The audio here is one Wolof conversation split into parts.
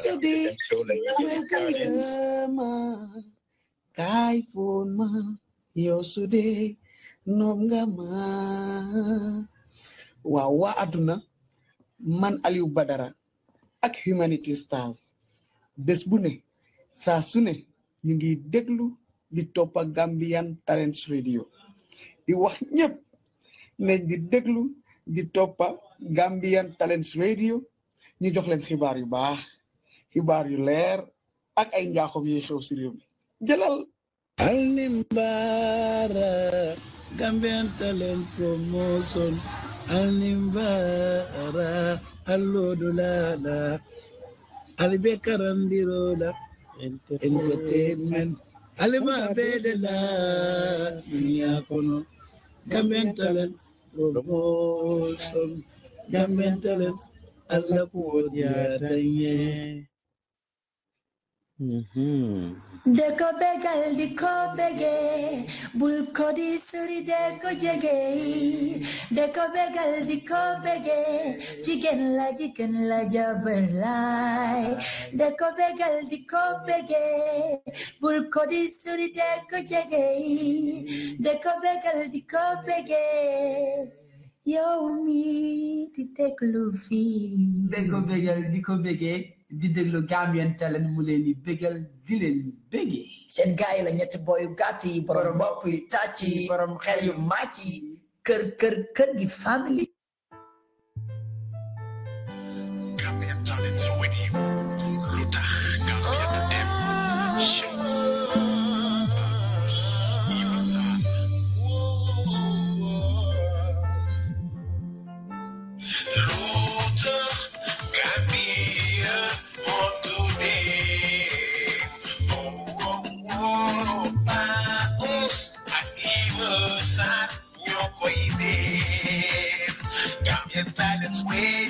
sudah yosude nomgama waaw waa àdduna man aliou badara ak humanity stars bés bu ne saa su ñu ngi déglu di topp gambian talent radio di wax ñëpp ne di déglu di topp gambian talent radio ñu jox leen xibaar yu baax xibaar yu leer ak ay njaaxum yi xew si réew mi jëlal hal ni gambian talent promotion hal ni mbaara allodu laala alibe la entertainment alima bede la dunia kono gambian talent promotion gambian talent അല്ല പോതിയാതയ്യേ Deko begal di ko bege, bulko di suri deko jege. Deko begal di ko bege, chicken la chicken la jaberlai. Deko begal di ko bege, bulko di suri deko jege. Deko begal di ko yow mii di déglu fii. bégo bégal di ko bégee di déglu Gambian mu leen di bégal di leen bégee. seen gars yi la ñetti boyu gàtt yi borom bopp yi tàcc yi borom xel yu màcc yi kër kër kër gi family. Gambian If that is where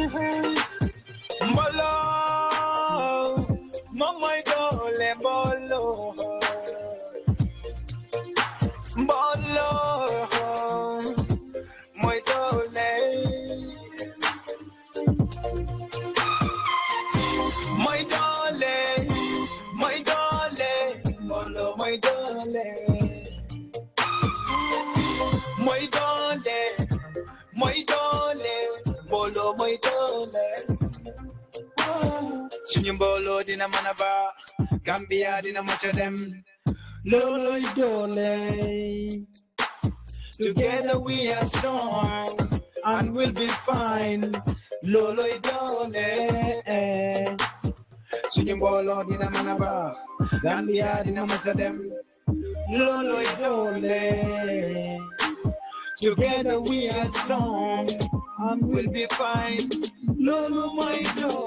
hey, mm-hmm. hey. in a can't be Gambia in a much of them. Lolo Dole. Together we are strong and we'll be fine. Lolo Dole. Sunyimbo Lord in a can't be Gambia in a much of them. Lolo idolé. Together we are strong and we'll be fine. Lolo my dole.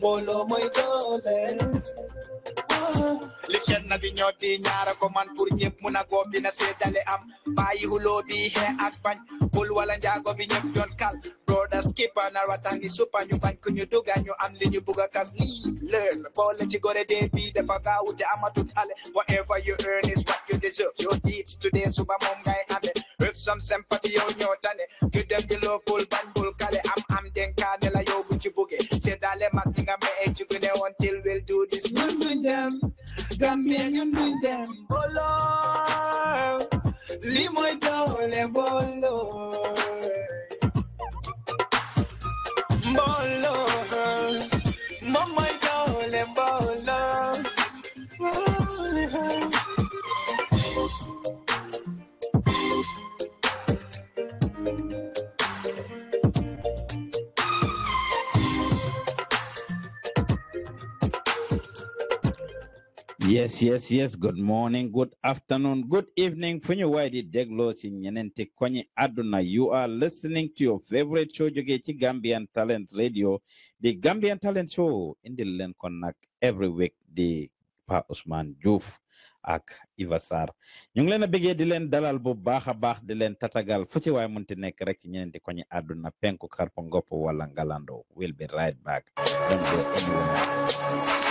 bolo mooy doole. Ah. li kenn di ñoo di ñaara ko man pour ñëpp mun a góob dina seedale am bàyyi xuloo bi xee ak bañ bul wala njaago bi ñëpp doon kal broda skipa nar watangi supa ñu bañ ko ñu duga ñu am li ñu bugga kas lii learn boole ci gore dee bi dafa gaawute amatut ale whatever you earn is what you deserve your deeds today suba moom ngay ame. with some sympathy yow ñoo tane ñu dem bi loo bañ bul kale am am denkaane la yow bu ci buggee seedale mag got me head jumping now until we'll do this. Run with them, got me run with them. Oh Lord, leave my darling, oh Lord. Bolo, mama darling, bolo. Yes, yes, yes. Good morning, good afternoon, good evening. Funyo waidi deglo chinyenente kwenye aduna. You are listening to your favorite show, Jogeti Gambian Talent Radio. The Gambian Talent Show in the Land Connect every week. The Pa Usman Juf ak Ivasar. Sarr. Ñu ngi leen a bëggee di leen dalal bu baax a di leen tatagal fu ci waay munti nekk rek ci ñeneen di penku We'll be right back. Don't go anywhere.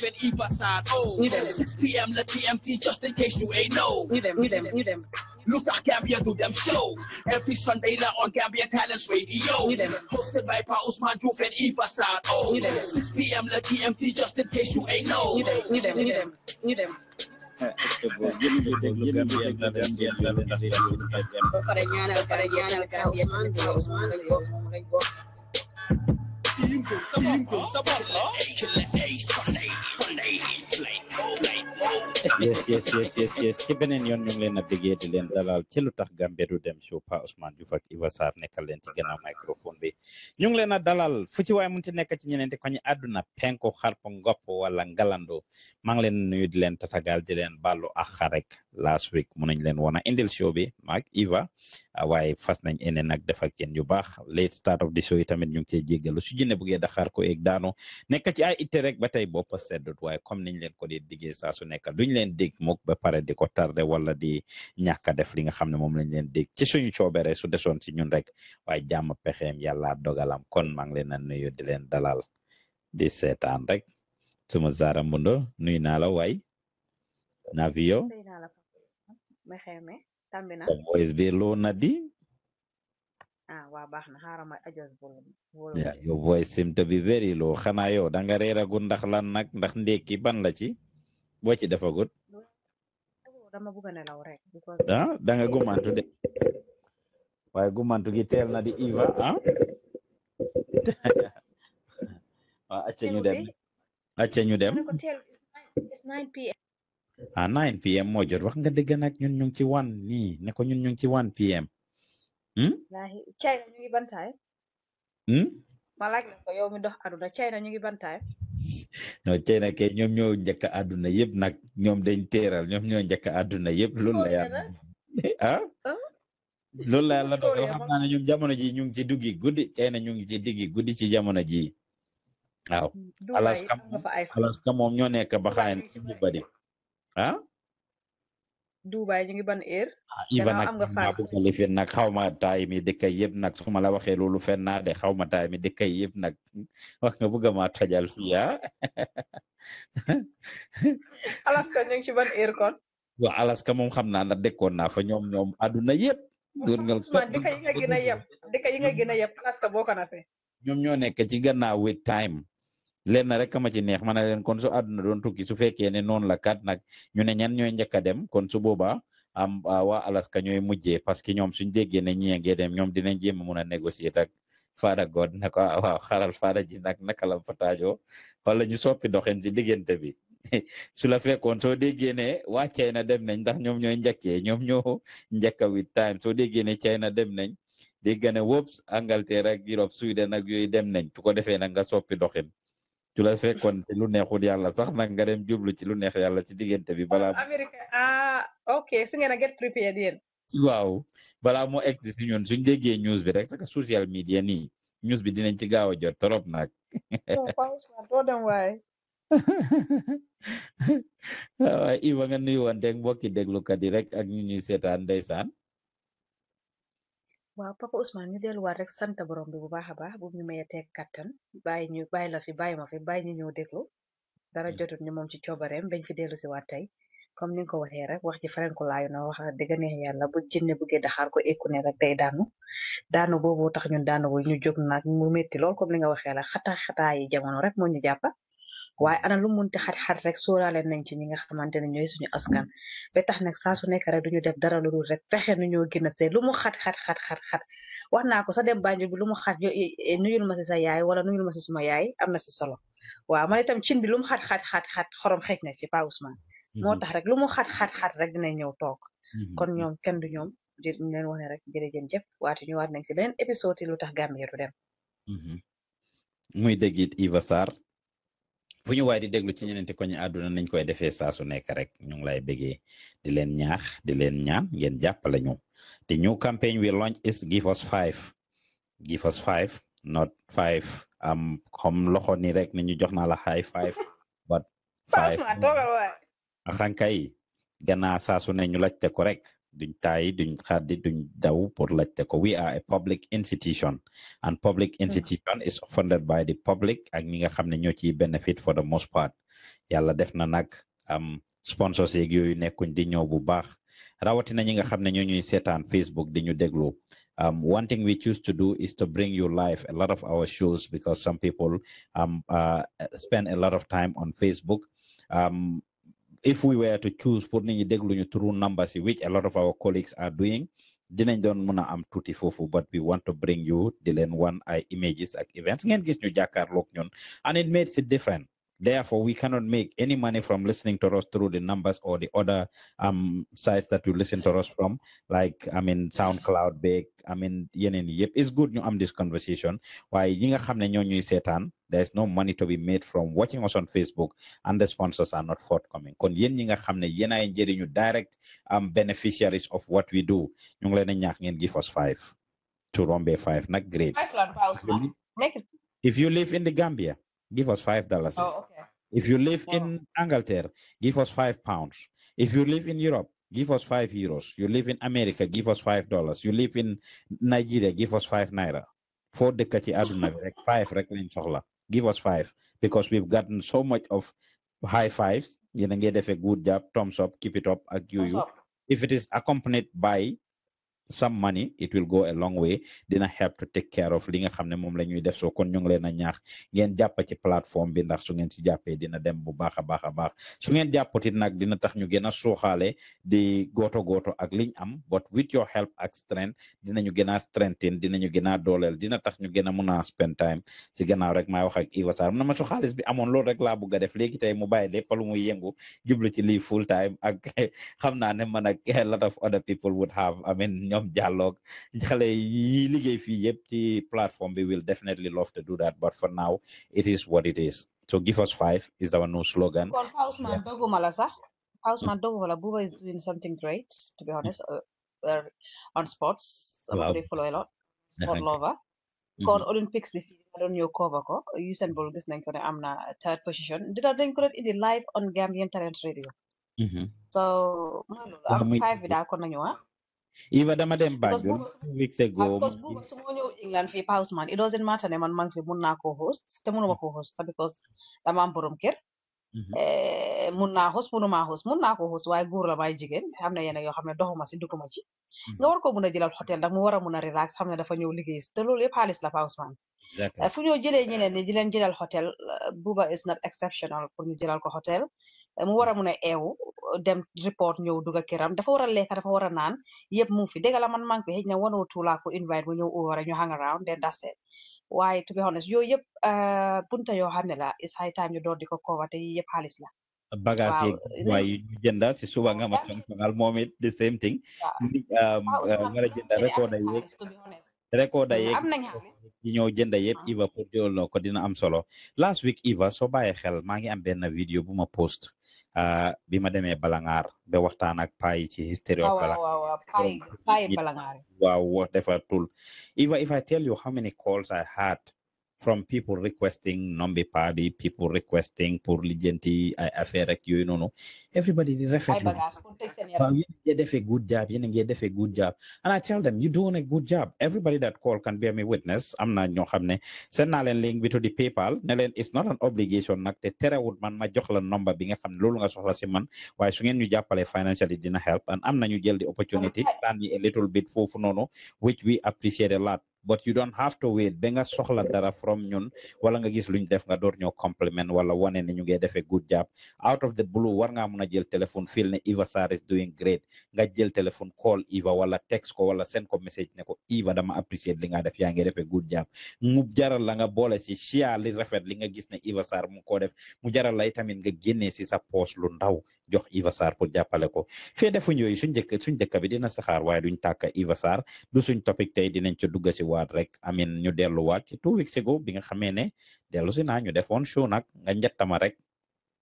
you can either side. Oh, 6 p.m. let TMT just in case you ain't know. Need them, need them, need them. Look at Gambia do them show every Sunday now on Gambia Talents Radio, hosted by Pa Usman Juf and Eva Sad. Oh, 6 p.m. let TMT just in case you ain't know. Need them, need them, need them, need them yes yes yes yes yes ci beneen yoon ñu ngi leen a bëggee di leen dalal ci lu tax Gambia du dem show Pa Ousman Joof ak Iva Sarr nekkal leen ci gannaaw microphone bi ñu ngi leen a dalal fu ci waaye mun ti nekk ci ñeneenti ko ñi àdduna penko xarpa ngopp wala ngalando maa ngi leen nuyu di leen tatagal di leen bàllu ak rek last week mun nañ leen wana indil show bi maag Eva ah, waaye fas nañ ene nag def ak yéen yu baax late start of the show yi tamit ñu ngi cee jéggalu su jënne buggee daxaar ko eeg daanu nekk ci ay itte rek ba tey bopp seddut waaye comme niñ leen ko dee diggee saa su nekk duñ leen dégg mukk ba pare di ko tardé wala di ñàkk def li nga xam ne moom lañ leen dégg ci suñu coobere su desoon ci ñun rek waaye jàmm pexeem yàlla dogalam kon maa ngi leen a nuyu di leen dalal di seetaan rek suma Zara Mbundo nuyu naa la waay mexeme tambina the voice be low nadi ah na xaaral ma adjust volume yeah your voice seem to be very low xanaa yow da nga reeragut ndax lan nag ndax ndékki ban la ci boo ci defagut dama bëgg a nelaw rek ah da nga gumantu gi teel na di Eva ah waaw acca ñu dem acca ñu dem à 9 pm moo jot wax nga dëgg nag ñun ñu ngi ci one nii ne ko ñun ñu ngi ci one pm. Hmm? China ñu ngi ban time. Hmm? ma laaj la ko yow mi dox aduna China ñu ngi ban time. non China kay ñoom ñoo njëkk aduna yëpp nag ñoom dañ teeral ñoom ñoo njëkk aduna yëpp loolu la yàlla. ah loolu la yàlla dogal xam naa ne ñoom jamono ji ñu ngi ci duggi guddi China ñu ngi ci diggi guddi ci jamono ji waaw. Alaska moom Alaska moom ñoo nekk ba xaay badi ah. Dubai ñu ngi ban heure. ah Iba nag maa bëgg lifin nag xaw ma taay mi dëkk yëpp nag su ma la waxee loolu fenn naa de xaw ma taay mi dëkk yëpp nag wax nga bëgg ah? moom xam naa na dëkkoon naa fa ñoom ñoom àdduna yëpp. góorgóorlu Ousmane a yeb dëkk yi nga gën a yeb Alaska ñoom ñoo nekk ci gannaaw wait time. lenn rek ma ci neex ma ne leen kon su àdduna doon tukki su fekkee ne noonu la kat nag ñu ne ñan ñooy njëkk a dem kon su boobaa am waa Alaska ñooy mujjee parce que ñoom suñ déggee ne ñii a dem ñoom dinañ jéem a mun a négocier ak Fada God ne ko ah, waaw xaral Fada ji nag naka la fa taajoo wala ñu soppi doxin si diggante bi. su la fekkoon soo déggee ne waa China dem nañ ndax ñoom ñooy njëkkee ñoom ñoo njëkk a with time soo déggee ne China dem nañ dégg nga ne wóob Angleterre ak Europe Sweden ak yooyu dem nañ su ko defee nag nga soppi doxin tu la fekkoon ci lu neexul yalla sax nak nga dem jublu ci lu neex yalla ci digeenté bi bala america ah ok su ngeena get prepared yeen Wow, bala mo egg ñun suñu déggé news bi rek sax social media ni news bi dinañ ci gaawa jot trop nak do dem way ay Iba nga ak mbokki deglu yi rek ak ñu ñuy sétane ndaysane waaw papa Ousmane ñu delluwaat rek sant borom bi bu baax a baax bu ñu mayatee kattan bàyyi ñu bàyyi la fi bàyyi ma fi bàyyi ñu ñëw déglu dara hmm. jotut ñu moom ci coobareem bañ fi dellu si tey comme ni nga ko waxee rek wax ji franco laayu na wax dëgg neex yàlla bu jinne buggee daxaar ko ekku ne rek day daanu daanu boobu tax ñun daanu bu ñu jóg nag mu métti lool comme ni nga waxee la xataa xataa yi jamono rek moo ñu jàppa waaye ana lu munti xat-xat rek sóoraale nañ ci ñi nga xamante ne ñooy suñu askan ba tax nag saa su nekk rek duñu def dara lu dul rek fexe nu ñoo gën a see lu mu xat xat xat xat xat wax naa ko sa dem Banjul bi lu mu xat eh, nuyul ma sa yaay wala nuyul ma si yaay am na solo waaw man itam cin bi lu mu xat xat xat xat xorom xeej na ci Pa Ousmane mhm. moo tax rek lu mu xat xat xat rek dina ñëw toog mhm. kon ñoom kenn du ñoom di leen wax ne rek jërëjëf jëf waate ñu waat nañ si beneen épisode yi lu tax Gambia du dem mhm. muy dëgg it fu ñu waay di déglu ci ñeneenti koñi àdduna nañ koy defee saa su nekk rek ñu ngi lay bëggee di leen ñaax di leen ñaan ngeen jàppale ñu the new campaign we launch is give us five give not five am xom loxo ni rek ni ñu jox naa la high five but five xankay gannaa saa su ne ñu laajte ko rek duñ duñ xaddi duñ daw pour ko we are a public institution and public institution is funded by the public ak ñi nga no ñoo benefit for the most part yàlla def na nag am um, sponsors yeeg yooyu nekkuñ di ñëw bu baax rawatina ñi nga xam ñoo ñuy seetaan Facebook di ñu déglu Um, one thing we choose to do is to bring you live a lot of our shows because some people um, uh, spend a lot of time on Facebook. Um, if we were to choose pour nit ñi dégluñu through numbers which a lot of our colleagues are doing dinañ doon mën a am tuuti foofu but we want to bring you di leen wan ay images ak events ngeen gis ñu jàkkaarloog ñun and it makes it different Therefore, we cannot make any money from listening to us through the numbers or the other um, sites that you listen to us from, like I mean SoundCloud, Big, I mean yeneen yep. It's good i am this conversation. Why yi nga xam ne there is no money to be made from watching us on Facebook and the sponsors are not forthcoming. Kon yen ñi nga xam ne direct um, beneficiaries of what we do, ñu ngi give us five to Rombe five, not great. Make it. If you live in the Gambia, give us five dollars. Oh, okay. If you live oh. in Angleterre, give us five pounds. If you live in Europe, give us five euros. You live in America, give us five dollars. You live in Nigeria, give us five naira. For the ci aduna five rek lañ Give us five because we've gotten so much of high fives. You know, get a good job, thumbs up, keep it up, I give you. If it is accompanied by some money it will go a long way dina help to take care of li nga xam ne moom la ñuy def soo kon ñu ngi leen a ñaax ngeen jàpp ci plateforme bi ndax su ngeen si jàppee dina dem bu baax a baax a baax su ngeen jàppati nag dina tax ñu gën a suuxaale di gooto gooto ak liñ am but with your help ak strength dinañu gën a strengthen dinañu gën a dooleel dina tax ñu gën a mun a spend time si gannaaw rek maay wax ak Eva Sarr na ma su xaalis bi amoon loolu rek laa bëgg a def léegi tey mu bàyyi lépp lu muy yëngu jublu ci lii full time ak xam ne man ak lot of other people would have I mean ñoom dialogue. xale yi liggéey fii yëpp ci platform bi will definitely love to do that but for now it is what it is so give us five is our new slogan. kon Ousmane doguma la sax Ousmane hmm. doguma la Buba is doing something great to be honest hmm. uh, uh, on sports. waaw so follow a lot sport lover. Hmm. kon Olympics li fii da doon ñëw kooba ko Usain Bolt gis nañ ko ne am na third position Did dina dañ ko in the live on Gambian Talent Radio. so mooy loolu am five bi daal kon nañu ah. even dama dem back doon two weeks ago ah, because boobu su ma ñëw England fii man maa ngi fi mun naa ko host te ma ko host because dama am borom kër mm-hmm. eh, mun naa xos munuma xos mun naa ko xos waaye góor la may xam na yeneen yoo xam ne doxuma si dugguma ci nga mm-hmm. war ko mun a jëlal hôtel ndax mu war mun a relax xam ne dafa ñëw liggéey te loolu yëpp xaalis la Pa Ousmane eh, fu ñoo jëlee ñeneen ni di leen jëlal hôtel eh, buuba is not exceptional pour ñu jëlal ko hôtel mu war a mun a eewu dem report ñëw dugga këram dafa war a lekka dafa war a naan yëpp mu ngi fi dégg la man maa ngi fi xëy na one or two laa ko invite mu ñëw over ñu hang around then that's it yooyu yëpp ah, bunta yoo xam ne la is high time door di ko cover te yëpp xaalis la bagage yi waaye jënda si suba nga ma tontongal moom it the same thing um, war a jënda record yeeg record yeeg yi jënda yëpp Eva ah. pour jooloo ko dina am solo last week Eva soo bàyyee xel maa ngi am benn vidéo bu ma post Ah, bi ma Balangar be waxtaan ak paa yi ci history of Balangar. waaw waaw paa yi Balangar. waaw what if if I tell you how many calls I had from people requesting nombi paa people requesting pour lijjanti ay affaire ak yooyu noonu everybody is rafetlu waaw yéen ngeen a good job you yéen ngeen a good job and I tell them you are doing a good job everybody that call can bear me witness i am not ñoo xam ne seen naa link bi to the PayPal ne leen it's not an obligation nag te terewut man ma jox la number bi nga xam ne nga soxla si man waaye su ngeen ñu jàppale financially dina help and am na ñu jël di opportunity daan yi a little bit foofu noonu which we appreciate a lot but you don't have to wait ba nga soxla dara from ñun wala nga gis luñ def nga door ñoo compliment wala wane ne ñu ngi a good job out of the blue war ngaa mun mun a jël téléphone feel ne Eva Sarr is doing great nga jël téléphone call Eva wala text ko wala send ko message ne ko Eva dama appreciate li nga def yaa ngi defee good job mu jaral la nga boole si share li rafet li nga gis ne Eva Sarr mu ko def mu jaral la tamit nga génnee si sa poos lu ndaw jox Eva Sarr pour jàppale ko fee defuñ yooyu suñ dëkk suñ dëkk bi dina saxaar waaye duñ tàkk Eva Sarr du suñ topic tey dinañ ci si waat rek ñu delluwaat ci two bi nga xamee ne rek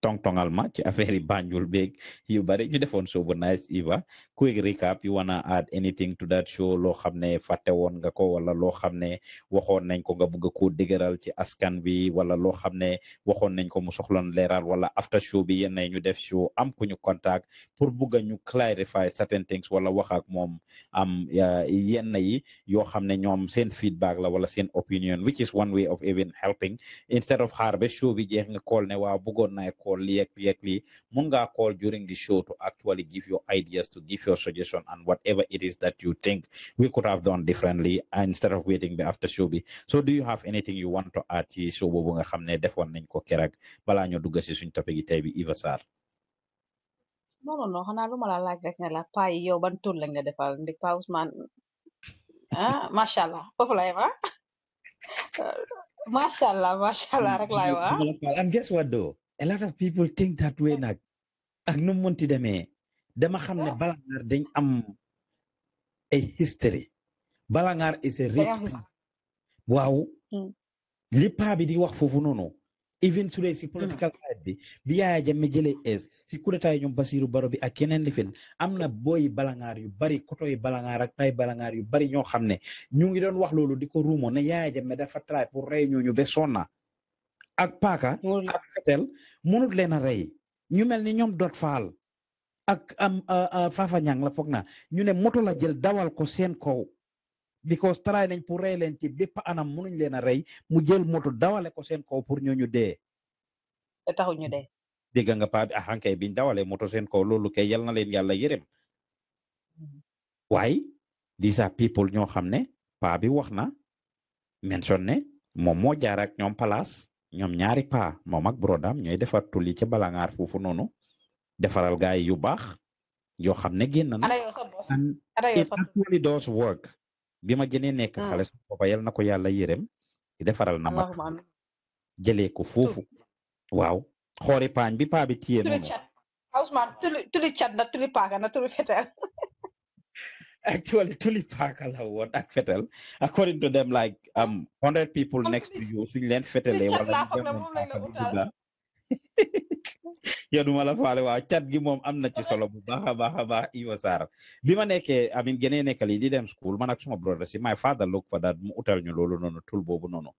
tong-tongal match very Banjul big. You bari ñu defoon show bu nice Eva quick recap you wanna add anything to that show Lo xam ne fàtte woon nga ko wala loo xam ne waxoon nañ ko nga bëgg koo dëgëral ci askan bi wala lo xam ne waxoon nañ ko mu soxloon leeral wala after show bi yenn ñu def show am ku ñu contact pour bëgg ñu clarify certain things wala wax ak moom am uh, yenn yi yo xam ne ñoom seen feedback la wala seen opinion which is one way of even helping instead of harbe show bi jeex nga call ne waaw bëggoon naa or likely Munga call during the show to actually give your ideas, to give your suggestion and whatever it is that you think we could have done differently uh, instead of waiting the after show be. So do you have anything you want to add to show boobu nga xam ne defoon nañ ko keroog balaa ñoo dugg si suñ topic yi tey bi Eva Sarr. non non non xanaa lu la laaj rek ne la paa yow ban tur lañ la defal Ndik pa Ousmane ah macha allah foofu lay wax macha allah rek laay wax. and guess what though a lot of people think that way nag ak nu mu munti demee dama xam ne Balangar dañ am a history Balangar is a rich waaw hmm. li bi di wax foofu noonu even su dee si hmm. political side bi bi Yaya Jammeh jëlee es si coup d'état yi ñoom Basiru Baro bi ak yeneen lifin am na booy Balangar yu bari kotoy Balangar ak tay Balangar yu bari ñoo xam ne ñu ngi doon wax loolu di ko ruumoo ne Yaya Jammeh dafa try pour rey ñu ba sonna ak paaka ak fetel munut leen a rey ñu mel ni ñoom dot faal ak a faafa ñang la foog na ñu ne moto la jël dawal ko seen kaw because taraay nañ pour rey leen ci bépp anam munuñ leen a rey mu jël moto dawale ko seen kow pour ñooñu dee te taxu ñu dee dégg nga paa bi axankay biñ dawalee moto seen kaw loolu kay yal na leen yàlla yërëm mm-hmm. waaye these are people ñoo xam ne paa bi wax na mention ne moom moo jaar ak ñoom palaas ñom ñaari pa mom ak brodam ñoy defar tuli ci balangar foofu nonu defaral gaay yu baax yoo xam ne génn na it actually does work Bima gene nek nekk hmm. xale su booba yal na ko yàlla yërëm defaral na ma jele ko foofu waw xori pañ bi pa bi tiyé noonu ousman tuli tuli chat. na tuli pa na tuli fetel actually tulipakala wanak fetal according to them like um 100 people next to you suñ leen fetale wala yow duma la faale waaw cat gi moom am na ci solo bu baax a baax a baax Ivo Sarr bi ma nekkee amin gënee nekk lii di dem school man ak suma brother si my father look for that mu utal ñu loolu noonu tul boobu noonu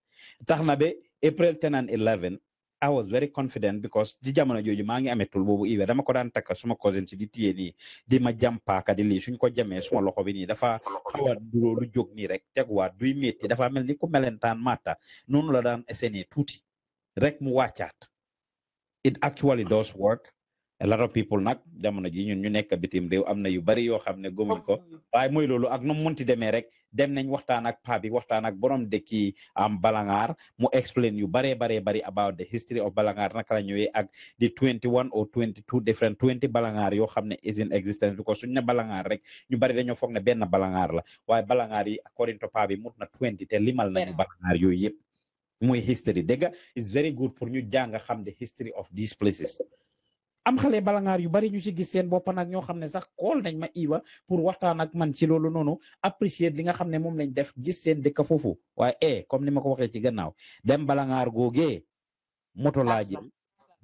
tax na ba April 10 and 11 I was very confident because di jamono jooju maa ngi amee tul iwe dama ko daan takka suma cousin si di téye nii di ma jam paaka di lii suñ ko jamee suma loxo bi nii dafa xaw duro duroo lu jóg nii rek teguwaat duy métti dafa mel ni ku melentaan matta noonu la dan esene tuti rek mu wàccaat it actually does work a lot of people nak jamono ji ñun ñu nekk bitim réew am na yu bari yoo xam ne gëmuñ ko waaye mooy loolu ak nu mu munti rek dem nañ waxtaan ak paa bi waxtaan ak borom de ki am Balangar mu explain yu baree baree bari about the history of Balangar naka la ñëwee ak di 21 or 22 different 20 Balangar yoo xam ne is in existence because suñ ne Balangar rek ñu bari dañoo foog ne benn Balangar la waaye Balangar yi according to paa bi mut na 20 te limal nañu Balangar yooyu yep muy history dega is very good for ñu jàng xam the history of these places. am xale balangaar yu bari ñu ci gis seen bop nak ño xam sax xol nañ ma iwa pour waxtaan ak man ci lolu nonu apprécier li nga xam ne lañ def gis seen dekk fofu waaye eh comme ni ma ko ci gannaaw dem balangaar googee moto la jël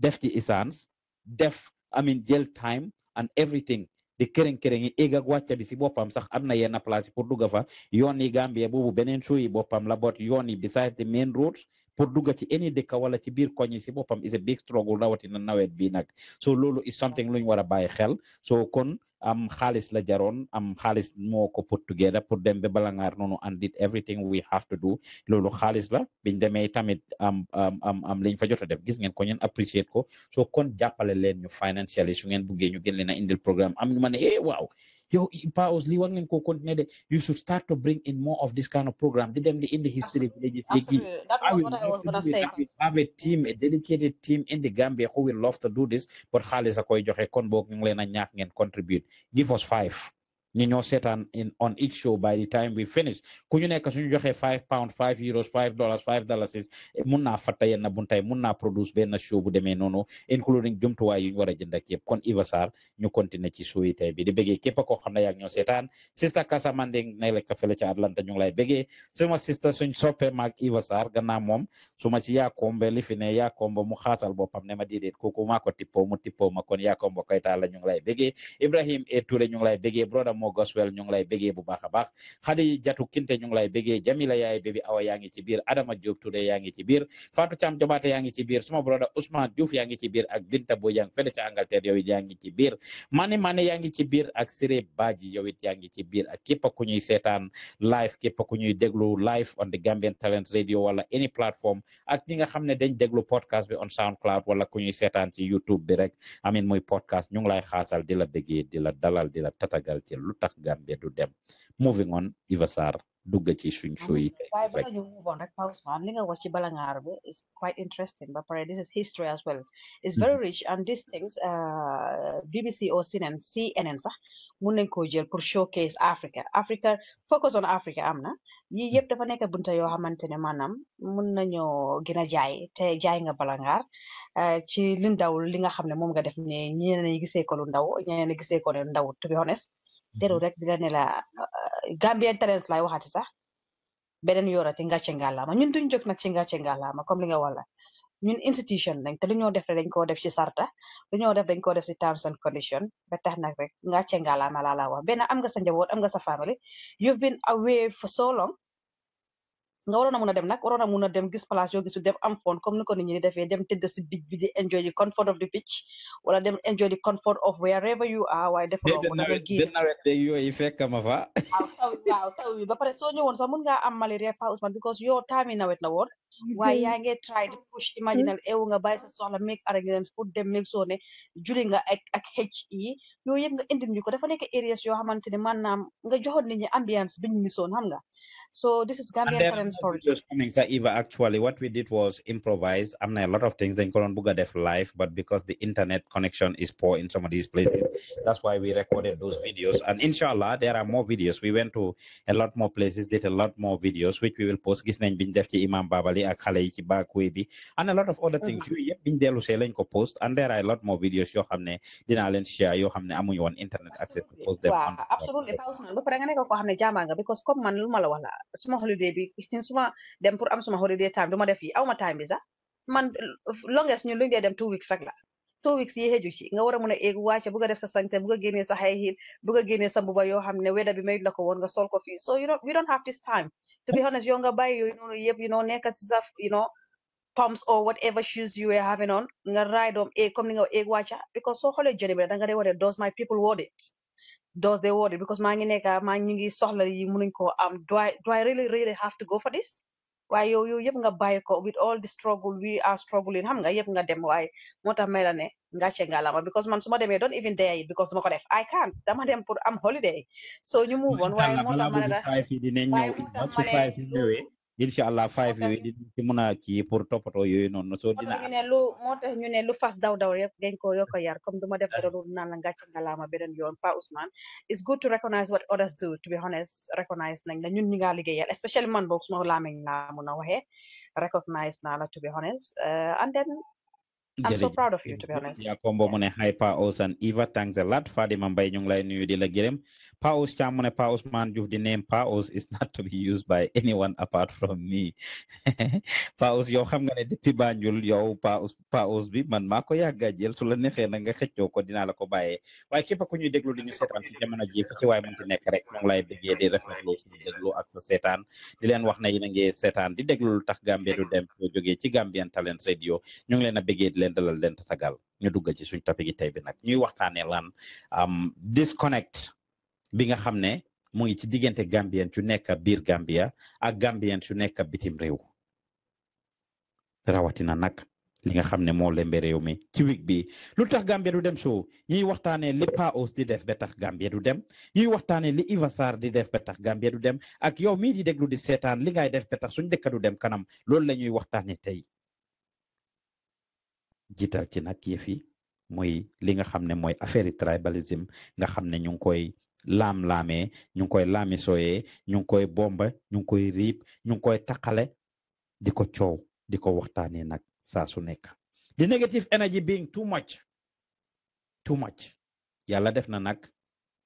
def ci essence def amin jail time and everything di kereng kereng yi ega ak bi si bopam sax am na place pour duga fa yoni Gambia benen beneen yi bopam la bot yoni beside the main road pour dugga ci any dëkk wala ci biir koñ yi si boppam is a big struggle rawatina nawet bi nag so loolu is something lu ñu war a bàyyi xel so kon am xaalis la jaroon am xaalis moo ko put together pour dem ba balangaar noonu and did everything we have to do loolu xaalis la biñ demee tamit am am am am liñ fa jot a def gis ngeen ko ñeen appreciate ko so kon jàppale leen ñu financially su ngeen buggee ñu gën a indil programme am ñu ma ne eh waaw Yo, Paos lii war ngeen ko you should start to bring in more of this kind of program di dem di indi history villages léegi have a team a dedicated team in the Gambia who will love to do this but xaalis a koy joxe kon contribute give us five ñi ñoo seetaan in on each show by the time we finish ku ñu nekk suñu five pound five euros five dollars five dollars eh, mun naa fatta yenn buntaay produce benn show bu demee noonu including jumtuwaay yu ñu war a jënd ak kon Eva ñu continuer ci show yi tey bi di xam ne yaa seetaan sista Kasa ne la ka Atlanta ñu ngi suma sista suñ soppee maag Eva Sarr gannaaw moom su ma ci yaakombe li fi ne yaakombe mu xaatal boppam ne ma déedéet kooku maa ko mo goswel ñu lay bégee bu baax baax xadi jatu kinte ñu lay bégee jamila yaay bébi awa yaangi ci biir adama job cibir yaangi ci biir Fatou cham jobata yaangi ci biir suma broda Ousmane Diouf yaangi ci biir ak Binta Bo yaang yangi cibir. angalter yow yaangi ci biir mané mané yaangi ci biir ak sire Badji yow it ci biir ak ku ñuy live képp ku ñuy déglu live on the Gambian Talent Radio wala any platform ak ñi nga xam dañ déglu podcast bi on SoundCloud wala ku ñuy seetaan ci YouTube bi rek amin moy podcast ñu lay xassal di la bëggee di la dalal di la tatagal ci lu tax Gambia du dem moving on Iva Sarr dugg ci suñ show yi tey ñu move on rek Pa Ousman li nga wo ci bala ngaar bi is quite interesting ba pare this is history as well it's very mm-hmm. rich and these things uh, BBC or CNN CNN sax mun nañ koo jël pour showcase Africa Africa focus on Africa am na yi mm-hmm. yëpp dafa nekk bunta yoo xamante ne maanaam mun nañoo gën a jaay te jaay nga bala ngaar uh, ci li ndaw li nga xam ne moom nga def ne ñeneen ñi gisee ko lu ndaw ñeneen ñi ko ne ndaw teru rek di la ne la euh, Gambian Talents laay waxati sax beneen yoorati ngàcce ngàllaama ñun duñ jóg nag ci ngàcce ngàllaama comme li nga wala ñun institution lañ te lu ñoo def rek dañ koo def ci sarta lu ñoo def dañ koo def ci terms and condition ba tax na rek ngàcce ngàllaama laa la wax benn am nga sa njaboot am nga sa family you've been away for so long nga waroon a dem nag waroon a dem gis place yoo gisul am phone comme nit ñi dem tëdd bi di enjoy the comfort of the beach wala dem enjoy the comfort of wherever you are waaye defaloo ko nawet de nawet de fekk ma fa waaw taw ba pare am malaria pa Ousmane because yoo taami nawet la woon waaye yaa ngi try to push imaginal eewu nga bàyyi sa soxla make arrangements pour dem make soo juli nga ak ak xëj yi yooyu nga indil ñu dafa nekk areas yoo xamante ne nga joxoon nit ñi ambiance biñ misoon xam nga so this is Gambian Talents for those comings Eva, actually what we did was improvise. I mean a lot of things then Kolonbuga Bugadef live, but because the internet connection is poor in some of these places, that's why we recorded those videos. And inshallah there are more videos. We went to a lot more places, did a lot more videos, which we will post gis nañ biñ def ci Imam Babali ak xalé and a lot of other things mm-hmm. yu yëpp biñ delu sé lañ ko post and there are a lot more videos You have ne dinaa leen share yoo xam ne amuñu woon internet access to post them. absolutely. Parce que nga nekk koo xam ne jaamaa nga because come man lu ma la wax suma holiday bi suma dem pour am suma holiday time duma def yi awma time bi sax man longest ñun luñ dee dem two weeks rek la two weeks yi xëju ci nga war a mën a eeg wàcce bugg a def sa sañse bugg a génnee sa high heel bugg a génnee sa mbuba yoo xam ne weda bi mayut la ko woon nga sol ko fii so you know we don't have this time to be honest yow nga bàyyi yooyu noonu yëpp you know nekka si sa you know pumps or whatever shoes you were having on nga raay doom eeg comme ni nga egg wàcca because so xoolee jëne bi da nga dee war a does my people want it does the order because my ngi nekka maa ngi soxla yi munuñ ko am do I do I really really have to go for this waaye you yow yëpp nga bàyyi ko with all the struggle we are struggling xam nga yëpp nga dem waaye moo tax may la ne nga ce nga lama because man su ma demee don't even dare it because duma ko def I can't dama dem pour am holiday so you move on waaye moo tax ma ne la waaye moo tax ma ne incha allah five yooyu dinañ ci mën a kii pour toppatoo yooyu noonu soo dina ñu ne lu moo tax ñu ne lu fas daw daw yëpp dañ ko yokk a yar comme du ma def dara lu naan la ngàcc ngalaama beneen yoon Pa Ousman it's good to recognize what others do to be honest recognize nañ la ñun ñi ngaa liggéeyal especially man boog suma laameñ laa mun a waxee recognize naa la to be honest uh, and then I'm so proud of you to be honest yaa ko mboo mu ne hi Pa Ous and Eva thanks a lot Fadima Mbaye ñu ngi lay nuyu di Cham mu ne Pa Ousman the name Pa is not to be used by anyone apart from me Pa Ous yow xam nga ne depuis Banjul yow Pa Ous bi man maa ko yàgga jël su la neexee na nga xëccoo ko dinaa la ko bàyyee waaye képp ku ñuy déglu di ñu seetaan si jamono ji fu ci waaye mun ti nekk rek ñu lay déggee di rafetlu suñu déglu ak sa seetaan di leen wax ne yéen a ngi seetaan di déglu tax Gambia du dem soo jógee ci Gambian Talent Radio ñu ngi leen a leen dalal leen tatagal ñu duggal ci suñ topic yi tey bi nag ñuy waxtaanee lan disconnect bi nga xam ne mu ngi ci diggante Gambien su nekk biir Gambia ak Gambien su nekk bitim réew rawatina nag li nga xam ne moo lembe réew mi ci wig bi lu tax Gambia du dem soo ñuy waxtaanee li Paos di def ba tax Gambia du dem ñuy waxtaanee li Iva Sarr di def ba tax Gambia du di déglu li ngay def ba tax suñ dëkk dem kanam loolu la ñuy waxtaanee tey. jiital ci nag yëf yi li nga xam ne mooy affaire yi tribalisme nga xam ne ñu ngi koy laam-laamee ñu ngi koy laamisoyee ñu ngi koy bomba ñu ngi koy riib ñu ngi koy taqale di ko coow di ko waxtaanee nag saa su nekk di negative energy being too much too much yàlla def na nag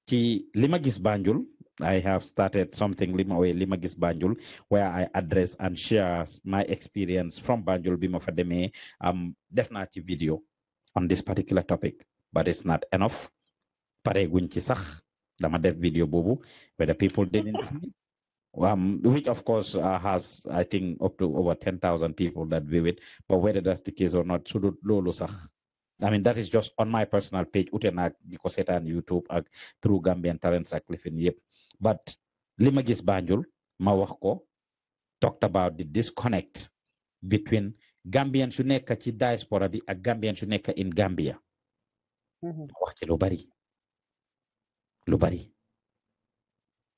ci li ma gis Banjul I have started something Limawe oh, Limagis Banjul, where I address and share my experience from Banjul Bima Fademe. Um, definitely video on this particular topic, but it's not enough. Pare ci sax dama def video the whether people didn't see um, which of course uh, has I think up to over 10,000 people that view it, but whether that's the case or not, should lolo I mean, that is just on my personal page, Utenak, Diko and YouTube, through Gambian Talents, Cliff and Yep but li gis Banjul ma wax ko talked about the disconnect between Gambian su nekk ci diaspora bi ak Gambian su nekk in Gambia. Mm-hmm. wax ci lu bari lu bari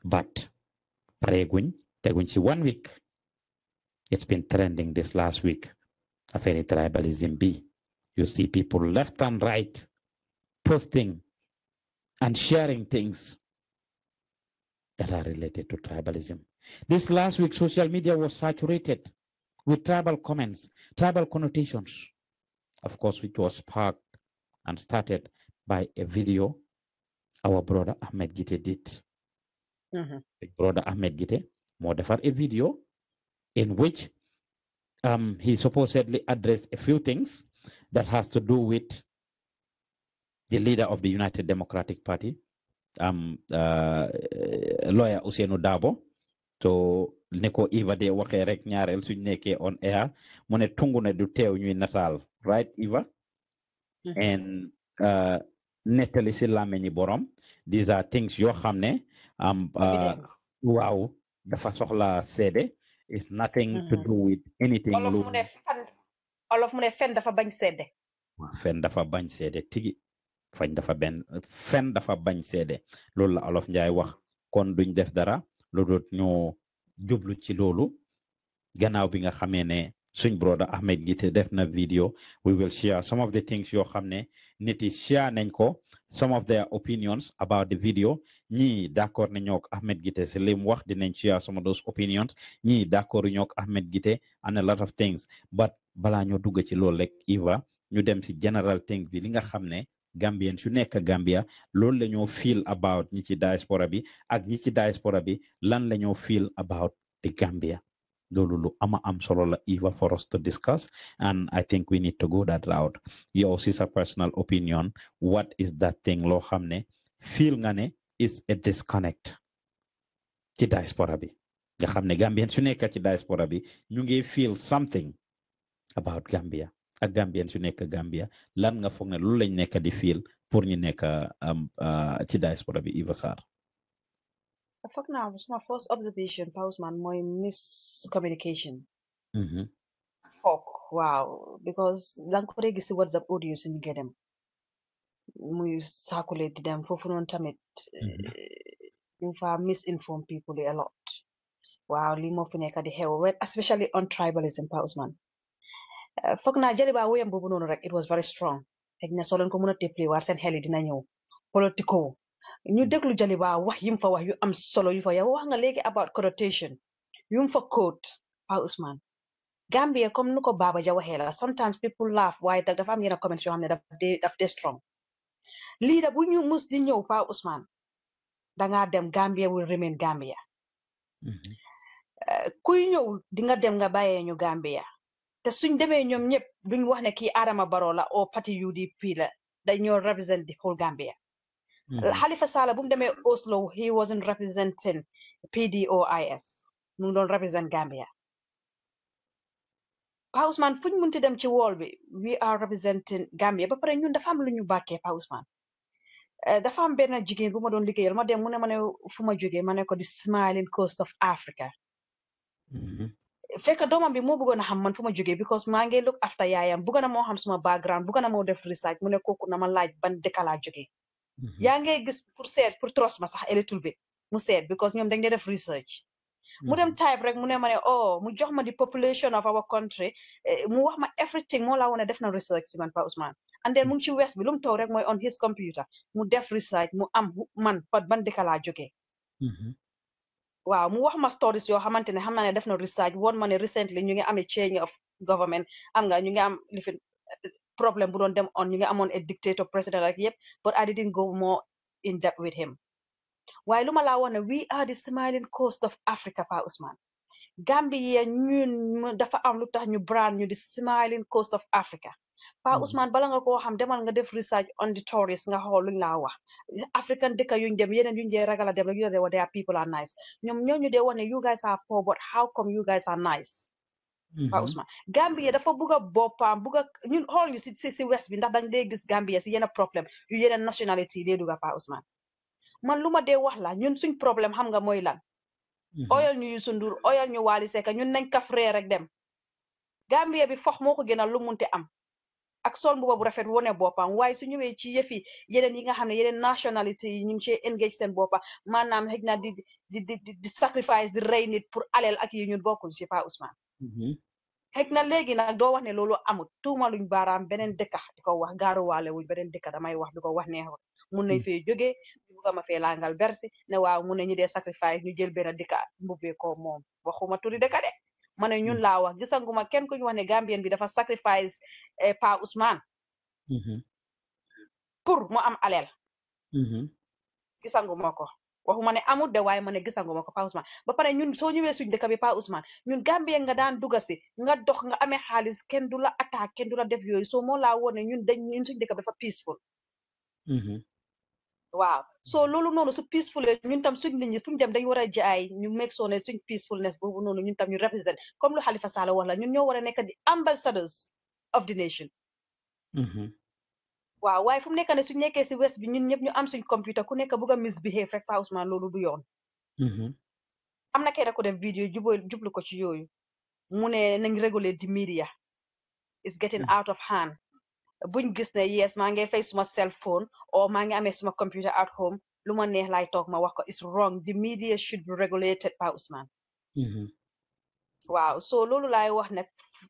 but pareeguñ teguñ ci one week it's been trending this last week affaire tribalism bi you see people left and right posting and sharing things that are related to tribalism. This last week, social media was saturated with tribal comments, tribal connotations, of course, which was sparked and started by a video our brother Ahmed Gite did. Mm-hmm. Brother Ahmed Gite modified a video in which um, he supposedly addressed a few things that has to do with the leader of the United Democratic Party, um, uh, lawyer Ousseynou Dabo so ne ko Iva de waxee rek ñaareel suñ nekkee on air mu ne tungu ne du teew ñuy nataal right Iva mm-hmm. and uh, nettali si làmmiñi borom these are things yoo xam ne am um, uh, waaw dafa soxla seede is nothing to mm-hmm. do with anything olof mu ne fen dafa bañ seede fen dafa bañ seede tigi fañ dafa benn fen dafa bañ seede loolu la olof njaay wax kon duñ def dara lu dul jublu ci loolu gannaaw bi nga xamee ne suñ broda Ahmed Gite def na video we will share some of the things yoo xam ne nit yi share nañ ko some of their opinions about the video ñii d'accord nañoo ak Ahmed Gite si li mu wax dinañ share some of those opinions ñii d'accord ñoo ak Ahmed Gite and a lot of things but balaa ñoo dugg ci loolu rek Eva ñu dem si general things Gambien su nekk Gambia loolu la feel about ñi ci diaspora bi ak ñi ci diaspora bi lan la feel about the Gambia loolu lu ama am solo la Eva for us to discuss and I think we need to go that route yow is sa personal opinion what is that thing Lo xam feel nga ne is a disconnect ci diaspora bi nga xam ne su nekk ci diaspora bi ñu ngi feel something about Gambia ak Gambien su nekk Gambia lan nga foog ne loolu lañ nekk di fiil pour ñu nekk ci a bi Eva Sarr foog naa a first observation Pa Ousman mooy miscommunication mm-hmm. foog waaw because danga ko dee gis si WhatsApp audio suñu ngee dem muy saakule dem foofu noonu tamit mm-hmm. eh, ñu fa misinform people a lot waaw lii fi nekk di xew especially on tribalism Pa Ousman Eh, foog na jëli ba woyam boobu noonu rek it was very strong xëy na soo ko muna a war sen heli xel dina ñëw politico ñu hmm. déglu jëli baa wax yim fa wax yu am solo yu fa yow wax nga léegi about connotation yum fa quote Pa Ousman Gambia comme nu ko Baba Ja waxee la sometimes people laugh Why? da dafa am yenn comments yoo xam ne daf dee daf dee strong lii da bu ñu mus di ñëw Pa Ousman dangaa dem Gambia will remain Gambia hmm. eh, kuy ñëw di nga dem nga bàyyee ñu Gambia te suñ demee ñoom ñëpp duñ wax ne kii Adama Barrow la o parti UDP la dañoo represent the whole Gambia hmm. Halifa Sallah bu mu Oslo he wasn't representing PDOIS We don't represent Gambia Pa Ousmane fuñ munti dem ci we are representing Gambia but for you, the family you ñu bàkkee Pa The eh, family am benn jigéen bu ma doon liggéeyal ma dem mu ne ma ne fu ma the smiling coast of Africa hmm fekk doomam bi moo bëggoon a xam man fu ma jógee because maa ngi look after yaayam bëggoon na moo xam suma background bëggoon na moo def research mu ne kooku na ma laaj ban dëkk laa jógee mm-hmm. yaa ngi gis pour seet pour trust ma sax a little bit mu seet because ñoom dañ dee def research mu dem mm-hmm. type rek mu ne ma ne oh mu jox ma di population of our country eh, mu wax ma everything moo laa wone def na research si man Pa Ousman and then mu ngi ci mm-hmm. west bi lu mu toog rek mooy on his computer mu def research mu am man pat ban dëkk laa jógee Wow, mu wax ma stories you have ne xam naa ne def na research woon ma recently ñu ngi a change of government am nga ñu ngi am lifi problème bu doon dem on ñu ngi on a dictator president like yëpp but I didn't go more in depth with him waaye lu we are the smiling coast of Africa Pa Gambia ñun dafa am lu tax ñu brand ñu di smiling coast of Africa Pa mm-hmm. Ousman bala nga koo xam demal nga def research on the tourists nga xool luñ laa wax African deka yuñ dem yeneen yuñ dee ragal a dem rek ñu ne wa their people are nice ñoom ñooñu dee wax ne you guys are poor but how come you guys are nice Pa mm-hmm. Ousman Gambia dafa bugg bopam boppam bugg a ñun xool ñu si si west bi ndax dañ dee gis Gambia si yenn problem. yu yeneen nationalité yi dee dugga Pa Ousman man lu ma wax la ñun suñ problem xam nga mooy lan Mhm. oyal ñu Youssou Ndour oyal ñu Wally Seck ñun nañ kaf ree rek dem Gambie bi fox moo ko gënal lu munte am ak sol mbuba bu rafet wone boppam waaye su ñëwee ci yëfi yeneen yi nga xam ne yeneen nationalité yi ñu ngi cee engage seen boppa maanaam xëj na di di di di sacrifice di rey nit pour aleel ak yi ñun bokkuñ ci Pa Ousmane mhm. xëj na léegi nag doo wax ne loolu amut tuuma luñ baaraam beneen dëkka di ko wax gaaruwaale wuñ beneen dëkka may wax di ko wax neexul mun nañ mm. fee jógee ñu bugg a ma fee laangal bersi ne waaw mun nañu dee sacrifice ñu jël benn dëkka mbubbee ko moom waxuma turi dëkka de ma ne ñun mm. laa wax gisanguma kenn ku ñu wax ne Gambien bi dafa sacrifice eh, Pa Ousmane mm-hmm. pour mu am aleel mm-hmm. gisanguma ko waxuma ne amul de waaye ma ne gisanguma ko Pa ba pare ñun soo ñëwee suñ dëkk bi Pa Ousmane ñun Gambien nga daan duga si nga dox nga amee xaalis kenn du la attaque kenn du la def yooyu soo moo laa woon ne ñun dañ ñun suñ dëkk bi dafa peaceful mm-hmm. waaw soo mm-hmm. loolu noonu So, peaceful ñun tam suñ nit ñi fu dem dañu jaay ñu make sure suñ peacefulness ñun tam ñu represent comme lu Halifa Sallah wax la ñun ñoo war nekk di ambassadors of the nation. Mm-hmm. waaw fu mu nekk ne suñ nekkee si west bi ñun ñëpp ñu am suñ computer ku nekk bëgg a misbehave rek Pa du yoon. Mm-hmm. def vidéo jublu ko ci mu ne nañ réguler di media is getting out of hand buñ gis ne yes maa ngi fay suma cell phone or maa ngi amee suma computer at home lu ma neex my toog ma wax ko is wrong the media should be regulated by usman mm-hmm. waaw so loolu laay wax ne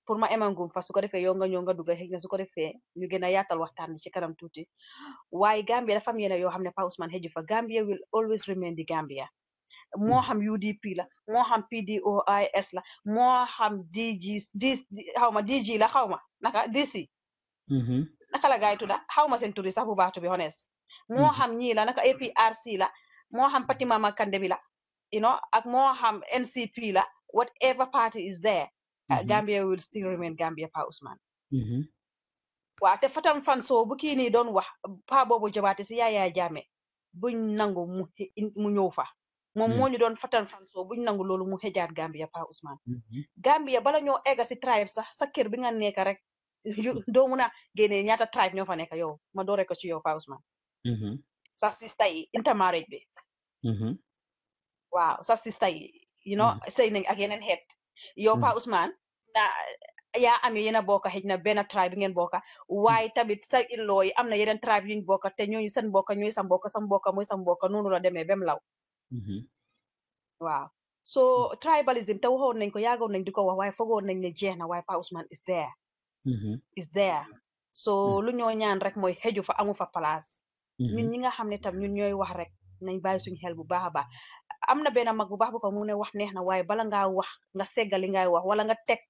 pour ma emangum fa su ko defee yow nga ñëw nga dugga xëy na su ko defee ñu gën a yaatal waxtaan bi ci kanam tuuti waaye Gambia dafa am yeneen yoo xam ne Pa fa Gambia will always remain the Gambia moo mm-hmm. xam UDP la moo xam PDOIS la moo xam DG xaw ma DG la xaw ma naka DC Mm-hmm. naka la gaay tudda xaw ma seen tur sax bu baax to be honest moo mm-hmm. xam ñii la naka APRC la moo xam Pati Mama Kandeh bi la you know ak moo xam NCP la whatever party is there uh, mm-hmm. Gambia will still remain Gambia Pa Ousman waaw te fatam fan soo bu kii nii doon wax pa boobu jabaate si Yaya Jammeh buñ nangu mu mu ñëw fa moom moo ñu doon fatan fan soo buñ nangu loolu mu xëjaat Gambia Pa Ousman Gambia bala ñoo egga si tribe sax sa kër bi nga nekk rek doo mun a génne ñaata tribe ñoo fa nekk yow ma doore ko ci yow Pa Ousman sa sista yi intermarriage bi waaw sa sista yi you know say nañ ak yeneen xeet yow Pa Ousman na yaa am yéen a bokk xëj na benn tribe ngeen bokk waaye tamit sa inloo yi am na yeneen tribe yuñ bokk te ñooñu seen bokk ñooy sa mbokk sa mbokk mooy sa mbokk noonu la demee bem law waaw so tribalism te waxoon nañ ko yaagoon nañ di ko wax waaye fogoon nañ ne jeex na waaye Pa is there Mm-hmm. is there so mm. lu ñoo ñaan rek moy xeju fa amu fa place ñun mm-hmm. ñi nga xamne tam ñun ñoy wax rek nañ bay suñu xel bu baax baax amna na benn mag bu baax bu ko mu ne wax neex na waaye bala nga wax nga segga li ngay wax wala nga tek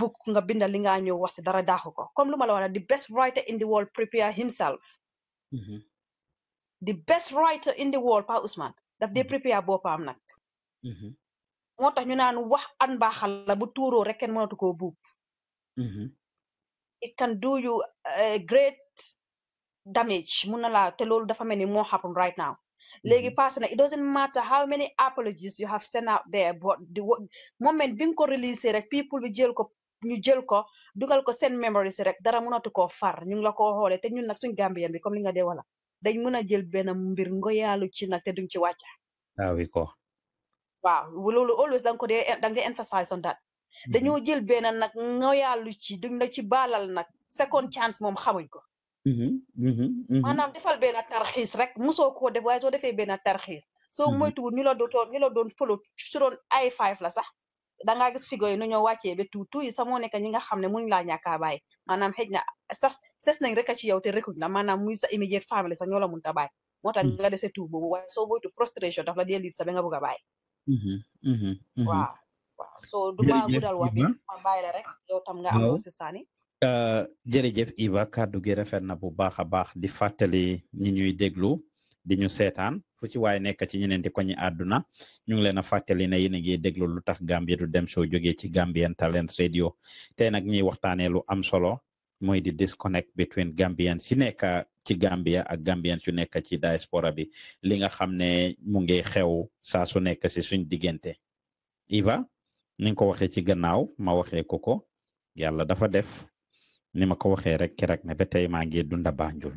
book nga binda li nga ñëw wax dara daaxu ko comme luma la wala the best writer in the world prepare himself mm-hmm. the best writer in the world pa usman daf dee prepare boppam nag moo tax ñu naan wax an baaxal la bu tuuroo rek ken mënatu ko buub Mhm. it can do you a great damage Munala, na laa te loolu dafa mel ni happen right now Legi Mhm. passé it doesn't matter how many apologies you have sent out there but the moment bi ko release rek people bi jël ko ñu jël ko dugal ko seen memories rek dara mënatu koo far ñu ngi la koo xoolee te ñun nag suñ Gambian bi comme li nga dee wala dañ mën a jël benn mbir ngoyaalu ci nag te duñ ci wàcc There we go. waaw loolu always danga ko dee danga dee emphasize on that dañoo mm-hmm. jël benn nag ngoyaalu ci duñ la ci baalal nag second chance moom xamuñ ko. Mm-hmm. Mm-hmm. maanaam defal benn tarxiis rek mosoo koo def waaye soo defee benn tarxiis. soo moytuwul ñu la doon ñu la doon folo su ay five la sax da ngaa gis figo yi nu ñoo wàccee ba tuut tuut yi sax moo nekk ñi nga xam ne mënuñ laa ñàkk a bàyyi maanaam xëj na sas ses nañ rek a ci yow te rekuñ la maanaam muy sa immediate family sax ñoo la mënut a bàyyi. moo tax nga dese tuut boobu waaye soo moytu prostration daf la dee liit sax nga bëgg a bàyyi. waaw so du ma guddal wax bi ma bàyyi la rek yow tam nga am loo si sànni euh, jërëjëf Iva kàddu gi rafet na bu baax a baax di fàttali ñi ñuy déglu di ñu seetaan fu ci waaye nekk ci ñeneenti ko ñi àdduna ñu ngi leen a fàttali ne yéen a ngi déglu lu tax Gambia du dem show jógee ci Gambian Talent Radio tey nag ñuy waxtaanee lu am solo mooy di disconnect between Gambians yi nekk ci Gambia ak Gambians yu nekk ci diaspora bi li nga xam ne mu ngi xew saa su nekk si suñ diggante Iva ni ko waxee ci gannaaw ma waxee ko ko yàlla dafa def ni ma ko waxee rek keroog ne ba tey maa ngi dunda Banjul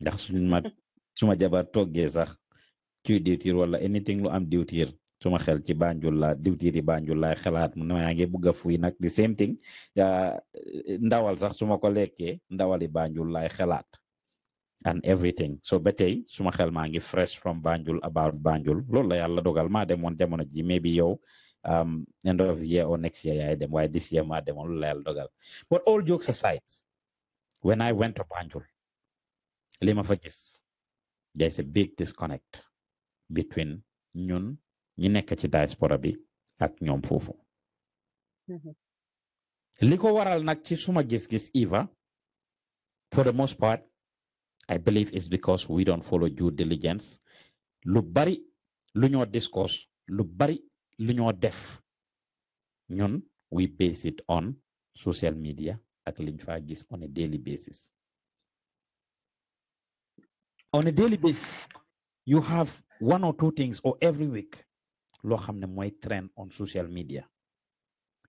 ndax suñ ma suma jabar toggee sax ci diwtiir wala anything lu am diwtiir suma xel ci Banjul la diwtiir yi Banjul laay xalaat mu ne maa ngi bugg a fuy nag di same ndawal sax suma ko lekkee ndawali Banjul laay xalaat and everything so ba tey suma xel maa ngi fresh from Banjul about Banjul loolu la yàlla dogal maa demoon jamono ji maybe yow um, end of year or next year yaay dem waaye this year maa all lu dogal but all jokes aside when I went to Banjul li ma fa there is a big disconnect between nyun, ñi nekk ci diaspora bi ak ñoom foofu mm-hmm. li ko waral nag suma gis-gis Eva for the most part I believe it's because we don't follow due diligence Lubari, bari discourse lubari li def ñun we base it on social media ak liñ fa gis on a daily basis on a daily basis you have one or two things or every week loo xam ne trend on social media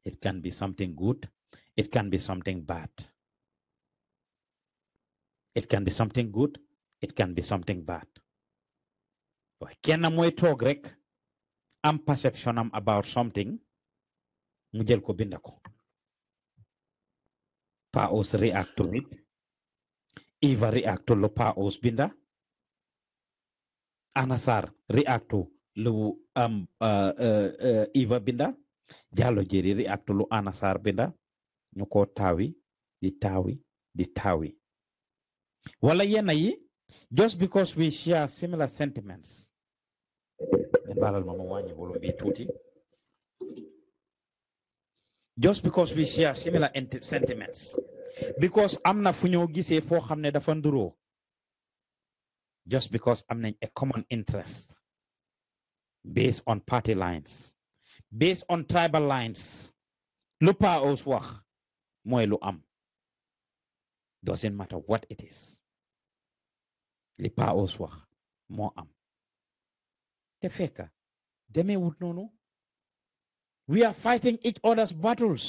it can be something good it can be something bad it can be something good it can be something bad kenn mooy rek am perception am about something mu jël ko binda ko paos eva react to lu paos binda anasar react lu uh, uh, uh, eva binda jalo jeri react lu anasar binda ñu taawi di taawi di taawi wala yenn yi just because we share similar sentiments ma ma bi just because we share similar sentiments because am not fu ñoo gisee dafa just because am in a common interest based on party lines based on tribal lines lu paos wax lu am doesn't matter what it is li paos wax am Tefeka, deme demewut noonu we are fighting each other's battles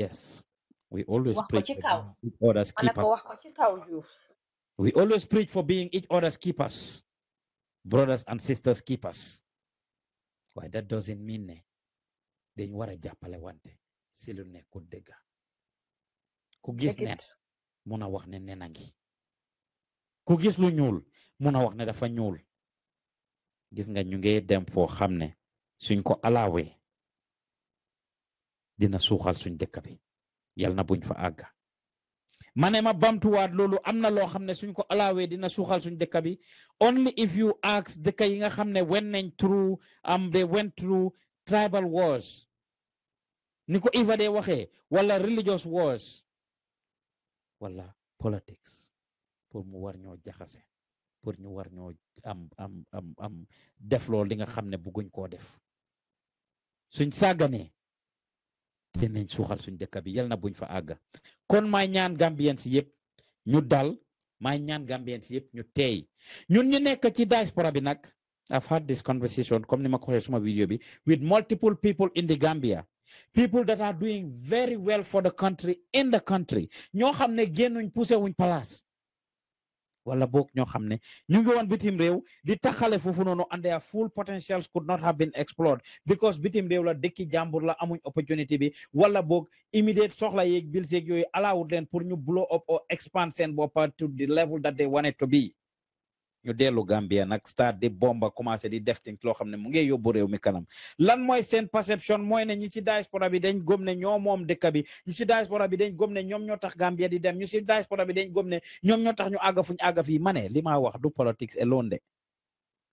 yes we always preach each other's keepers we always preach for being each other's keepers brothers and sisters keepers why that doesn't mean eh, Then dañ war a jàppale wante si kudega. Kugis dëgg ku gis nen mun a wax ne nena ngi ku gis lu ñuul mun a dafa ñuul gis nga ñu ngi dem foo xam ne suñ ko alaawee dina suuxal suñ dëkk bi yal na buñ fa àgg ma ne ma bamtuwaat loolu am na loo xam ne suñ ko alaawee dina suuxal suñ dëkk bi only if you ask dëkk yi nga xam ne went nañ through am um, they went through tribal wars ni ko Iva de waxee wala religious wars wala politics pour mu war ñoo jaxase pour ñu war ñoo am am am am def loolu li nga xam ne bëgguñ koo def suñ sàgganee dinañ suuxal suñ dëkk bi yal na buñ fa àgga kon maay ñaan gambien si yëpp ñu dal maay ñaan gambien si yëpp ñu teey ñun ñu nekk ci diaspora bi nag I've had this conversation comme ni ma ko waxee suma vidéo bi with multiple people in the Gambia people that are doing very well for the country in the country ñoo xam ne génnuñ poussé wuñ place wala bok ñoo xam New ñu ngi woon bitim réew di taxale and their full potentials could not have been explored because bitim réew la dëkki jàmbur la amuñ opportunity bi wala bok immediate soxla yek bil seeg yooyu allowed leen pour ñu blow up or expand seen boppa to the level that they wanted to be ñu dellu Gambia nag start di bomba commencé di def ting loo xam ne mu ngi yóbbu réew mi kanam lan mooy seen perception mooy ne ñi ci diaspora bi dañ gëm ne ñoo moom dëkk bi ñu ci diaspora bi dañ gëm ne ñoom ñoo tax Gambia di dem ñu ci diaspora bi dañ gëm ne ñoom ñoo tax ñu àgg fuñ àgg fii Mane? ne li wax du politics alone de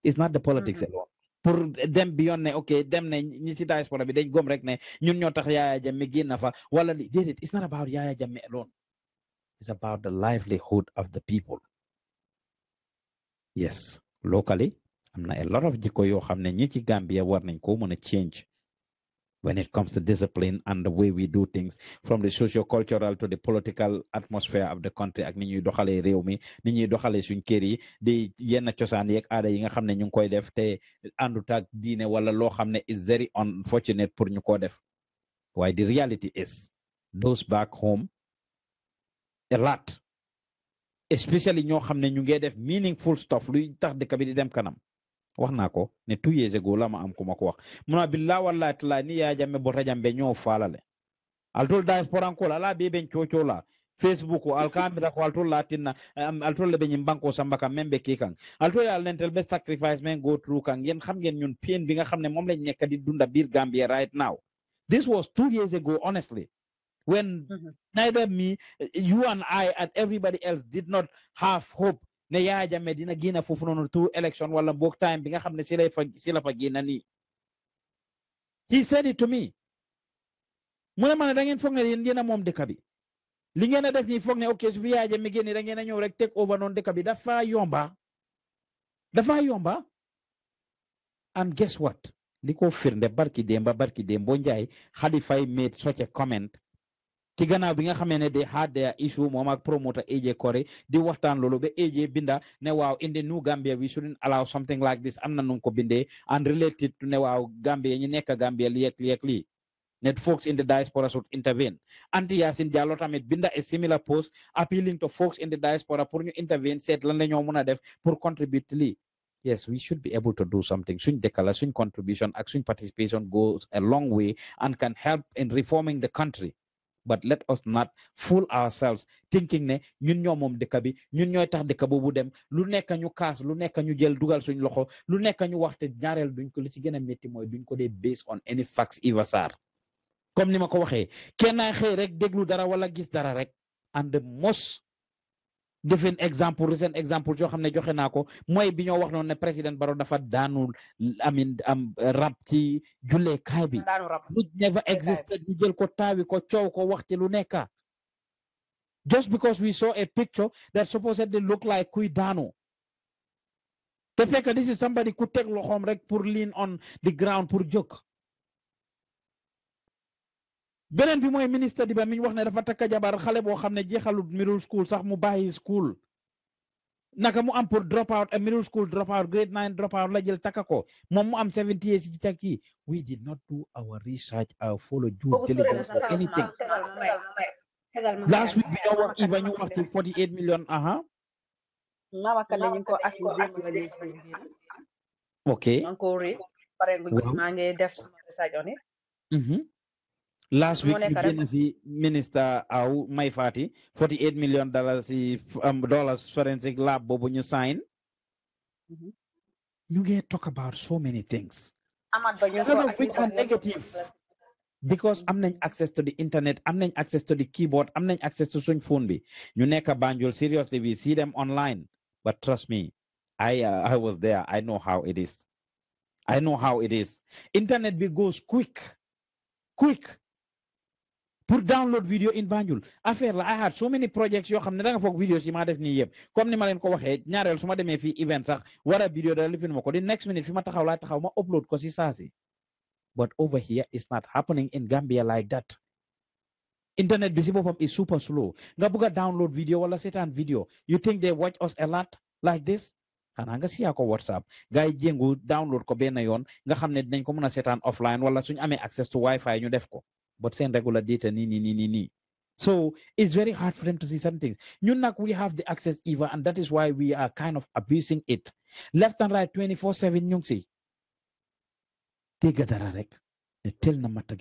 it's not the politics mm-hmm. alone pour dem bi yoon ok dem ne ñi ci diaspora bi dañ gëm rek ne ñun ñoo tax Yaya Jammeh génn fa wala li it's not about Yaya Jammeh alone it's about the livelihood of the people yes locally am a lot of jikko yoo xam ne ñi ci Gambia war nañ ko mën change when it comes to discipline and the way we do things from the socio-cultural to the political atmosphere of the country ak ni ñuy doxalee réew mi ni ñuy doxalee suñ kër yi di yenn cosaan yeeg aada yi nga xam ne ñu koy def te àndut ak diine wala loo xam is very unfortunate pour ñu ko def waaye the reality is those back home a lot especially ñoo xam ñu def meaningful stuff luy tax dëkk bi di dem kanam ko ne two years ago la ma am ku ko wax mun a wallahi taala ni yaa jamme bota jambe ñoo faalale ala be ben la facebook o alkamira ko altol latinna um, altol le be nyim banko samba kam membe ke kan al nentel be sacrifice men go through kan yen xam ngeen ñun bi nga lañ nekk di dunda gambia right now this was two years ago honestly when mm-hmm. neither me, you and I, and everybody else did not have hope ne Yaya Jammeh dina génn foofu noonu two election wala book time binga nga sila ne si lay fa si fa génn nii. he said it to me. Muna ne ma ne da ngeen foog ne yéen yéen li ngeen def nii foog ne ok su fi Yaya Jammeh génne ñëw rek take over noonu dëkk bi dafa yomba dafa yomba and guess what. li ko firnde barki démb barki dem boo njaay Halifa made such a comment ci gannaaw bi nga xamee ne de had their issue moom ak promoter AJ Corey di waxtaan loolu ba AJ binda ne waaw in the new Gambia we shouldn't allow something like this am na nu ko bindee and related to ne waaw Gambia ñi nekk Gambia li ak li ak lii net folks in the diaspora should intervene anti Yasin Jallow tamit binda a similar post appealing to folks in the diaspora pour ñu intervene seet lan la ñoo mën a def pour contribute lii yes, we should be able to do something. Swing decala, swing contribution, action participation goes a long way and can help in reforming the country but let us not fool ourselves thinking ne ñun ñoo moom dëkk bi ñun ñooy tax dëkk boobu dem lu nekk ñu kaas lu nekk ñu jël dugal suñ loxo lu nekk ñu waxte ñaareel duñ ko li ci gën a métti mooy duñ ko dee based on any facts ivasar. Sarr comme ni ma ko waxee kenn xëy rek déglu dara wala gis dara rek and the most different exemple recent exemple yoo xam ne joxe naa ko mooy bi ñoo wax noonu ne président Baro dafa Danu, amin am rab ci jullee kaay bi lu never existed ñu jël ko taawi ko coow ko waxti lu nekka just because we saw a picture that supposedly look like kuy daanu te fekk this is somebody ku teg loxoom rek pour lean on the ground pour joke beneen bi ministre wax ne dafa takka jabar xale middle school sax mu bàyyi school naka mu am pour drop out a middle school drop out grade nine drop out la jël mu am seventy years ci we did not do our research Our follow due diligence or anything last week bi ñoo wax Iba ñu wax ci forty eight million aha ok ngi def sama on it mhm last week minister aw may forty eight million dollars si um, dollars forensic lab boobu mm-hmm. you sign ñu talk about so many things some of which are negative because i am not access to the internet i am not access to the keyboard i am not access to suñ phone bi ñu nekk Banjul seriously we see them online but trust me I uh, I was there I know how it is I know how it is internet be goes quick quick pour download video in Banjul affaire la I had so many projects yoo xam ne da nga foog videos yi maa def nii yëpp comme ni ma leen ko waxee ñaareel su ma demee fii event sax war a video dara lifin ma ko di next minute fi ma taxaw laa taxaw ma upload ko si saasi but over here it's not happening in Gambia like that internet bi si boppam is super slow nga bëgg a download video wala seetaan video you think they watch us a lot like this xanaa nga siyaa ko whatsapp gars yi jéngu download ko benn yoon nga xam ne dinañ ko mën a seetaan offline wala suñu amee access to wifi ñu def ko but send regular data ni ni ni ni ni so it's very hard for them to see certain things ñun we have the access Eva, and that is why we are kind of abusing it left and right 24 7 ñu ngi si na matta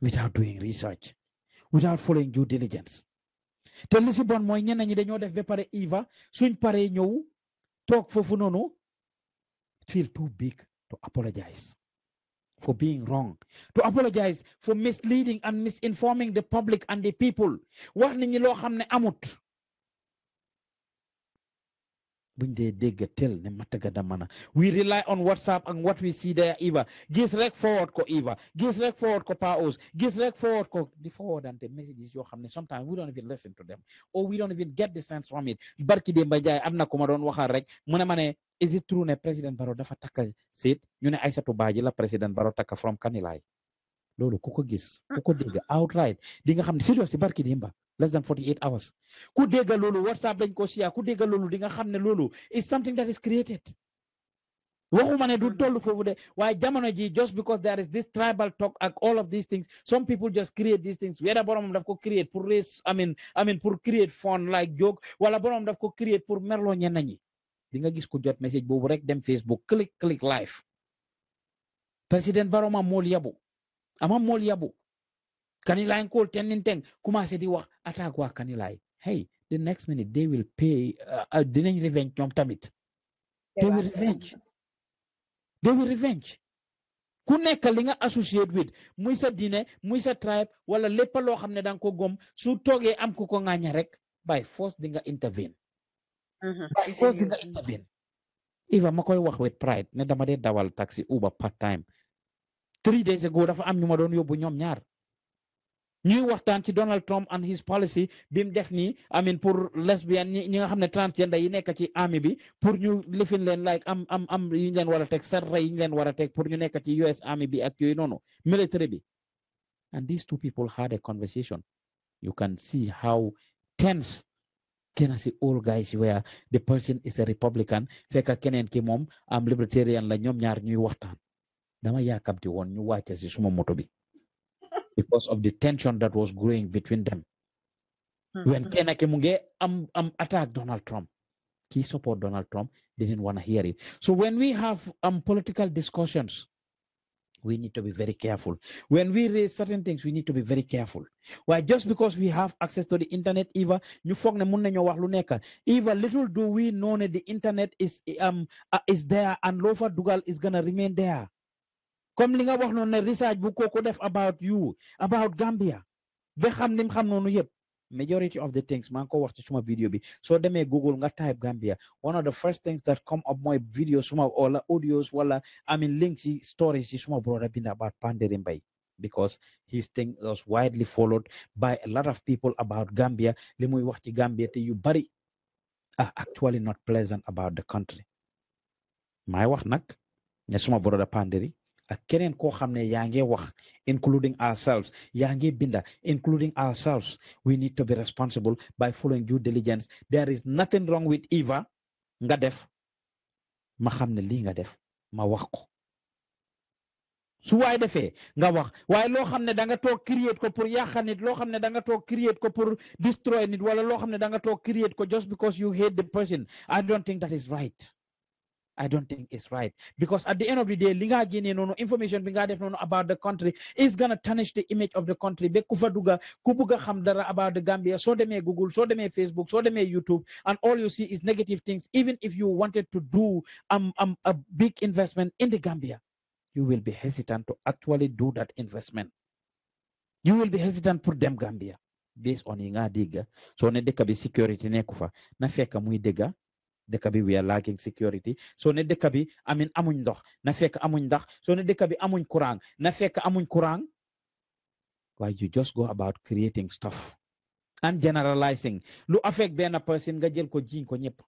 without doing research without following due diligence te li si bon mooy ñenn ñi dañoo def ba pare iva suñ paree ñëw toog foofu noonu feel too big to apologize for being wrong, to apologize for misleading and misinforming the public and the people. wax nañu ne amut buñ dee dégg tel ne mataga mana we rely on whatsapp and what we see there Iva, gis rek forward ko Iva. gis rek forward ko paos gis rek forward ko di forwardante messages yoo xam ne sometimes we don't even listen to them or we don't even get the sense from it barki de mba jaay am na ku ma doon waxal rek mu ne ma ne is it true ne président Barrow dafa takka seet ñu ne Aïssatou Badji la président Barrow takka from Kanilaay lolu kuko gis ah. kuko deg outright di nga xam serious barki dimba less than 48 hours ku dégg lolu whatsapp dañ ko siya ku dégg lolu di nga xamne lolu is something that is created waxuma ne du hmm. tollu fofu de way jamono ji just because there is this tribal talk and all of these things some people just create these things wera borom daf ko create pour raise I mean I mean pour create fun like joke wala borom daf ko create pour merlo ñenn ñi di nga gis ku jot message bobu rek dem Facebook click click live president baroma mol yabu ama mool yabu kanilayin kol tenin teng commencé di wax attaque kani kanilay hey the next minute they will pay uh, uh, dinañ revenge ñoom tamit they will revenge they will revenge ku nekk li nga associate with muy sa diine muy sa tribe wala lépp loo xam ne danga ko gom su toogee am ku ko ŋaaña rek by force di nga intervene mm-hmm. by force di nga intervene ma koy wax with pride ne dama dee dawal taxi Uber part time three days ago dafa am ñu ma doon yóbbu ñoom ñaar ñuy waxtaan ci Donald Trump and his policy Bim def I mean pour lesbian ñi nga xam transgender yi nekk ci army bi pour ñu lifin leen like am am am yu leen war a teg sarra yi leen war a teg pour ñu nekk ci US army bi ak yooyu noonu military bi and these two people had a conversation you can see how tense kenn si all guys where the person is a Republican fekk keneen ki moom am libertarian la ñoom ñaar ñuy waxtaan dama yàkkamti woon ñu wàcce si suma moto bi because of the tension that was growing between them hmm. when kenn ki mu am um, am um, attack Donald Trump he support Donald Trump didn't want to hear it so when we have um, political discussions we need to be very careful when we raise certain things we need to be very careful why just because we have access to the internet eva ñu foog ne mun nañoo wax lu nekk eva little do we know that the internet is um, uh, is there and Lofa Dugal is gonna remain there comme li nga wax noonu ne research bu kooku def about you about Gambia ba xam ni mu xam noonu yëpp majority of the things maa ngi ko wax ci suma video bi soo demee Google nga type Gambia one of the first things that come up mooy video suma wala audios wala I mean links yi stories yi suma brother bind about Pandering Bay because his thing was widely followed by a lot of people about Gambia li muy wax ci Gambia te yu bari are actually not pleasant about the country may wax nag ne suma brother Pandering ak keneen koo xam ne yaa ngi wax including ourselves yaa ngi binda including ourselves we need to be responsible by following due diligence there is nothing wrong with Eva nga def ma xam ne lii nga def ma wax ko su waay defee nga wax waaye loo xam ne da nga toog create ko pour yàqa nit loo xam ne da nga toog create ko pour destroy nit wala loo xam ne da nga toog create ko just because you hate the person I don't think that is right I don't think it's right. Because at the end of the day, linga gini no information binga def no about the country is gonna tarnish the image of the country. Be kufa duga kubuga hamdara about the Gambia. So they may Google, so they may Facebook, so they may YouTube, and all you see is negative things. Even if you wanted to do um, um, a big investment in the Gambia, you will be hesitant to actually do that investment. You will be hesitant for them Gambia based on inga diga. So ne deka be security kufa Na feka mui dega dëkk bi we are lacking security so ne dëkk bi amin amuñ ndox na fekk amuñ ndox soo ne dëkk bi amuñ courant na fekk amuñ courant waaye you just go about creating stuff and generalizing lu affect benn person nga jël ko jiñ ko ñëpp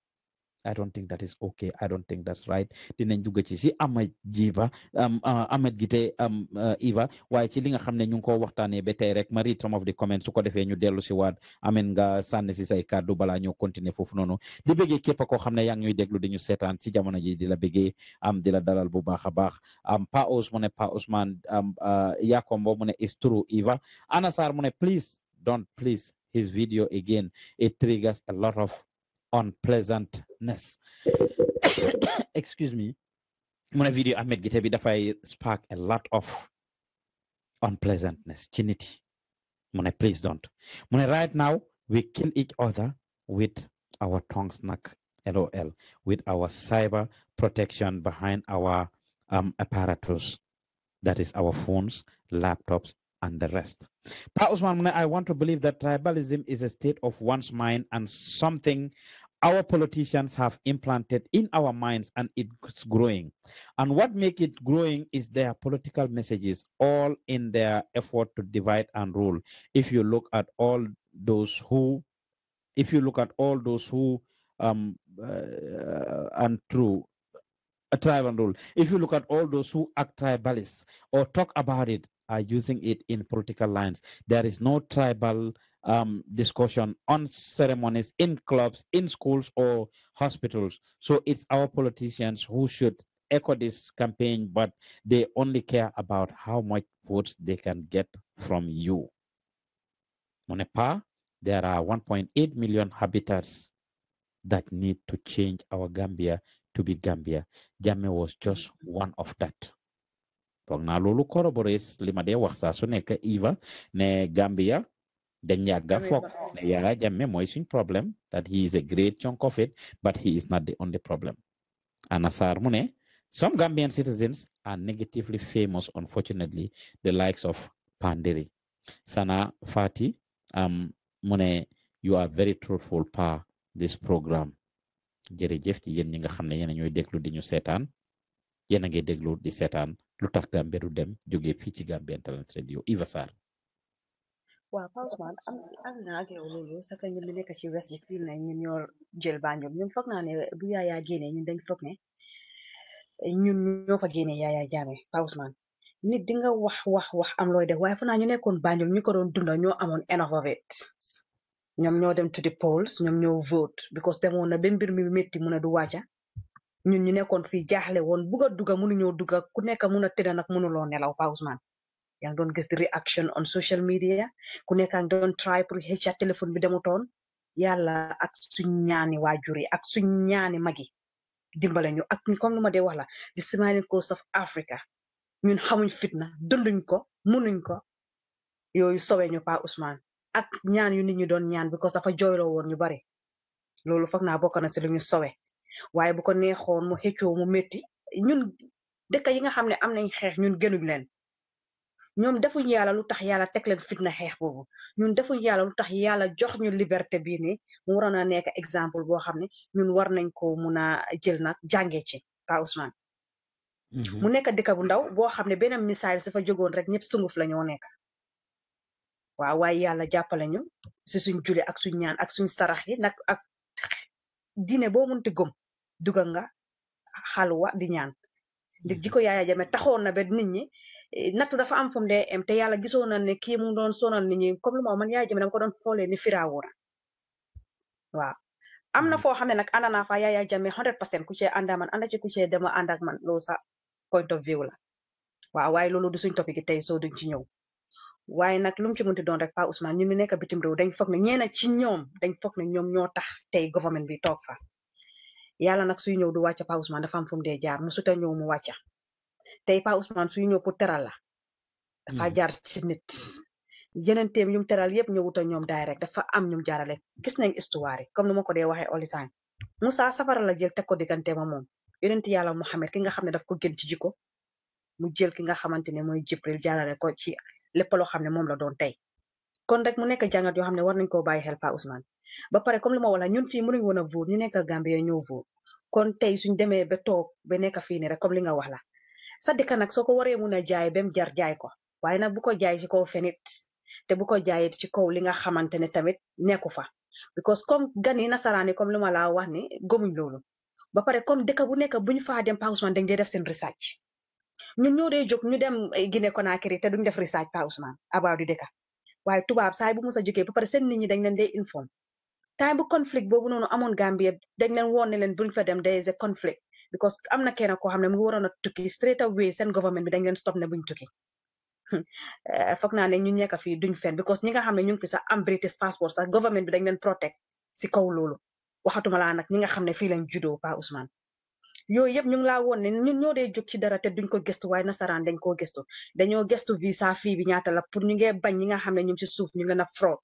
I don't think that is okay. I don't think that's right. dinañ dugg ci si Amad Jiba um, uh, Amad Gite um, uh, Iva waaye ci li nga xam ne ñu ko waxtaanee ba tey rek ma read some of the comments su ko defee ñu dellu si waat ameen nga sànni si say kàddu balaa ñoo continuer foofu noonu di bëggee képp koo xam ne yaa ngi ñuy déglu di ñu seetaan si jamono ji di la bëggee am di la dalal bu baax Am baax Pa Ous mu ne Pa Ousmane uh, Yakombo mu ne is true Iva Anasar mu ne please don't please his video again it triggers a lot of unpleasantness excuse me mu vidéo Ahmed Gite dafay spark a lot of unpleasantness ci nit please don't mu right now we kill each other with our tongues nag lol with our cyber protection behind our um, apparatus that is our phones laptops and the rest pa usman i want to believe that tribalism is a state of one's mind and something our politicians have implanted in our minds and it's growing and what make it growing is their political messages all in their effort to divide and rule if you look at all those who if you look at all those who um uh, and true a uh, tribe and rule if you look at all those who act tribalist or talk about it are using it in political lines there is no tribal um, discussion on ceremonies in clubs, in schools, or hospitals. So it's our politicians who should echo this campaign, but they only care about how much votes they can get from you. On a par, there are 1.8 million habitats that need to change our Gambia to be Gambia. Gambia was just one of that. foog corroborates li ma Eva ne Gambia then yaga flock. yaga jamme, is in problem that he is a great chunk of it, but he is not the only problem. Anasar Mune, some Gambian citizens are negatively famous, unfortunately, the likes of Pandiri. Sana Fati, um, Mune, you are very truthful pa this programme jërëjëf ci yéen ñi nga xam ne yéen a déglu di ñu setan, yéen a ngi déglu di setan lu tax du dem jógee fii ci Gambian talent Radio Iva waaw Pa Ousman am am naa ak yow loolu sa ka ñun ci west yi fii ne ñun ñoo jël Banjul ñun foog naa ne bu Yaya génnee ñun dañ foog ne ñun ñoo fa génnee Yaya Jammeh Pa Ousman nit di nga wax wax wax am looy def waaye fu naa ñu nekkoon Banjul ñu ko doon dunda ñoo amoon enough of it ñoom ñoo dem to the polls ñoom ñoo vote because demoon na ba mbir mi métti mu ne du wàcca ñun ñu nekkoon fii jaaxle woon bugg a dugga mënuñoo dugga ku nekk mun a nag mënuloo nelaw Pa yang gis guesdi reaction on social media ku nek don don try pour hecha telephone bi demu ton yalla ak suñ ñaani wajuri ak suñ ñaani magi dimbalé dimbale ñu ak comme luma dé wax la the smiling coast of Africa ñun xamuñ fitna dunduñ ko munuñ ko yoyu sowé ñu pa Ousmane ak ñaan yu nit ñi don ñaan because dafa joylo won ñu bari lolu fakk na bokk na ci luñu sowé waye bu ko neexoon mu hecho mu metti ñun dekk yi nga xamné am ñun gënuñ leen ñoom defuñu yàlla lu tax yàlla teg leen fitna xeex boobu ñun defuñu yàlla lu tax yàlla jox ñu liberté bii nii mu waroon a nekk exemple boo xam ne ñun war nañ ko mun a jël nag jàngee ci Pa Ousmane. Mhm. mu nekk dëkk bu ndaw boo xam ne benn message dafa jógoon rek ñëpp sunguf la ñoo nekk. waaw waaye yàlla jàppale ñu si suñ jule ak suñ ñaan ak suñ sarax yi nag ak diine boo munti gëm dugal nga xaluwa di ñaan. ndig mhm. jiko yaaya jame taxoon na ba nit ñi Eh, nattu dafa am fu mu dee em te yàlla gisoo na ne kii mu doon sonal nit ñi comme lu ma man yaay jëme dama ko doon xoolee ni firaawura waaw am na hmm. foo xam ne nag ànd naa fa yaaya jame hundred percent ku cee ànd ak man ànd ci ku cee dama ànd ak man loolu sa point of view la waaw waaye loolu du suñ topic gi tey soo duñ ci ñëw waaye nag lu mu ci mënti doon rek Pa Ousmane ñun ñu nekk bitim réew dañ foog ne ñeena ci ñoom dañ foog ne ñoom ñoo tax tey government bi toog fa yàlla nag suy ñëw du wàcca Pa Ousmane dafa am fu mu dee jaar mu suta ñëw mu wàcca tey Pa Ousmane suy ñëw pour teral la. dafa hmm. jaar ci nit. yeneenteem yum teral yëpp ñëwut a ñoom direct dafa am ñum jaarale gis nañ histoire yi comme ni ma ko dee waxee all the time Moussa safara la jël teg ko diggante ma moom yeneen ti yàlla Muhammad ki nga xam ne daf ko gën ci jikko mu jël ki nga xamante ne mooy Jibril jaarale ko ci lépp loo xam ne moom la doon tey kon rek mu nekk jàngat yoo xam ne war nañ koo bàyyi xel Pa Ousmane ba pare comme li wala ñun fii mënuñ woon a vote ñu nekk Gambie ñoo vote kon ba toog ba nekk fii nii li nga wax sa dëkk nag so ko waree mun a jaay bem jar jaay ko waaye na bu ko jaay ci kaw fenit te bu ko jaayit ci kaw li nga xamante ne tamit nekku fa because comme gani nasaraani comme lu ma laa wax ni gomuñ loolu ba pare comme dëkk bu nekk buñ faa dem Pa Ousmane dañ dee def seen research ñun ñoo dee jóg ñu dem Guinée Conakry te duñ def research Pa Ousmane about di dëkk waaye tubaab saay bu musa jógee ba pare seen nit ñi dañ leen dee inform time bu conflict boobu noonu amoon Gambia dañ leen woon ne leen buñ fa dem day is because am na kenn ko xam ne mu ngi waroon a tukki straight away seen government bi dañ leen stop ne buñ tukki eh, foog naa ne ñu nekk fii duñ fen because ñi nga xam ne ñu fi sax am British passport sax government bi dañ leen protect si kaw loolu waxatuma laa nag ñi nga xam ne fii lañ juddoo Pa Ousmane yooyu yëpp ñu ngi laa woon ne ñun ñoo dee jóg ci dara te duñ ko gëstu waaye nasaraan dañ koo gëstu dañoo gëstu visa fii bi ñaata la pour ñu ngee bañ ñi nga xam ne ñu ngi ci suuf ñu ngi leen a fraud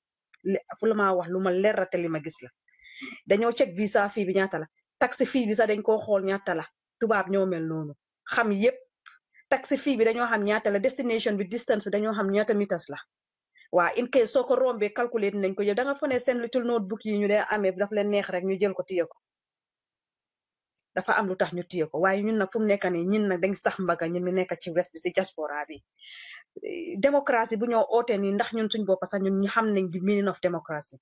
wax lu ma leer te li ma gis la dañoo check visa fii bi ñaata la taxe fii bi sax dañ koo xool ñaata la tubaab ñoo mel noonu xam yépp taxe fii bi dañoo xam ñaata la destination bi distance bi dañoo xam ñaata mitas la waa in case soo ko rombee calculé nañ ko yow da nga fa ne seen little notebook yi ñu dee amee daf leen neex rek ñu jël ko téye ko dafa am lu tax ñu téye ko waaye ñun nag fu mu nekk nii ñun nag dañ sax mbaga ñun mi nekk ci west bi si diaspora bi démocratie bu ñoo oote nii ndax ñun suñ bopp sax ñun ñu xam nañ di meaning of démocratie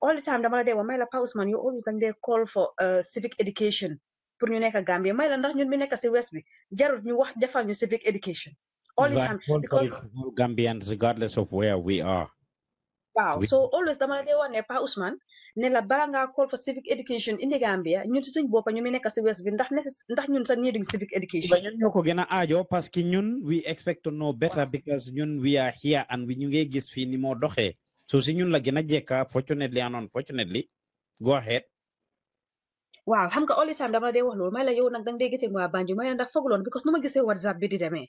all the time dama la dee wax may Pa Ousmane yow always dang dee call for uh, civic education pour ñu nekk Gambia may la ndax ñun mi nekk si west bi jarut ñu wax defal ñu civic education. all the time because all Gambians regardless of where we are. waaw so always dama la dee ne Pa Ousmane ne la bala ngaa call for civic education indi Gambia ñun si suñu boppa ñu mi nekk si west bi ndax ndax ñun sax needing civic education. ñun ñoo ko aajo parce que ñun we expect to know better because ñun we are here and ñu ngi gis fii ni moo doxee. so si ñun la gën a jekka fortunately and unfortunately go ahead waaw xam nga all the time dama dee wax loolu may la yow nag danga dee gisee waa Banjul may la ndax foog loon because nu ma gisee WhatsApp bi di demee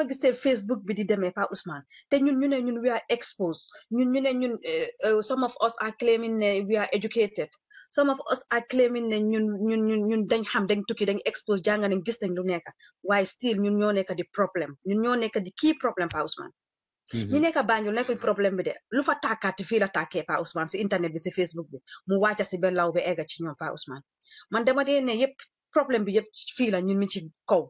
ma gisee Facebook bi di demee Pa Ousman te ñun ñu ne ñun we are exposed ñun ñu ne ñun eh, eh, some of us are claiming ne we are educated some of us are claiming ne ñun ñun ñun ñun dañ xam dañ tukki dañ exposed jàng nañ gis nañ lu nekk waaye still ñun ñoo nekk di problème ñun ñoo nekk di key problème Pa Ousman Mhm. ñi nekk Banjul nekkul problème bi de lu fa tàkkaati fii la tàkkee Pa Ousmane si internet bi si Facebook bi mu wàcca si benn law bi egga ci ñoom Pa Ousmane man dama dee ne yëpp problème bi yëpp fii la ñun mi ci kaw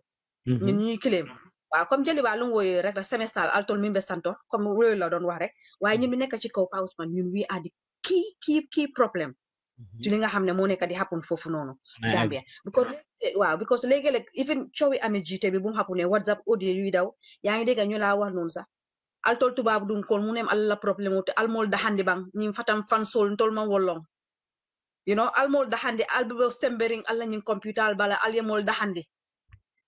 mhm. ñun ñuy kileem waaw comme jëli waa lu mu wooyee rek la semestral altol mi mbe santo comme loolu la doon wax rek waaye mhm. ñun mi nekk ci kaw Pa Ousmane ñun wii addi kii kii kii problème ci li nga xam ne moo nekk di happen foofu noonu Gambia because eh, waaw because léegi-léeg even coowi amee jiite bi bu mu happen WhatsApp audio yuy daw yaa ngi dégg ñu laa wax noonu sax altol tubabu dum kon munem allah probléme te bang dahande fatam fan sol fansol ma wolong you know al almol dahande albeɓe semberin allah ñin computer al bala alyamol dahande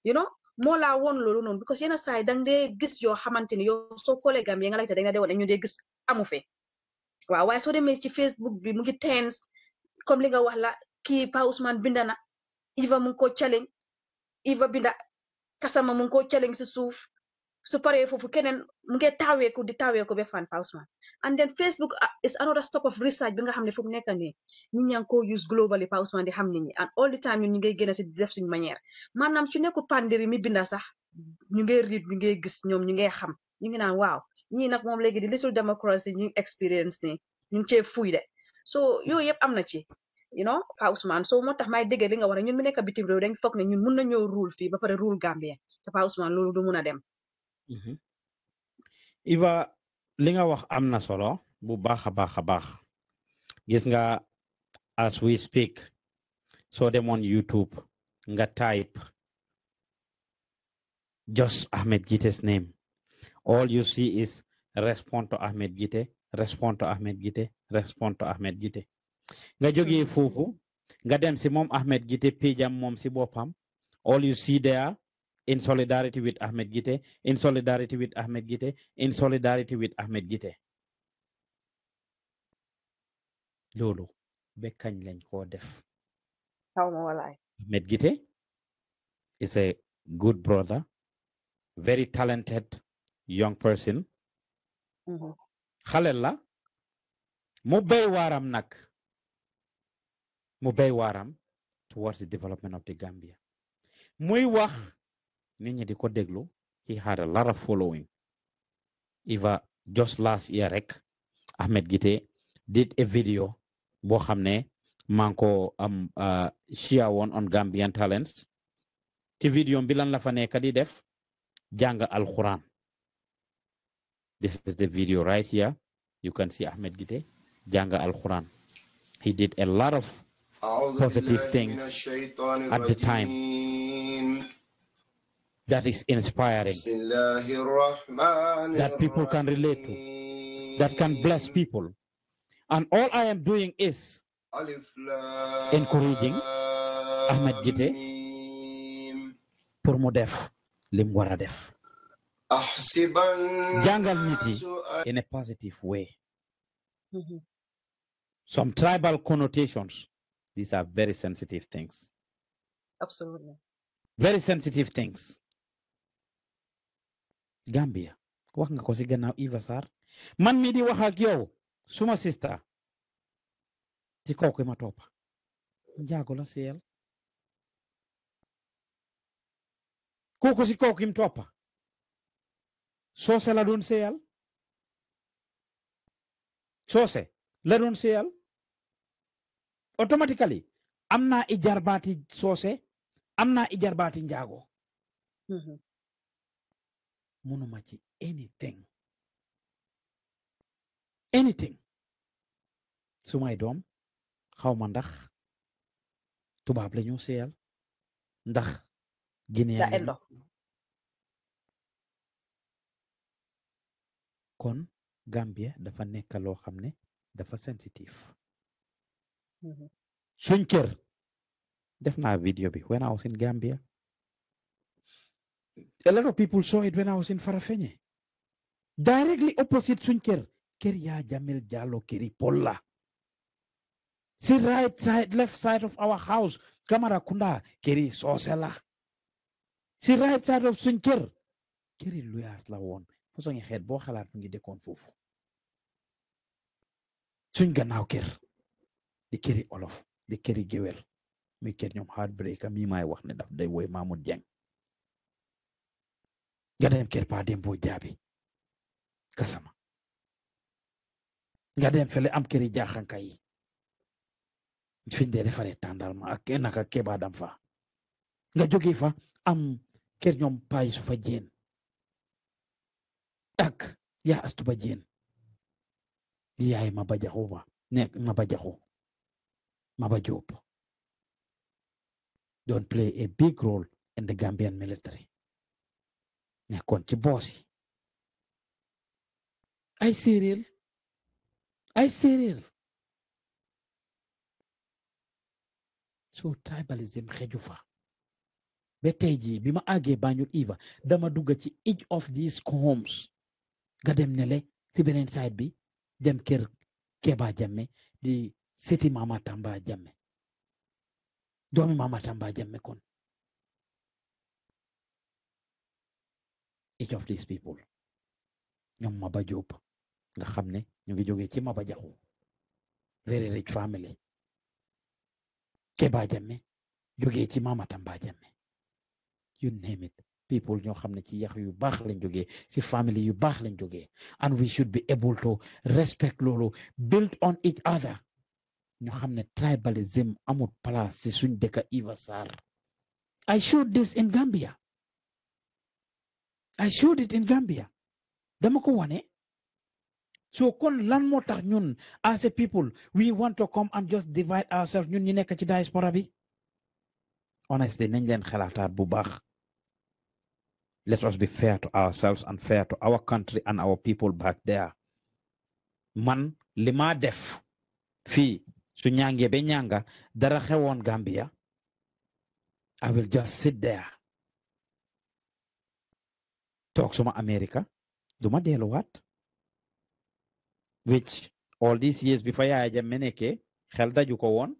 you know mola won lolu non because yena sai dang de gis yo xamantene yo so collègue am ye de won ñu de gis amu fe wa so de me ci facebook bi mu ngi tense comme li nga wax la ki pa Ousmane bindana Iva mu ko challenge Iva binda kasama mu ko challenge ci souf su paree foofu keneen mu ngi taaweeku di taaweeku ba fan Pa Ousman and then Facebook ah, is another stop of research bi nga xam fu nekk ñi ñaa ngi ko use globally Pa Ousman di xam nit ñi and all the time ñu ngay génn si def suñu manière maanaam su nekkul pandiri mi binda sax ñu ngay riib ñu ngay gis ñoom ñu ngay xam ñu ngi naan waaw ñii nag moom léegi di little democracy ñu experience nii ñu ngi fuy de so yooyu yëpp am ci you know Pa man. so moo may dégg li nga wax ñun mu nekk bitim réew dañ foog ne ñun mun nañoo rule fii ba pare rule Gambien te Pa Ousman loolu du mun dem Mhm. Iba li nga wax amna solo bu baakha baakha baax gis nga as we speak so dem on YouTube nga type jos Ahmed Gite's name all you see is respond to Ahmed Gite respond to Ahmed Gite respond to Ahmed Gite nga joge hmm. fofu nga dem si mom Ahmed Gite page mom moom si pam. all you see there in solidarity with Ahmed Gite, in solidarity with Ahmed Gite, in solidarity with Ahmed Gite. Lolo, ba kañ lañ koo def. Ahmed Gite is a good brother very talented young person. Mm-hmm. xale la mu béy waaram nag towards the development of the Gambia muy nit ñi di ko déglu he had a lot of following even just last year rek Ahmed Gite did a video boo manko ne ko am um, uh, share woon on Gambian Talents ci video bi lan la fa nekk di def jàng alquran this is the video right here you can see Ahmed Gite jàng alquran he did a lot of positive things at the time that is inspiring, that people can relate to, that can bless people. And all I am doing is encouraging Ahmed Gite pour mu def lim def. jàngal nit yi in a positive way. Mm-hmm. Some tribal connotations. These are very sensitive things. Absolutely. Very sensitive things. Gambia wax nga ko ci gannaaw Iva sar man mi di wax ak yow suma sista ci kooku ma toppa njaago la seel kooku si kooku im toppa soose la doon so soose la doon automatically amna naa i jarbaati soose amna naa i jarbaati mënuma ci anything anything su may doom xaw ma ndax tubaab la ñu seyal ndax guinéen kon Gambia dafa nekk loo xam ne dafa sensitive mm-hmm. suñ kër def naa vidéo bi when I was in Gambia a lot of people saw it when I was in Farafenye. Directly opposite Sunker, Keria Jamil Jalo Kiripolla. See right side, left side of our house, Kamara Kunda, Keri Sosela. See right side of Sunker, Keri Luyas Lawon. Fosong xeet boo xalaat mu ngi dëkkoon foofu. Suñ gannaaw kër di këri olof di këri géwél muy kër ñoom heartbreak am yi maay wax ne daf day woy Mamoud Dieng kere pada dem bo jabi. kasama gaden fele am keri dere kay tandal ma ake ak ake kebadam fa nga joge fa am kere nyom pay su fa jeen ak ya astu ba jeen yaay ma ba jaxu ba nek ma ba ma ba don't play a big role in the Gambian military nekkoon ci boos yi ay séeréer ay séeréer soo tribalism xeju fa ba tey jii bi ma àggee Banjul Eva dama dugga ci each of these homes nga dem ne le ci beneen side bi dem kër Keba Jammeh di seeti Mama Tamba Jammeh doomi Mama Tamba Jammeh kon each of these people ñoom Maba Diop nga xam ne ñu ngi jógee ci Maba Jaxu very rich family Keba Jammeh jógee ci Mama Tamba Jammeh you name it people ñoo xam ne ci yax yu baax lañ jógee ci family yu baax lañ jógee and we should be able to respect loolu build on each other ñu xam tribalism amul place ci suñ dëkka Eva I showed this in Gambia I showed it in Gambia dama ko so kon lan moo tax as a people we want to come and just divide ourselves ñun ñu nekk ci diaspora bi honestly nañ leen xalaataat let us be fair to ourselves and fair to our country and our people back there man li maa def fii su ñàngee ba ñànga dara xewoon Gambia I will just sit there toog suma America du ma delluwaat which all these years before Yaya Jammeh nekkee xel daju ko woon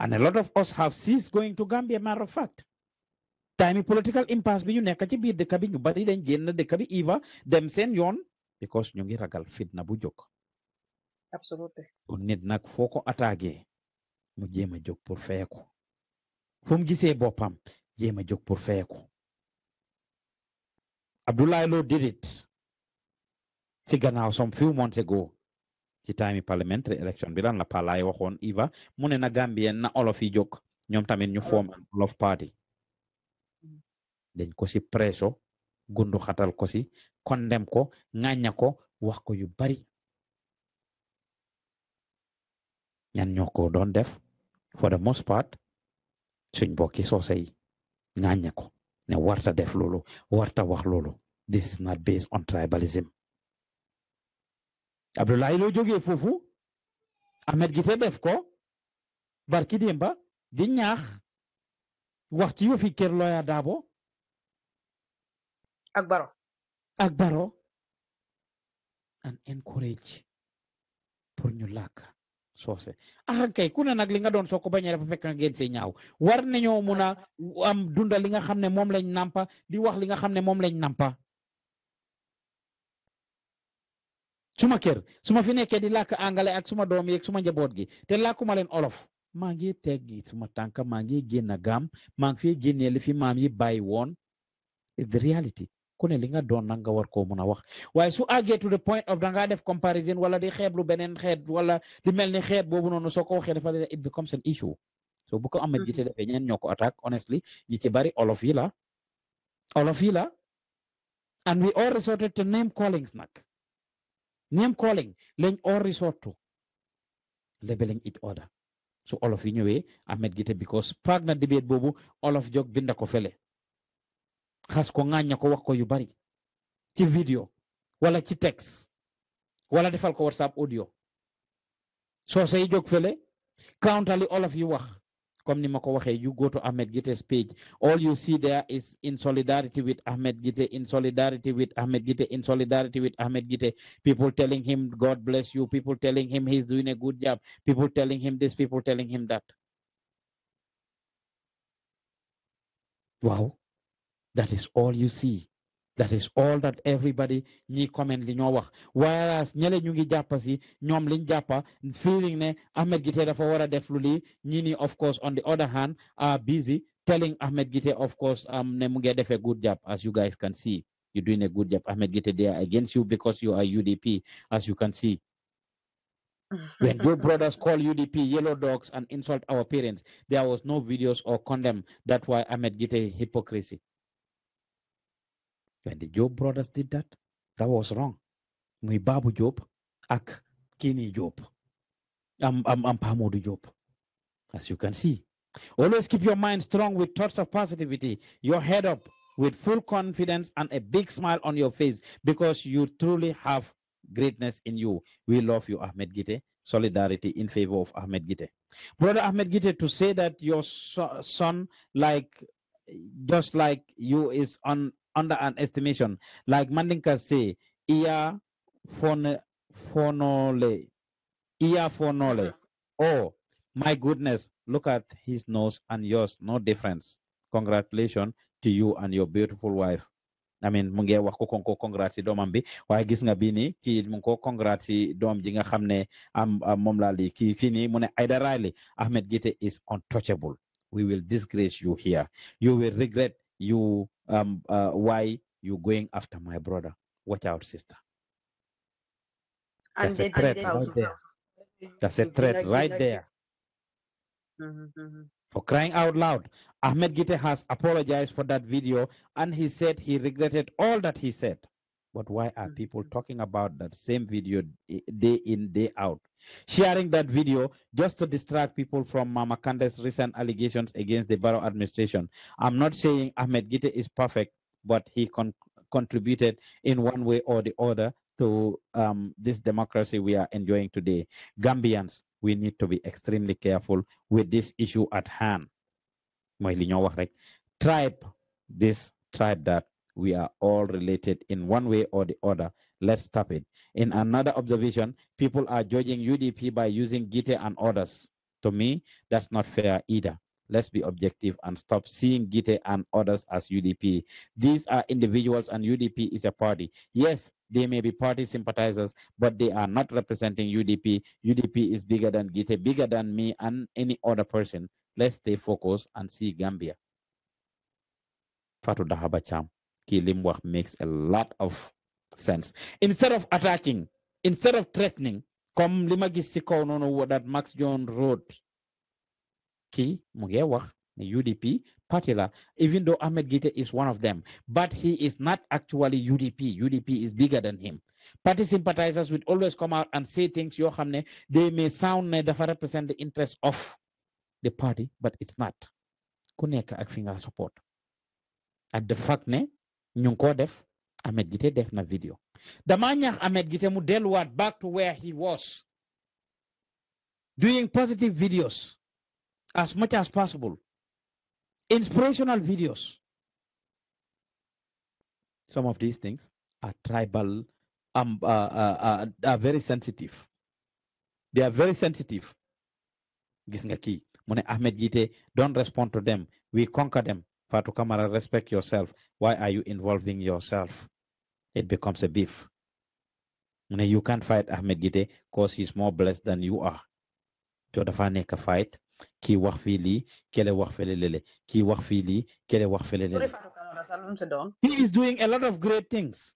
and a lot of us have ceased going to Gambia matter of fact time political impasse bi ñu nekk ci biir dëkk bi ñu bari dañ génn dëkk bi iva dem seen yoon because ñu ngi ragal fitna bu jóg absolutely nit nag foo ko attaqué mu jéem a jóg pour feeku fu mu gisee boppam jéem a jóg pour feeku Abdoulaye Lo did it ci gannaaw some few months ago ci time parliamentary election bi lan la Palaay waxoon Iva mu ne na Gambien olofi olof yi jóg ñoom tamit ñu form an olof party dañ ko si preso gundu xatal ko si kondem ko ŋàñña ko wax ko yu bari ñan ñoo ko doon def for the most part suñ bokki soose yi ŋàñña ko ne warta def loolu warta wax loolu this is not based on tribalism Abdoulaye loo jógee foofu Ahmed Gite def ko barki di ñaax wax ci yëfi kër looya daabo ak baro ak baro and encourage pour ñu làkk sose ah kay ku ne nak li nga doon soko bañe dafa fekk na ngeen ñaaw war nañu mëna am dunda li nga xamne mom lañ nampa di wax li nga xamne mom lañ nampa suma kër suma fi nekké di lak angalé ak suma doom ak suma njaboot gi té lakuma len olof ma ngi téggi suma tanka ma ngi génn gam ma ngi fi génnee li fi maam yi is the reality ku ne li nga doon war koo mën wax waaye su àggee to the point of dangaa def comparison wala di xeeblu benen xeet wala di mel ni Bobu boobu noonu soo dafa it becomes an issue so bu ko amet mm-hmm. jite defee ñeen ñoo ko attaque honestly ñi ci bari olof yi la olof yi la and we all resorted to name callings nag name calling lañ all resort to labeling each other su olof yi ñëwee amet gite because paag na debate bobu, olof jóg binda ko fele xas ko ŋàñña ko wax yu bari ci vidéo wala ci texte wala defal ko whatsapp audio So say jóg fële countali of you wax comme ni ma ko waxee you go to Ahmed Gite's page all you see there is in solidarity with Ahmed Gite in solidarity with Ahmed Gite in solidarity with Ahmed Gite people telling him God bless you people telling him he's doing a good job people telling him this people telling him that Wow. That is all you see. That is all that everybody ñi comment li whereas ñele ñu ngi jàpp si ñoom liñ jàppa feeling ne Ahmed Gite dafa war def lu ñi ni of course on the other hand are busy telling Ahmed Gite of course am ne mu ngi defee good job as you guys can see you're doing a good job Ahmed Gite they are against you because you are UDP as you can see when your brothers call UDP yellow dogs and insult our parents, there was no videos or condemn. That's why Ahmed Gite hypocrisy. When the Job brothers did that, that was wrong. Muy Babu Job ak Kini Job. Am, am, am Job. As you can see. Always keep your mind strong with thoughts of positivity, your head up with full confidence and a big smile on your face because you truly have greatness in you. We love you, Ahmed Gite. Solidarity in favor of Ahmed Gite. Brother Ahmed Gite, to say that your son, like just like you, is on under an estimation. Like Mandinka say, ear fonole, ear fonole." Oh, my goodness, look at his nose and yours, no difference. Congratulations to you and your beautiful wife. I mean mu ngi wax ko kon ko congrats si doomam bi waaye gis nga congrats si nga am momlali ki lii kii Aida Riley Ahmed Gite is untouchable we will disgrace you here you will regret you um, uh, why you're going after my brother. Watch out, sister. That's and a threat right there. That's a threat right there. Mm-hmm, mm-hmm. For crying out loud, Ahmed Gite has apologized for that video and he said he regretted all that he said. But why are mm-hmm, people talking about that same video day in, day out? sharing that video just to distract people from Mama Kande's recent allegations against the Barrow administration. I'm not saying Ahmed Gite is perfect, but he con- contributed in one way or the other to um, this democracy we are enjoying today. Gambians, we need to be extremely careful with this issue at hand. Tribe this, tribe that. We are all related in one way or the other Let's stop it. In another observation, people are judging UDP by using Gita and others. To me, that's not fair either. Let's be objective and stop seeing Gita and others as UDP. These are individuals and UDP is a party. Yes, they may be party sympathizers, but they are not representing UDP. UDP is bigger than Gita, bigger than me and any other person. Let's stay focused and see Gambia. Fatu Dahaba Cham, makes a lot of sense. Instead of attacking, instead of threatening, comme lima ma gis that Max John wrote Ki mu UDP party la even though Ahmed Gite is one of them but he is not actually UDP UDP is bigger than him party sympathizers will always come out and say things Yo hamne they may sound ne dafa represent the interest of the party but it's not ku nekk ak support At the fact ne ñu kwa def Ahmed Gite def na video dama ñaax Ahmed Gite mu delluwaat back to where he was doing positive videos as much as possible inspirational videos some of these things are tribal um, uh, uh, uh, are very sensitive they are very sensitive gis nga kii Ahmed Gite don't respond to them we conquer them Fatu Kamara, respect yourself. Why are you involving yourself? It becomes a beef. you can't fight Ahmed Gide because he's more blessed than you are. To dafa nek fight ki wafili fi li kele wax lele ki wafili fi li kele wax lele. He is doing a lot of great things.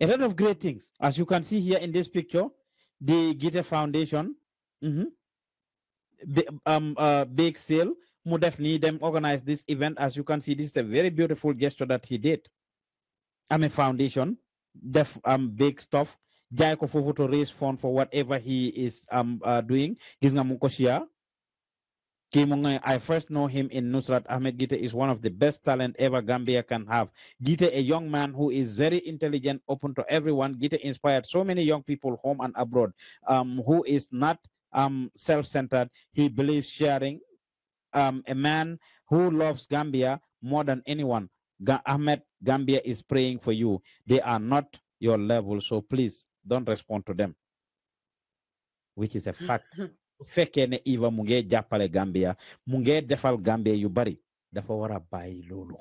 A lot of great things. As you can see here in this picture, the Gide Foundation, mm -hmm, um, uh, big sale mu def dem organize this event as you can see this is a very beautiful gesture that he did I'm a foundation def um big stuff jaay ko to raise fund for whatever he is am um, uh, doing gis mukoshiya. I first know him in Nusrat Ahmed Gite is one of the best talent ever Gambia can have Gite a young man who is very intelligent open to everyone Gite inspired so many young people home and abroad um, who is not um, self-centered he believes sharing um, a man who loves Gambia more than anyone. Ga- Ahmed, Gambia is praying for you. They are not your level, so please don't respond to them, which is a fact. They have Iva Gambia defal Gambia bari dafa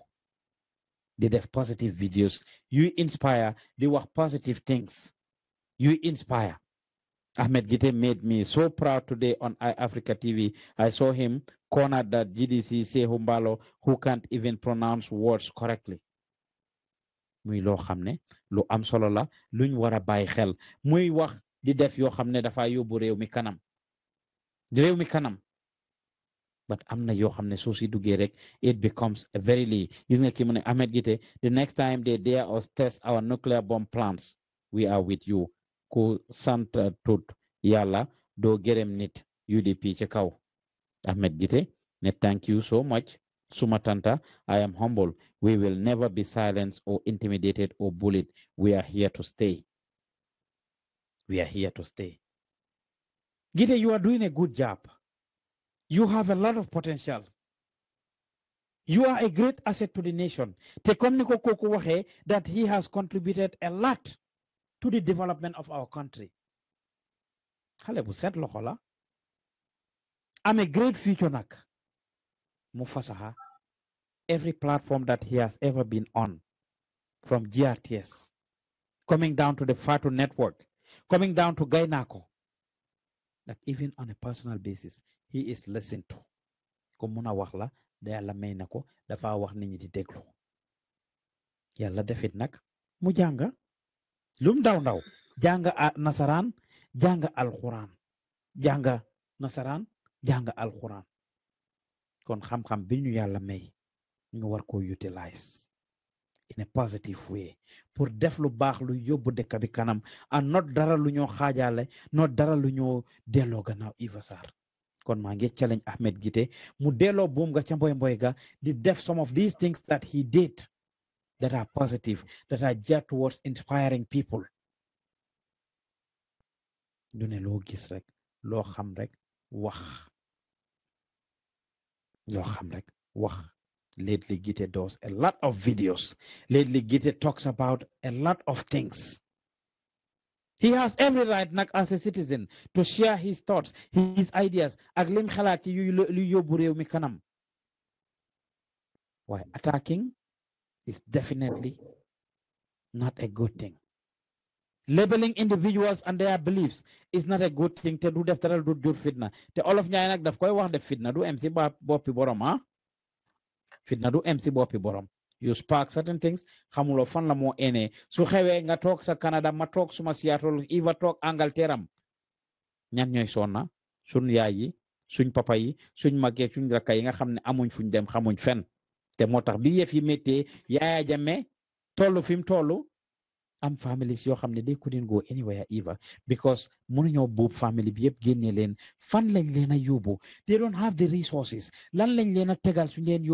def positive videos you inspire They were positive things you inspire Ahmed Gite made me so proud today on iAfrica TV. I saw him cornered that GDC Sehumbalo who can't even pronounce words correctly. muy loo xam ne lu am solo la luñ war a xel muy wax di def dafa yóbbu mi kanam réew mi kanam but am na yoo xam ne rek it becomes a very li gis nga ki ne Ahmed Gite the next time they dare us test our nuclear bomb plants we are with you ko santa tot yala do gerem nit udp ci kaw ahmed gite ne thank you so much sumatanta i am humble we will never be silenced or intimidated or bullied we are here to stay we are here to stay gite you are doing a good job you have a lot of potential you are a great asset to the nation te comme ni ko that he has contributed a lot to the development of our country I'm a great future nag every platform that he has ever been on from GRTS coming down to the Fatu network coming down to Gainako that even on a personal basis he is listened to Kumuna mun a la may dafa di yàlla defit nag mujanga. lum ndaw ndaw jàng nasaraan jàng alxuraan jàng nasaraan jàng alxuraan kon xam-xam bi ñu yàlla may ñu war ko utilize in a positive way pour def lu baax lu yóbbu dëkk bi kanam a not dara lu ñoo xaajaale not dara lu ñoo delloo gannaaw Eva Sarr kon maa ngi challenge Ahmed Gite mu delloo buum ga ca mboy mboy ga di def some of these things that he did that are positive, that are just towards inspiring people. du ne gis rek loo xam rek wax loo xam rek wax lately Gita does a lot of videos. Lately Gita talks about a lot of things. He has every right now as a citizen to share his thoughts, his ideas. Aglim lim xalaat ci yu yóbbu réew attacking is definitely not a good thing. Labeling individuals and their beliefs is not a good thing te du def du jur fitna te olof ñaay nag daf koy wax def fitna du MC si borom ah fitna du em si borom you spark certain things xamuloo fan la moo ene su xewee nga toog sa Canada ma toog suma Seattle Iva toog Angleterre ñan ñooy sonna ah? sun yaay yi suñ papa yi suñ mag suñ rakka nga xam amuñ fuñ dem xamuñ fenn te moo tax bi yëf yi méttee yaaya jame am families yoo xam ne they couldn't go anywhere either because mënuñoo buub family bi yëpp génne len fan lañ leen a they don't have the resources lan lañ leen a tegal suñ leen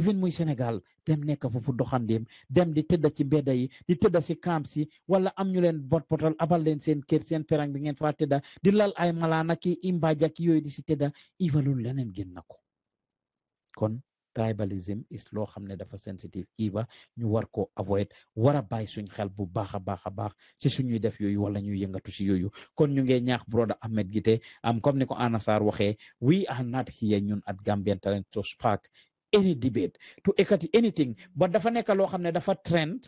even muy Sénégal dem nekk foofu doxandeem dem di tëdda ci mbedda yi di tëdda si camp wala am ñu leen bot potal abal leen seen kër seen perang bi ngeen faa di lal ay malaana ki imbaajak yooyu di si tëdda even loolu leneen génn kon tribalism is loo xam ne dafa sensitive iva ñu war avoid war a bàyyi suñ xel bu baax a baax a baax ci suñuy def yooyu wala ñuy yëngatu ci yooyu kon ñu ngee ñaax brother Ahmed Gite am comme ni ko Anna Sarr waxee we are not here ñun at Gambian Talent to spark any debate to ekati anything but dafa nekk loo xam ne dafa trend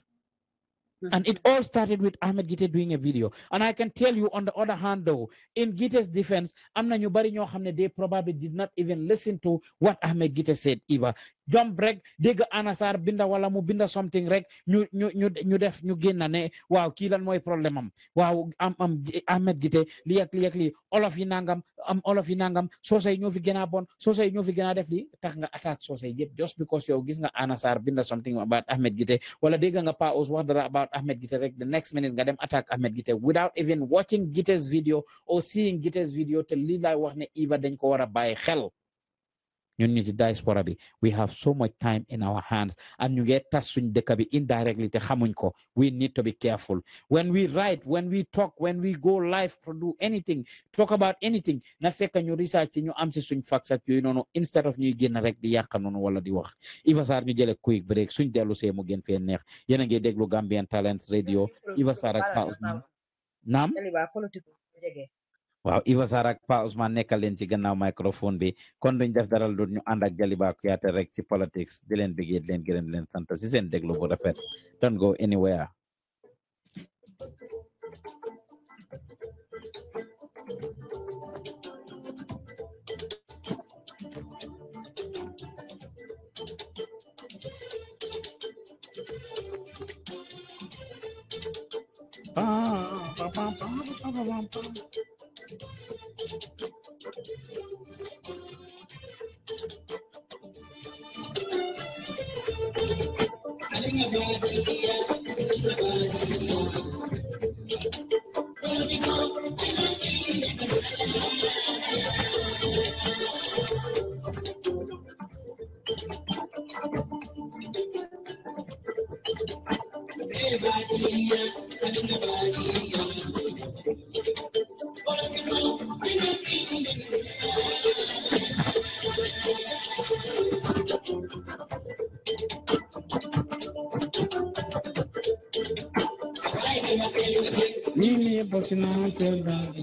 Mm-hmm. And it all started with Ahmed Gite doing a video. And I can tell you, on the other hand, though, in Gite's defense, amna ñu bari ñoo xamne they probably did not even listen to what Ahmed Gite said either. Jump Break, dégg Anasar binda wala mu binda something rek nyu nyu nyu nyu def nyu génna ne waaw kii lan mooy problème am waaw am am Ahmed Gite li ak li All of inangam, yi nangam am olof yi nangam soosay fi gën a bon soosay ñoo fi gën a def li tax nga attaque soosay yëpp just because you gis nga Anasar binda something about Ahmed Gite wala dégg nga Pa Ous dara about Ahmed Gita. The next minute, nga attack Ahmed Gita without even watching Gita's video or seeing Gita's video Till lii laay wax ne Eva dañ ko war ñun ñu ci diaspora bi we have so much time in our hands and ñu get tas suñ dëkk bi indirectly te xamuñ ko we need to be careful when we write when we talk when we go live to do anything talk about anything na fekk ñu research si ñu am si suñ facts ak yooyu noonu instead of ñuy génn rek di yàq noonu wala di wax Iva Sarr ñu jële quick break suñ dellu see mu gën fee neex yéen a ngi déglu Gambian Talents Radio Iva Sarr ak naam waaw Iba Sarr ak Pa Ousmane nekkal leen ci gannaaw microphone bi kon duñ def daral dul ñu ànd ak Jaliba Kuyateh rek ci politics di leen bëggee di leen gërëm leen sant si seen déglu bu rafet don't go anywhere ah Thank you. Krishna Prabhu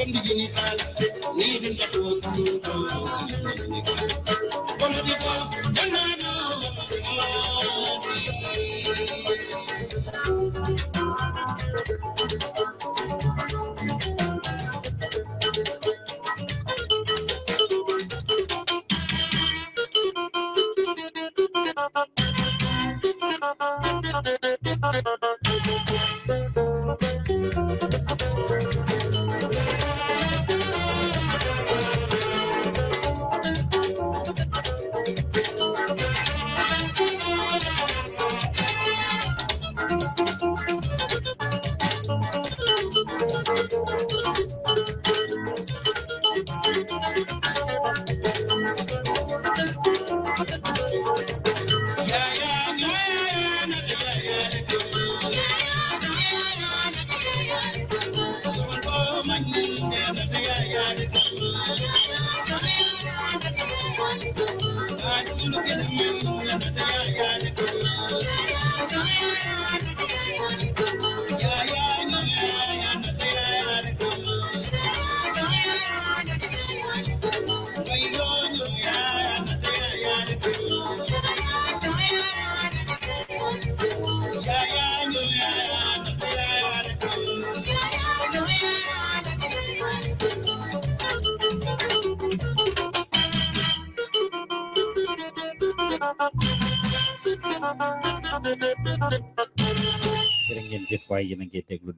Leaving the unical, leaving the total, the unical. Political, and I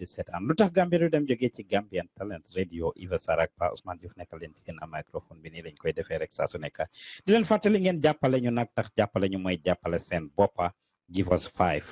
2017 am lu tax Gambia du dem jógee ci Gambian Talent Radio Iva Sarr ak Pa Ousmane Diouf nekkal leen ci ginnaaw microphone bi nii lañ koy defee rek saa su nekk di leen fàttali ngeen jàppale ñu nag tax jàppale ñu mooy jàppale seen boppa give us five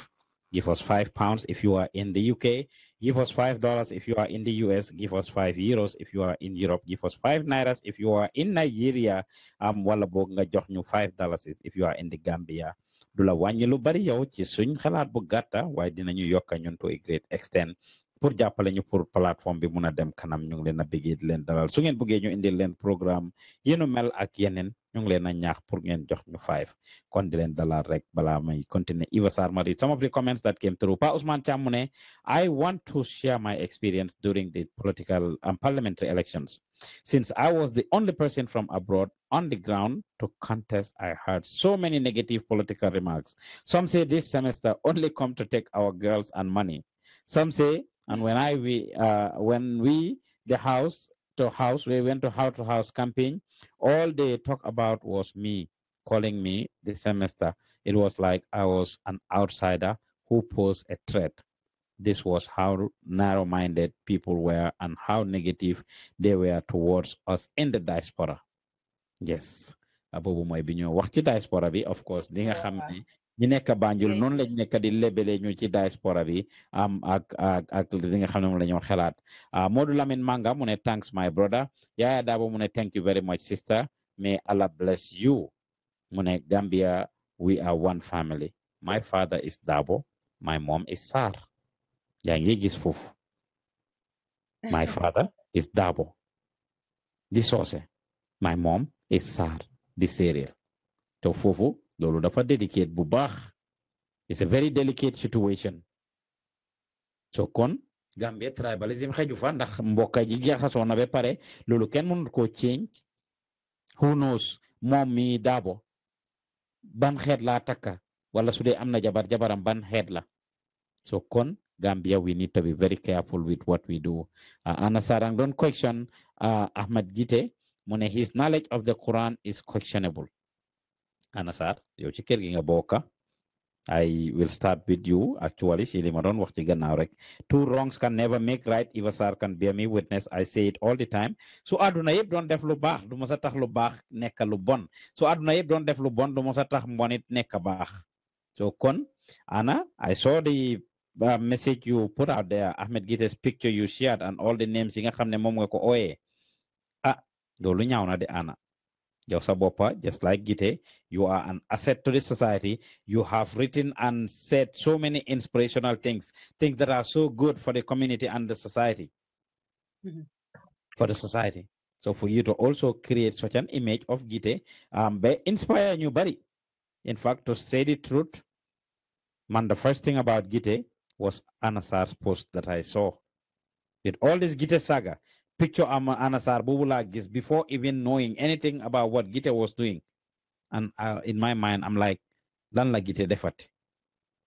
give us five pounds if you are in the UK give us five dollars if you are in the US give us five euros if you are in Europe give us five nairas if you are in Nigeria am wala boog nga jox ñu five dollars if you are in the Gambia. du la wàññi lu bari yow ci suñ xalaat bu gàtta waaye dinañu yokka ñun to a great extent pour jàppale ñu pour plateforme bi mun a dem kanam ñu ngi leen a bëggee di leen dalal su ngeen bëggee ñu indil leen programme yenu mel ak yeneen ñu ngi leen a ñaax pour ngeen jox ñu five kon di leen dalal rek balaa may continuer Eva Sarr ma some of the comments that came through Pa Ousmane Thiam I want to share my experience during the political and parliamentary elections since I was the only person from abroad on the ground to contest I heard so many negative political remarks some say this semester only come to take our girls and money some say, and when I we uh, when we the house to house, we went to house to house camping. All they talk about was me calling me the semester. It was like I was an outsider who posed a threat. This was how narrow minded people were and how negative they were towards us in the diaspora. Yes. boobu mooy bi ñoo wax ci diaspora bi of course di nga ñi nekk Banjul noonu lañ nekk di lebele ñu ci diaspora bi am ak li nga xam ne moom la ñu xalaat ah, Modou Lamine Manga mu ne thanks my brother Yaya Dabo mu ne thank you very much sister may Allah bless you mu ne Gambia we are one family my father is Dabo my mom is Sarr yaa ngi gis foofu my father is Dabo di soose my mom is Sarr di séeréer te foofu lolu dafa delicate, bu bax it's a very delicate situation so kon Gambia tribalism xeju fa ndax mbokay ji jaxaso na be pare lolu ken mun ko change who knows mom mi dabo ban xet la takka wala sude amna jabar jabaram ban xet la so kon Gambia, we need to be very careful with what we do. Uh, ah, ana Sarang, don't question uh, ah, Ahmad Gite. Mune, his knowledge of the Quran is questionable. Anasar yow ci kër gi nga bokka I will start with you actually ci li ma doon wax ci gannaaw rek two wrongs can never make right Ivasar can bear me witness I say it all the time So aduna yeb doon def lu baax du mës neka tax lu baax nekk lu bon su aduna yeb doon def lu bon du mës tax mbonit baax so kon ana. I saw the uh, message you put out there Ahmed Gite's picture you shared and all the names yi nga xamne ne nga ko ooyee ah loolu ñaaw na de ana. Jawsabopa, just like Gite, you are an asset to the society. You have written and said so many inspirational things, things that are so good for the community and the society. Mm -hmm. For the society. So for you to also create such an image of Gite, um, inspire new body. In fact, to say the truth, man, the first thing about Gite was Anasar's post that I saw. With all this Gita saga, picture of Anasar Bubula Gis before even knowing anything about what Gita was doing. And uh, in my mind, I'm like, Lan la Gita defat.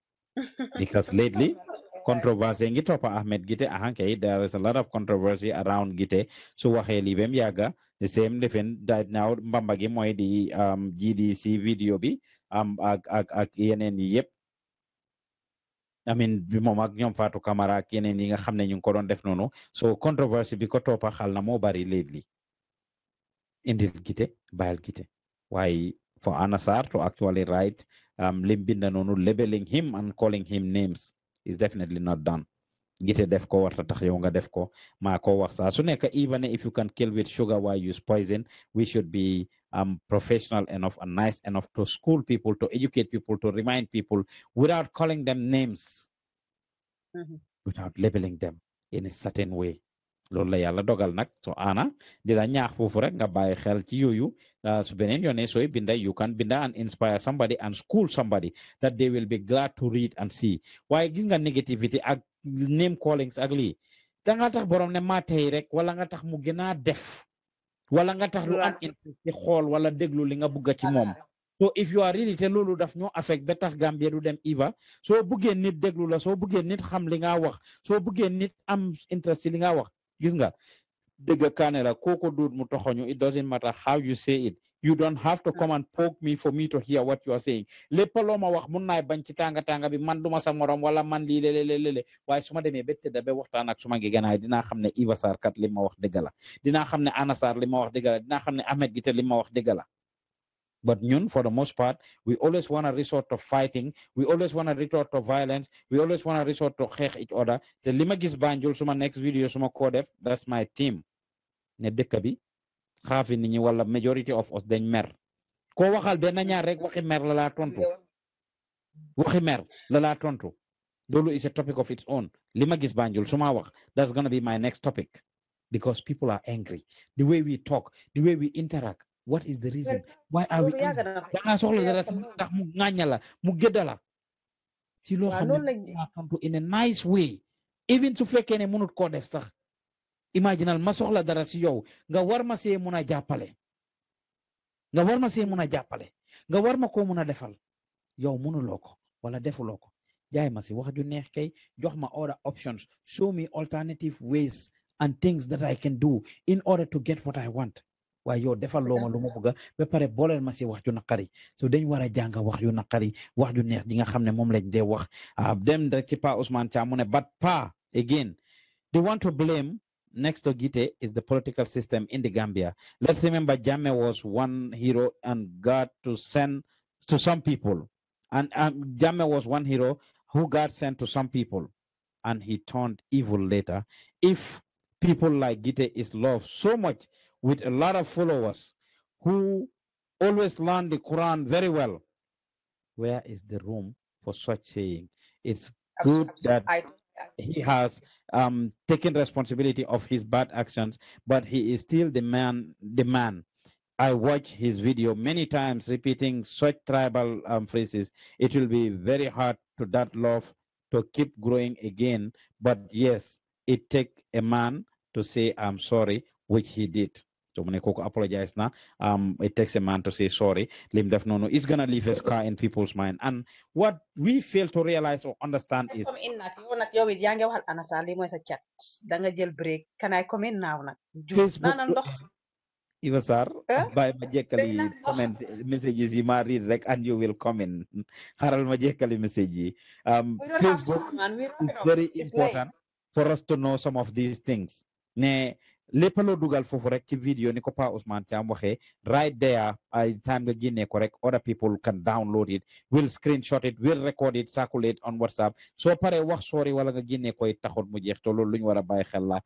Because lately, controversy ngi topa Ahmed Gite ahanke there is a lot of controversy around Gite so waheli libem yaga the same defend that now mbamba gi moy di um GDC video bi am ag ag ag yenen yep I mean bi moom ak ñoom Fatou Camara ak yeneen yi nga xam ne ñu ngi ko doon def noonu so controverse bi ko toppa xal na moo bari lately indil gite bayal gite Why, for Anasar to actually write um, lim binda noonu labeling him and calling him names is definitely not done gite def ko warta tax yow nga def ko maa ko wax saa su nekk even if you can kill with sugar why use poison we should be um, professional enough and nice enough to school people, to educate people, to remind people without calling them names, mm-hmm. without labeling them in a certain way. loolu la yàlla dogal nag so ana di la ñaax foofu rek nga bàyyi xel ci yooyu uh, su beneen yoone sooy binda you can binda and inspire somebody and school somebody that they will be glad to read and see waaye gis nga négativité ak name callings ak lii da nga tax borom ne maa tey rek wala nga tax mu gën def wala nga tax lu am interest xool wala déglu li nga bugga ci moom so if you are really te loolu daf ñoo affect ba tax Gambia du dem IVA soo buggee nit déglu la soo buggee nit xam li nga wax soo buggee nit am interest ci li nga wax gis nga dëgg kaane la kooko duut mu toxoñu it doesn't matter how you say it you don't have to come and poke me for me to hear what you are saying wax mun bañ ci tànga tànga bi man duma sa morom wala man ak kat wax la wax la Ahmed wax la But Nyun, for the most part, we always want to resort to fighting. We always want to resort to violence. We always want to resort to hech each other. The Limagis Banjul, suma next video, suma Kodef, that's my team. Ne dekabi, xaafi nit ñi wala majority of us dañ mer koo waxal benn ñaar rek waxi mer la laa tontu waxi mer la laa tontu loolu is a topic of its own li ma gis Banjul su ma wax that's gonna be my next topic because people are angry the way we talk the way we interact what is the reason why are we da ngaa soxla dara sax ndax mu ŋàñña la mu gëdda la ci loo xam ne tontu in a nice way even su fekkee ne mënut koo def sax imaginal ma soxla dara si yow nga war ma see mun a jàppale nga war ma see mun a jàppale nga war ma koo mun a defal yow mënuloo ko wala defuloo ko jaay ma si wax ju neex kay jox ma other options show me alternative ways and things that I can do in order to get what I want waaye yow defal loo ma lu ma bëgg ba pare booleel ma si wax ju naqari so dañ war a jàng wax ju naqari wax ju neex ji nga xam ne moom lañ dee wax a ah, den rek ci pa Ousmane Thiam mu ne but pa again they want to blame next to Gite is the political system in the Gambia. Let's remember Jame was one hero and God to send to some people. And um, Jame was one hero who God sent to some people. And he turned evil later. If people like Gite is loved so much with a lot of followers who always learn the Quran very well, where is the room for such saying? It's good that I, he has um, taken responsibility of his bad actions, but he is still the man. The man. I watch his video many times, repeating such tribal um, phrases. It will be very hard to that love to keep growing again. But yes, it take a man to say I'm sorry, which he did so mu ne kooku apologize na um, it takes a man to say sorry lim def noonu it's gonna leave his scar in people's mind and what we fail to realize or understand is can I come in now nag Facebook Eva Sarr eh? bàyyi ma jekkali comment messages yi ma read rek and you will come in xaral ma jekkali message yi um, Facebook is very important for us to know some of these things ne lépp dugal foofu rek ci video ni ko Pa right there ay time nga génnee ko rek other people can download it will screenshot it will record it circulate on WhatsApp So, pare wax sori wala nga génnee koy correct. mu jeex te loolu lu ñu war a bàyyi xel la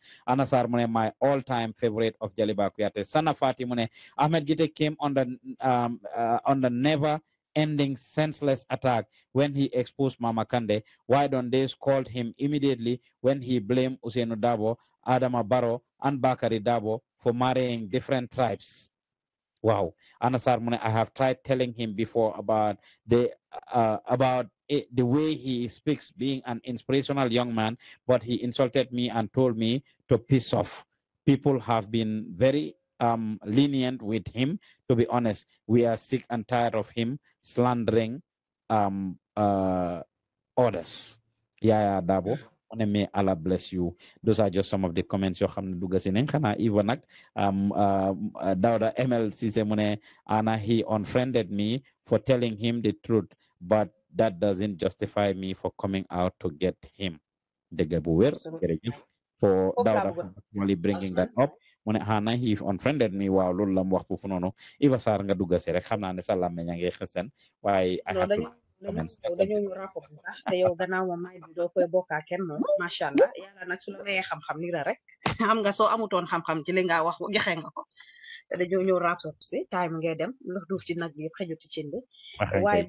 my all time favorite of Jaliba kuyate. Sana Fati mu Ahmed Gite came on the um, uh, on the never ending senseless attack when he exposed Mama Kande. Why don't they scold him immediately when he blamed Usenu Dabo Adama Barrow and Bakari Dabo for marrying different tribes. Wow. Anasar Mune, I have tried telling him before about the uh, about it, the way he speaks, being an inspirational young man, but he insulted me and told me to piss off. People have been very um, lenient with him. To be honest, we are sick and tired of him slandering um, uh, others. Yeah, yeah, Dabo mu may Allah bless you those are just some of the comments yoo xam ne dugg si nañ xanaa even nag um, um, uh, Dawda ML Cissé mu ana he unfriended me for telling him the truth but that doesn't justify me for coming out to get him The bu wér for Dawda only bringing that up mu ana he unfriended me while loolu la mu wax foofu noonu Iva Sarr nga rek dañoo ñu rapport si sax te yow gannaaw may bi doo koy moom macha allah yàlla nag su la mayee xam-xam ni la rek xam nga soo amutoon xam-xam ci li wax joxe nga ko te ñëw rapport si time ngay dem ndax duuf ci nag yëpp ci cin bi ah, waaye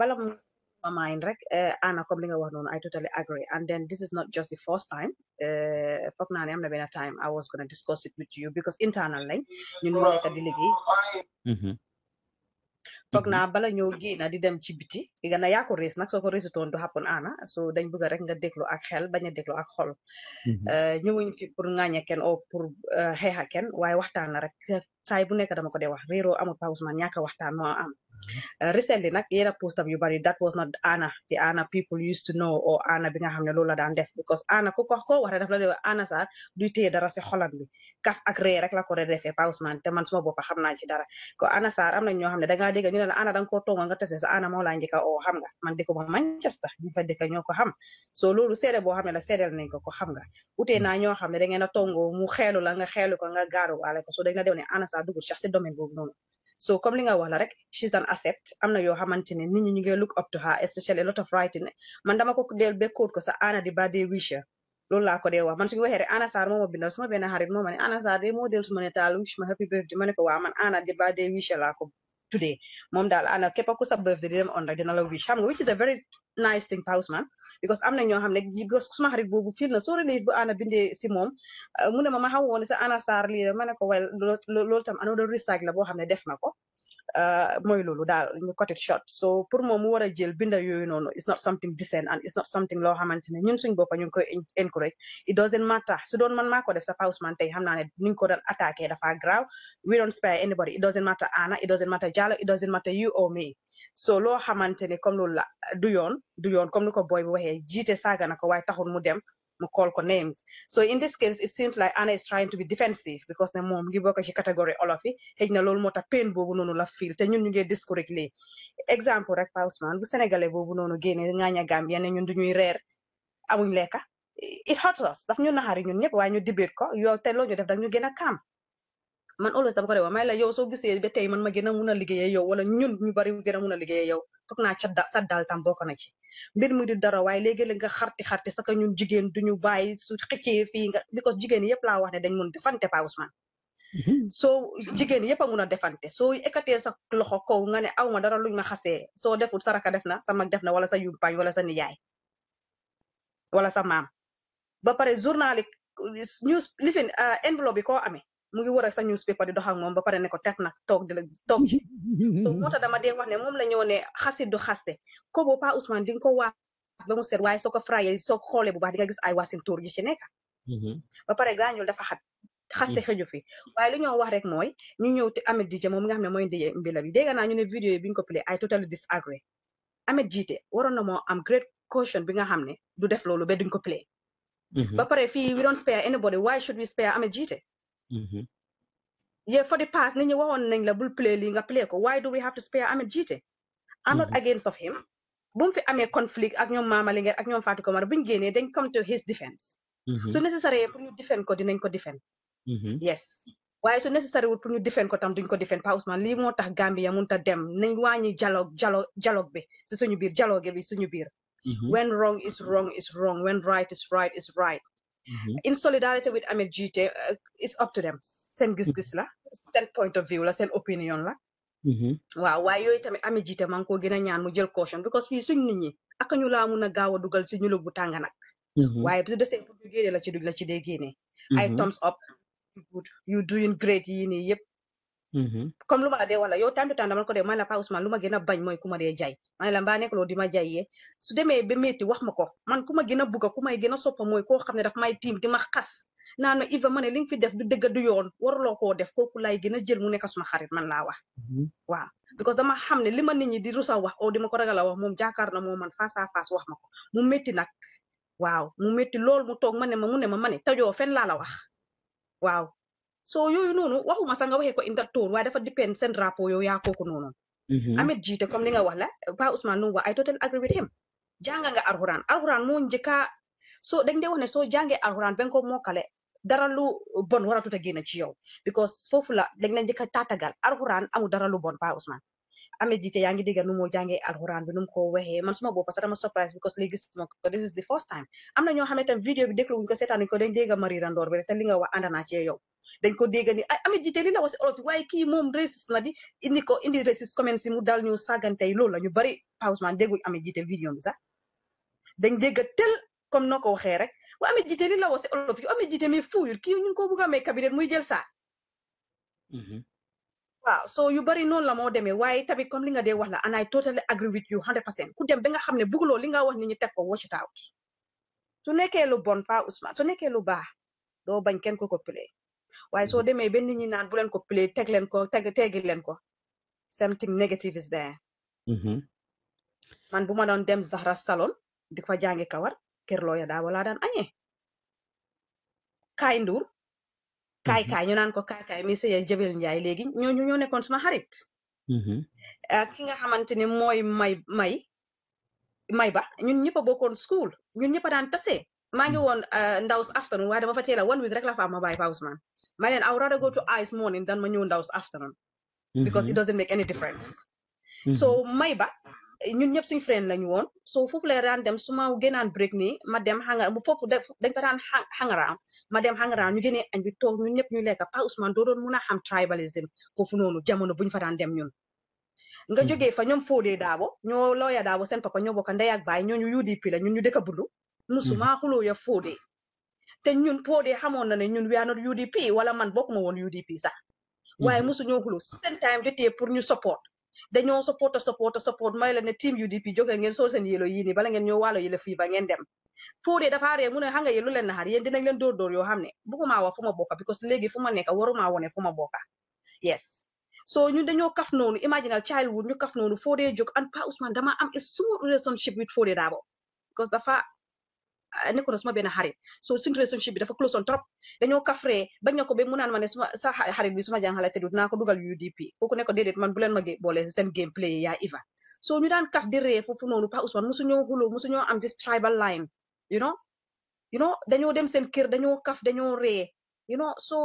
ma rek eh, ana comme li nga wax noonu I totally agree and then this is not just the first time eh, foog naa ne am na benn time I was gonna discuss it with you because internal lañ ñun moo nekk di liggéey mm-hmm. foog mhm. naa bala ñoo génna di dem ci biti gana yaa ko rees nag soo ko reesutoon du happen ana so dañ bëgg rek nga déglu ak xel bañ a déglu ak xol mhm. euh, ñëwuñ fi pour ŋaañe kenn o pour euh, xeexa kenn waaye waxtaan la rek saay bu nekk dama ko dee wax réeroo amul Pa Ousmane ñàkk a waxtaan moo am Uh, recently nak yera post yu bari that was not Anna the Anna people used to know or Anna bi nga xam ne loolu def because Anna koko koko ko wax de Anna sa du téye dara si xolam bi kaf ak ree rek la ko re defee man suma bopp bo naa ci dara ko Anna Sarr am na ñoo xam ne dangaa Anna dan koto tonga nga sa Anna moo laa o hamga xam man dëkk ba Manchester ni fa dëkk ñoo ko xam so lulu seede boo xam ne la seedeel nañ ko ko xam nga utee naa ñoo xam ne da ngeen mu xeelu la nga ko nga gaaru waale ko so dañ la dew Anna sa dugu sax si domaine so comme li nga she's an asset am not your xamante ne nit look up to her especially a lot of writing Mandama koko del be ko sa ana di badee wisha loolu ko dee man Anna Sarr moo ma bindal Anna de moo del suma wish ma happy birthday ma ko man ana di wisha ko today Mom dal ana képp birthday dem on rek dina wish which is a very nice thing pa man, because am na ñoo xam ne because suma xarit boobu fil na soo relève bu ana bindee si moom mu ne ma ma xaw woon ne sa ana saar lii la ma ne ko well loolu tam another research la boo xam ne def na ko uh, mooy loolu daal ñu cut it short so pour moom mu war a jël binda it's not something decent and it's not something loo xamante ne ñun suñ boppa ñu koy encourage it doesn't matter su doon man maa ko def sa pause man tey xam naa ne ni ñu ko doon If dafa graaw we don't spare anybody it doesn't matter Anna it doesn't matter Jalo, it doesn't matter you or me so loo xamante ne comme loolu la du yoon du yoon comme ni here. booy bi waxee jiite saaga na ko taxul mu dem call ko names so in this case it seems like Anna is trying to be defensive because ne mom li bokk ci catégorie olof yi xëy na loolu moo tax pain boobu noonu la fiil te ñun ñu ngee discourage lii exemple rek Pa Ousmane bu sénégalais boobu noonu génne ŋaaña Gambia ne ñun duñuy reer amuñ lekka it hurts us daf ñu naxari ñun ñëpp waaye ñu dibir ko yow te loo That def dag ñu gën a kaam man always dama ko de wa may la yow soo gisee ba tey man ma gën a mun a liggéeyee yow wala ñun ñu bari gën a mun a foog naa ca da sa dal tam bokk na ci mbir mi di dara way léegi la nga xarti xarti sa ñun jigen duñu bàyyi su xecce fi nga because jigen yëpp la wax ne dañ mun defante pa Ousmane mm-hmm. so jigen yëpp amuna defante so ekkatee sa loxo ko nga ne awma dara luñ ma xasse so deful saraka defna sa mag defna wala sa yumpaañ wala sa nijaay wala sa mam ba pare journal news lifin ah, envelope bi koo mu ngi war ak sa newspaper di dox moom ba pare ne ko teg nag la toog ji moo tax dama dee wax ne moom ko boo Pa Ousmane di nga ko waas ba ko xoolee bu baax di nga gis ay waasin tuur gi ci nekk mm-hmm. ba pare gaañul dafa xat fi waaye lu ñoo wax rek mooy ñu ñëw te Ameth Dije moom nga xam ne mooy ndeye mbila bi dégg naa ñu ne vidéo I totally disagree na moo am great caution bi nga xam ne du def loolu ba duñ ko play mm-hmm. ba pare fii we don't spare anybody why should we spare Ameth Dije Mm-hmm. Yeah, for the past, nini wahon ning la bul play li nga play ko. Why do we have to spare I'm a Jite? I'm not mm-hmm. against of him. Bum fi amé conflict ak ñom Mama Linguère ak ñom Fatou Camara buñ génné dañ come to his defense. So Mhm. necessary pour ñu defend ko dinañ ko defend. Mm-hmm. Yes. Why so necessary wul pour ñu defend ko tam duñ ko defend Pa Ousmane lii moo tax Gambia munta dem nañ wàññi dialogue dialogue dialogue bi si suñu biir dialogue bi suñu biir. When wrong is wrong is wrong. When right is right is right. Mm-hmm. in solidarity with Ameth Gite uh, it's up to them Send gis-gis la Send point of view la Send opinion la. Mm-hmm. waaw waaye yooyu tamit Ameth Gite maa ngi ko gën a ñaan mu jël caution because fii suñ nit ñi ak ñu laa mun a gaaw a dugal si ñu bu tàng nag. Mm-hmm. waaye bu desee pour ñu génne la ci dugg la ci dee génne. ay thumbs up. good you doing great yii nii yëpp. Mm-hmm. comme lu ma la dee wala yow temps de temps ko dee ma ne la Pa Ousmane lu ma gën a bañ mooy ku ma dee jaay ma ne la mbaa nekk loolu ma jaayee su demee ba métti wax ma ko man ku ma gën a bugg ku may gën a soppa mooy koo xam ne daf may tiim di ma xas naa ne Iva ma ne li nga fi def du dëgg du yoon waruloo koo def kooku laay gën a jël mu nekk suma xarit man laa wax mm-hmm. waaw because dama xam ne li ma nit ñi di rusa wax o di ma ko ragal la wax moom jaakaar na moo man face à wax ma ko métti nag waaw mu métti lool mu toog ma ne ma mu ne ma ma ne tajoo laa la wax so yooyu noonu waxuma sax nga waxee ko in that tone waaye dafa dépend seen rapport yow yaa kooku noonu mm-hmm. Ameth Gite comme ni nga wax la Pa Ousmane Noum wax I totally agree with him jànga nga alxuraan alxuraan moo njëkkaa soo dañ dee wax ne soo jàngee alxuraan ba nga ko mokkale dara lu bon waratut a génn ci yow because foofu la dañ la njëkka taatagal alxuraan amu dara lu bon Pa Ousmane Ameth Gite yaa ngi dégga nu moo jàngee alxuraan bi ko waxee man suma boppa sax dama surprise because léegi gis ma ko this is the first time am na ñoo xam ne tam vidéo bi dégluwuñ ko seetaanuñ ko dañ yow dañ ko dégga ni ay li la wax si olof bi li la wax si olof yu Ameth Gite mais fuuyul ko bugg a may kabinet muy jël saa mm-hmm. waaw so yu bari noonu la moo demee waaye tamit comme li nga dee wax la and I totally agree with you 100% ku dem ba nga xam ne bëgguloo li nga wax nit teg ko watch it out su nekkee lu bon Pa Ousman su nekkee lu baax doo bañ keen ko ko play waaye soo mm-hmm. demee ba nit ñi naan bu leen ko play teg leen ko teg tegi leen ko something negative is there mm-hmm. man bu ma doon dem Zahra salon di fa jàngi kawar kër looya daal walaa daan añee kaay nduur kaay mhm. kaay ñu naan ko kaay kaay mi sëy jëbel njaay léegi ñooñu ñoo nekkoon suma xarit. Mhm. Ah, ki nga xamante ne mooy may may may ba ñun ñëpp a bokkoon school ñun ñëpp a daan tase maa ngi mhm. woon ah, ndaw's afternoon waaye dama fa teel a one week rek la fa a ma bàyyi fa Ousmane ma leen aw rather go to ice morning dan ma ñëw ndaw's afternoon because it doesn't make any difference so may ba ñun ñëpp suñu friend lañu woon so foofu la daan dem su ma gënaan break nii ma dem hangar foofu dañ fa daan hangaram ma dem hangaram ñu gënee añ bi toog ñun ñëpp ñu lekk Pa Ousmane doo a xam tribalism foofu noonu jamono buñ fa daan dem ñun nga hmm. jógee fa ñoom Fodé Daabo ñoo looya Daabo seen papa ñoo bokk ndey ak baay ñooñu UDP la ñun ñu dëkk bundu musuma hmm. xuloo Fodé te ñun Fodé xamoon na ne ñun we are not UDP wala man bokk ma woon UDP sax hmm. waaye ñu support da support a support a support may la ne team UDP jóge ngeen seen yélo yii nii bala ngeen ñoo waalo yële fii ba ngeen dem Fodé dafa ree mu ne xam nga yéen lu leen naxar yéen leen dóor dóor yoo xam ne bëgguma wax fu ma bokk because léegi fu ma nekk waruma wone fu ma bokk yes so ñun dañoo kaf noonu imaginal childhood ñu kaf noonu Fodé jóg and Pa Ousman dama am a sore relationship with Fodé Darboe because dafa nekkoon na suma a xarit so suñ relationship bi dafa close on trop dañoo kafree bañ na ko ba mu naan ma ne suma sa xarit bi suma jàngale tëddut naa ko dugal UDP kooku ne ko déedéet man bu leen ma boole seen game play yaa Iva so ñu daan kaf di ree foofu noonu Pa Ousmane musuñoo xuloo musuñoo am this line you know you know dañoo dem seen kër dañoo kaf dañoo ree you no so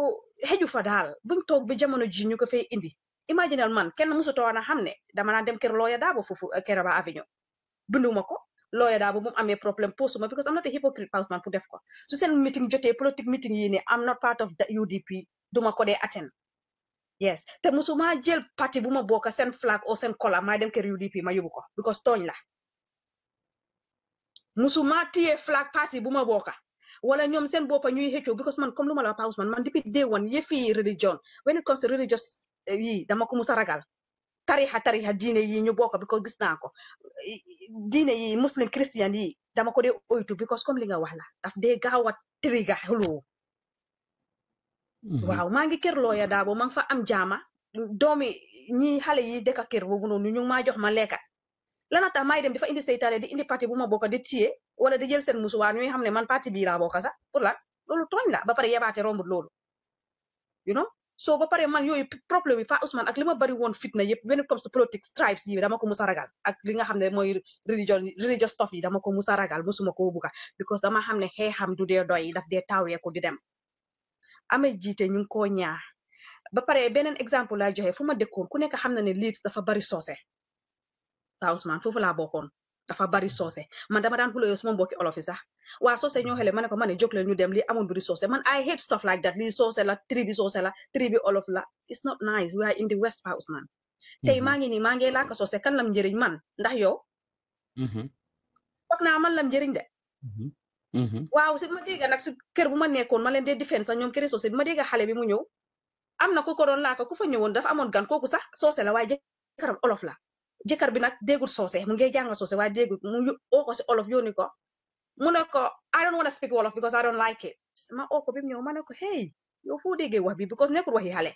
xeju fa daal buñ toog bi jamono ji ñu ko fay indi imaginal man kenn musu toona xam ne dama naan dem kër looya daabo foofu Keraba Avenue ko lawyer daa ba mu amee problème post ma because I'm not a hypocrite Ousmane pour def ko su seen meeting jotee politique meeting yi ne I'm not part of the UDP duma ko dee yes te musuma jël parti bu ma bokk seen flag o seen kola maa dem kër UDP ma yóbbu ko because tooñ la musuma téye flag parti bu ma bokk wala ñoom seen boppa ñuy xëccoo because man comme lu ma la Pa Ousmane man depuis day one yëfi religion when it comes to religious eh, yi dama ko musa ragal tarixa tarixa diine yi ñu bokk because gis naa ko diine yi muslim christian yi dama ko dee oytu because comme li nga wax la daf de gaaw a triga xuloo mhm. waaw maa ngi kër looya daa boo ma ngi fa am jaama doomi ñi xale yi dëkk kër boobu noonu ñu ngi maa jox ma lekka lana tax maay dem dafa indi seytaane di indi parti bu ma bokk di tiye wala di jël seen musuwaar ñuy xam ne man parti bii laa bokk sax pour lan loolu tooñ la ba pare yebaate rombut loolu you know soo ba pare man yooyu problème yi fa Ousmane ak li ma bari woon fitna yëpp when it comes to politics tribes yi dama ko musa ragal ak li nga xam ne mooy religion religious stuff yi dama ko musa ragal musuma ko buga because dama xam ne xeexam du dee doy daf dee taaweeku di dem amee jiite ñu ngi koo ñaar ba pare beneen exemple laa joxe fu ma dëkkoon ku nekk xam na ne Leeds dafa bari soose fa Ousmane foofu laa bokkoon dafa bari soose man dama daan xuloo yow suma mbokki olof yi sax waa soose ñoo xele ma ne ko ma ne jóg leen ñu dem lii amul buri soose man I hate stuff like that lii soose la tribi soose la tribi olof la it's not nice we are in the west pa Ousmane tey mhm. maa ngi nii maa ngi laaka kan lam njëriñ man ndax yow mhm. foog naa man lam njëriñ de mhm. wa si ma dégga nag si kër bu ma nekkoon ma leen dee defense sax ñoom këri soose ma dégga xale bi mu ñëw am na ku ko doon laaka ku fa ñëwoon dafa amoon gan sax soose la waaye olof la jëkkër bi nag déggul soose mu ngi jàng soose waaye déggul mu oo ko si olof yónni ko mu ne ko I don't want to speak wolof because I don't like it ma oo ko bi ñëw ma ne ko hey yow foo déggee wax bi because nekkul waxi xale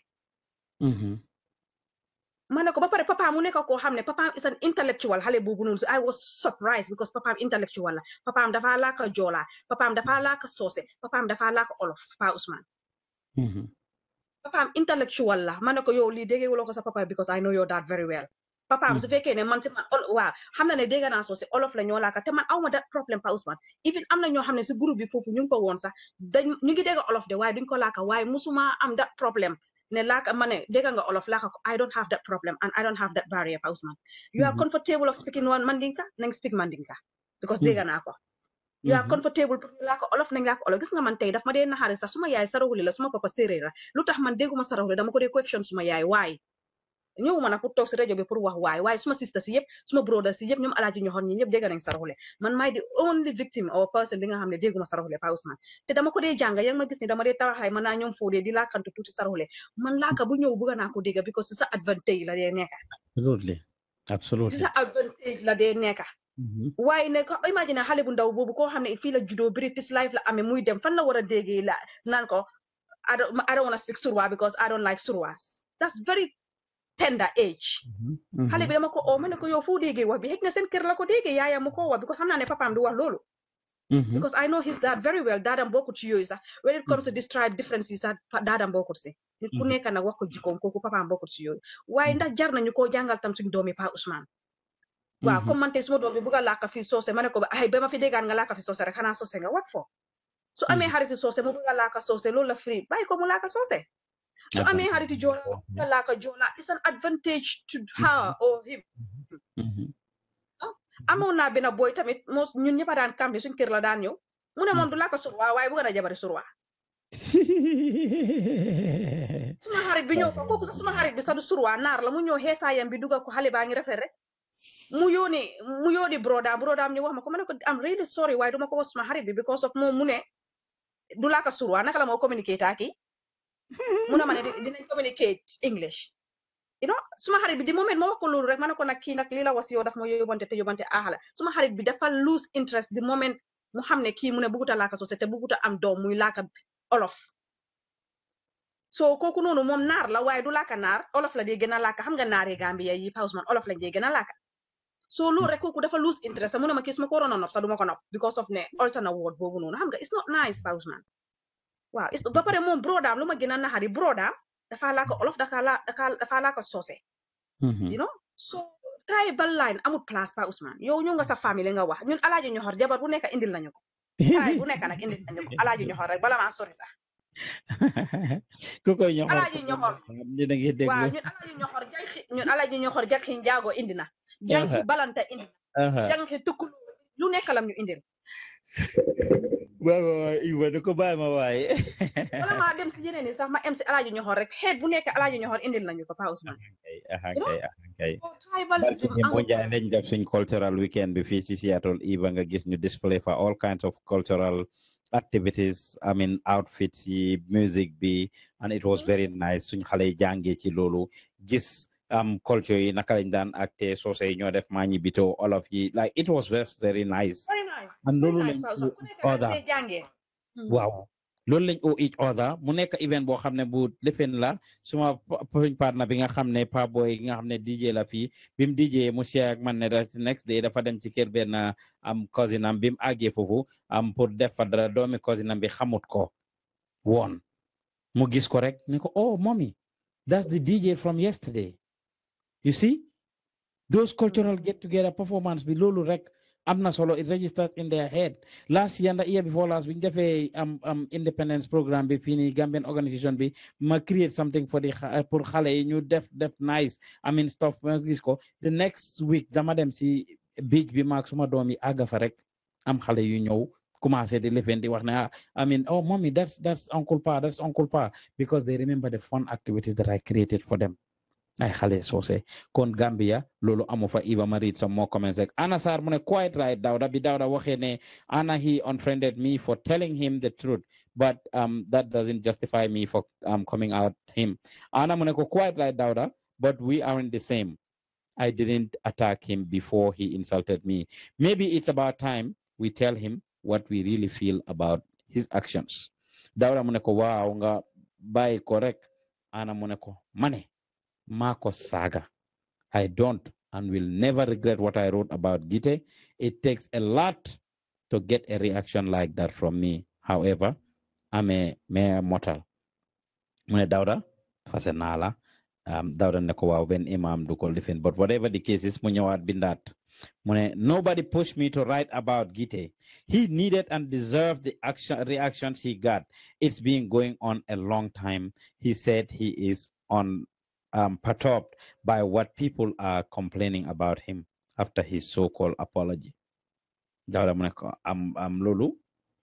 mm-hmm. ma ne ko ba pare papa mu nekk koo xam ne papaam is an intellectual xale boobu noonu I was surprised because Papa papaam intellectual la papaam dafa laaka joola papaam dafa laaka soose papaam dafa laaka olof papa Ousmane mm-hmm. papaam intellectual la ma ne ko yow lii déggee wuloo ko sa papa because I know your dad very well papa I'm hmm. fekkee ne man si man waaw xam na ne dégg naa soo si olof la ñoo laaka te man aw ma da problème pa Ousmane even am na ñoo xam ne si groupe bi foofu ñu ngi ko woon sax dañ ñu ngi dégg olof de waaye duñ ko laaka waaye am that problem. ne laaka ma ne dégg nga all of ko I don't have that problem and I don't have that barrier pa Ousmane you are hmm. comfortable of speaking one Mandinka nañ speak Mandinka because hmm. dégg naa ko you are comfortable pour laa ko olof nañ laa ko olof gis nga man tey daf ma dee naxaare sax suma suma papa séeréer la lu tax man dégguma sarawuli dama ko dee question suma yaay waaye ñëwuma nag pour toog bi pour wax suma sister si yëpp suma si yëpp ñi ñëpp nañ saraxule man di only person bi nga dégguma saraxule pa Ousmane te dama ko ma gis dama di saraxule man bu ñëw bëgg ko dégga because sa advantage la absolutely sa advantage la mm-hmm. imagine xale bu ndaw boobu koo xam ne la judo British life la muy dem fan la a la ko I don't, I don't want to speak Surwa because I don't like Surwas. That's very tender age xale bi dama ko oo ma ko yo foo déggee wa bi xëj na kër la ko déggee yaya mu ko wax because hamna naa ne papaam du wax loolu mm-hmm. because I know his dad very well daadam bokkut ci yooyu sax when it comes to this mm-hmm. tribe differences that dad daadam boko si nit mm-hmm. ku na wako wax ko jikkoom kooku papaam bokkut si yooyu waaye ndax jar nañu koo jàngal tam suñ doomi Pa Usman. waaw comme man tey suma doom bi bugg a làkk fi soose ma ko ay ba ma fi déggaan nga làkk fi soose rek xanaa soose nga wat fo su amee xariti soose mu bugg a làkk soose loolu free bàyyi ko mu làkk soose su amee xariti joola laaka joola it's an advantage to her mm-hmm. or him amoon naa benn boy tamit moo ñun ñëpp daan kambi suñ kër la daan ñëw mu ne moom du laaka surwa waaye bëgg na jabari surwa suma xarit bi ñëw fa kooku sax suma surwa naar la mu ñëw xeesaayam bi dugal ko xale baa ngi rafet rek mu yóoni mu yóoni brodaam brodaam ñu wax ma ko ma ne ko am really sorry waaye duma ko wax suma xarit bi because of moom mu ne du laka surwa naka la moo communiqué taaki Muna mane ma ne communicate English. you know suma xarit bi di moment moo ma ko loolu rek ma ne ko nag kii was yow daf ma yóbbante te yobante aaxala suma xarit bi hmm. dafa lose interest di moment mu xam ne kii mu ne bugut te buguta a am doom muy laaka olof so kooku noonu moom naar la waaye du laaka naar olof la dee gena a laaka xam nga naaree Gambia yi Houseman olof lañ dee gën a so loolu rek kooku dafa lose interest mu ne ma kii suma ko waroon a nopp ko nopp because of ne alternate word boobu noonu xam nga it's not nice pausman. waaw ba pare moom brodaam lu ma gën a naxari brodaam dafa laaka a dafa la dafa laaka soose mm-hmm. you know so line amul place pa Ousmane yow ñëw nga a famille nga wa ñun alaaji ñoxor jabar nekk indil nañu ko nekk nag indil nañu ko alaaji ñoxor rek bala maa sori sax ku indi na uh-huh. jang balanta indi uh-huh. lu nekk lam ñu indil waaw waaw Iba da ko bàyyi ma waaye. wala maa dem si yeneen yi sax ma em si Alaaji Ñoxor rek xeet bu nekk Alaaji Ñoxor indil nañu ko Ousmane. ah ah def suñ cultural weekend bi fii si Seattle nga gis ñu display fa all kinds of cultural activities I mean outfits yi music bi and it was very nice suñ xale yi jàngee ci loolu gis. um culture yi naka lañ daan acte soose ñoo def maa ñi bitoo all of yi like it was very nice am loolu lañ order hmm. waaw loolu lañ o each other mu nekk event boo xam ne bu defen la suma poñ partner bi nga xam ne pa boy nga xam ne DJ la fi, bi DJ mu share ak man ne next day dafa dem ci kër benn am cousin am bi mu àggee foofu am pour def fa dara doomi cousin am bi xamut ko woon mu gis ko rek ne ko oh mommy that's the DJ from yesterday you see those cultural get together performance bi loolu rek am not solo it registered in their head last year and the year before last week ñu defee eh, am um, um, independence programme bi fii Gambian organisation We ma create something for the for xale yi ñu def def nice I mean stuff ma eh, gis the next week dama dem si beach bi maak suma doom yi fa rek am xale yu ñëw commencé di lefen wax ne ah, I mean oh mommy that's that's uncle pa that's uncle pa because they remember the fun activities that I created for them ay xale soose kon Gambia loolu amu fa Iba Marie Somm moo commencé ak Anna Sarr mu ne quite right Dawda bi Dawda waxee ne Anna he unfriended me for telling him the truth but um, that doesn't justify me for um, coming out him Anna mu ne ko quite right Dawda but we aren't the same I didn't attack him before he insulted me maybe it's about time we tell him what we really feel about his actions Dawda mu ne ko waaw nga bàyyi ko rek Anna mu ne ko ma ne Marcos saga. I don't and will never regret what I wrote about Gite. It takes a lot to get a reaction like that from me. However, I'm a mere mortal. Mune dauda fasenala um dauda nekowa when imam do call But whatever the case is, munyawa had been that. nobody pushed me to write about Gite. He needed and deserved the action reactions he got. It's been going on a long time. He said he is on um, perturbed by what people are complaining about him after his so-called apology dawda mu ne am Lulu,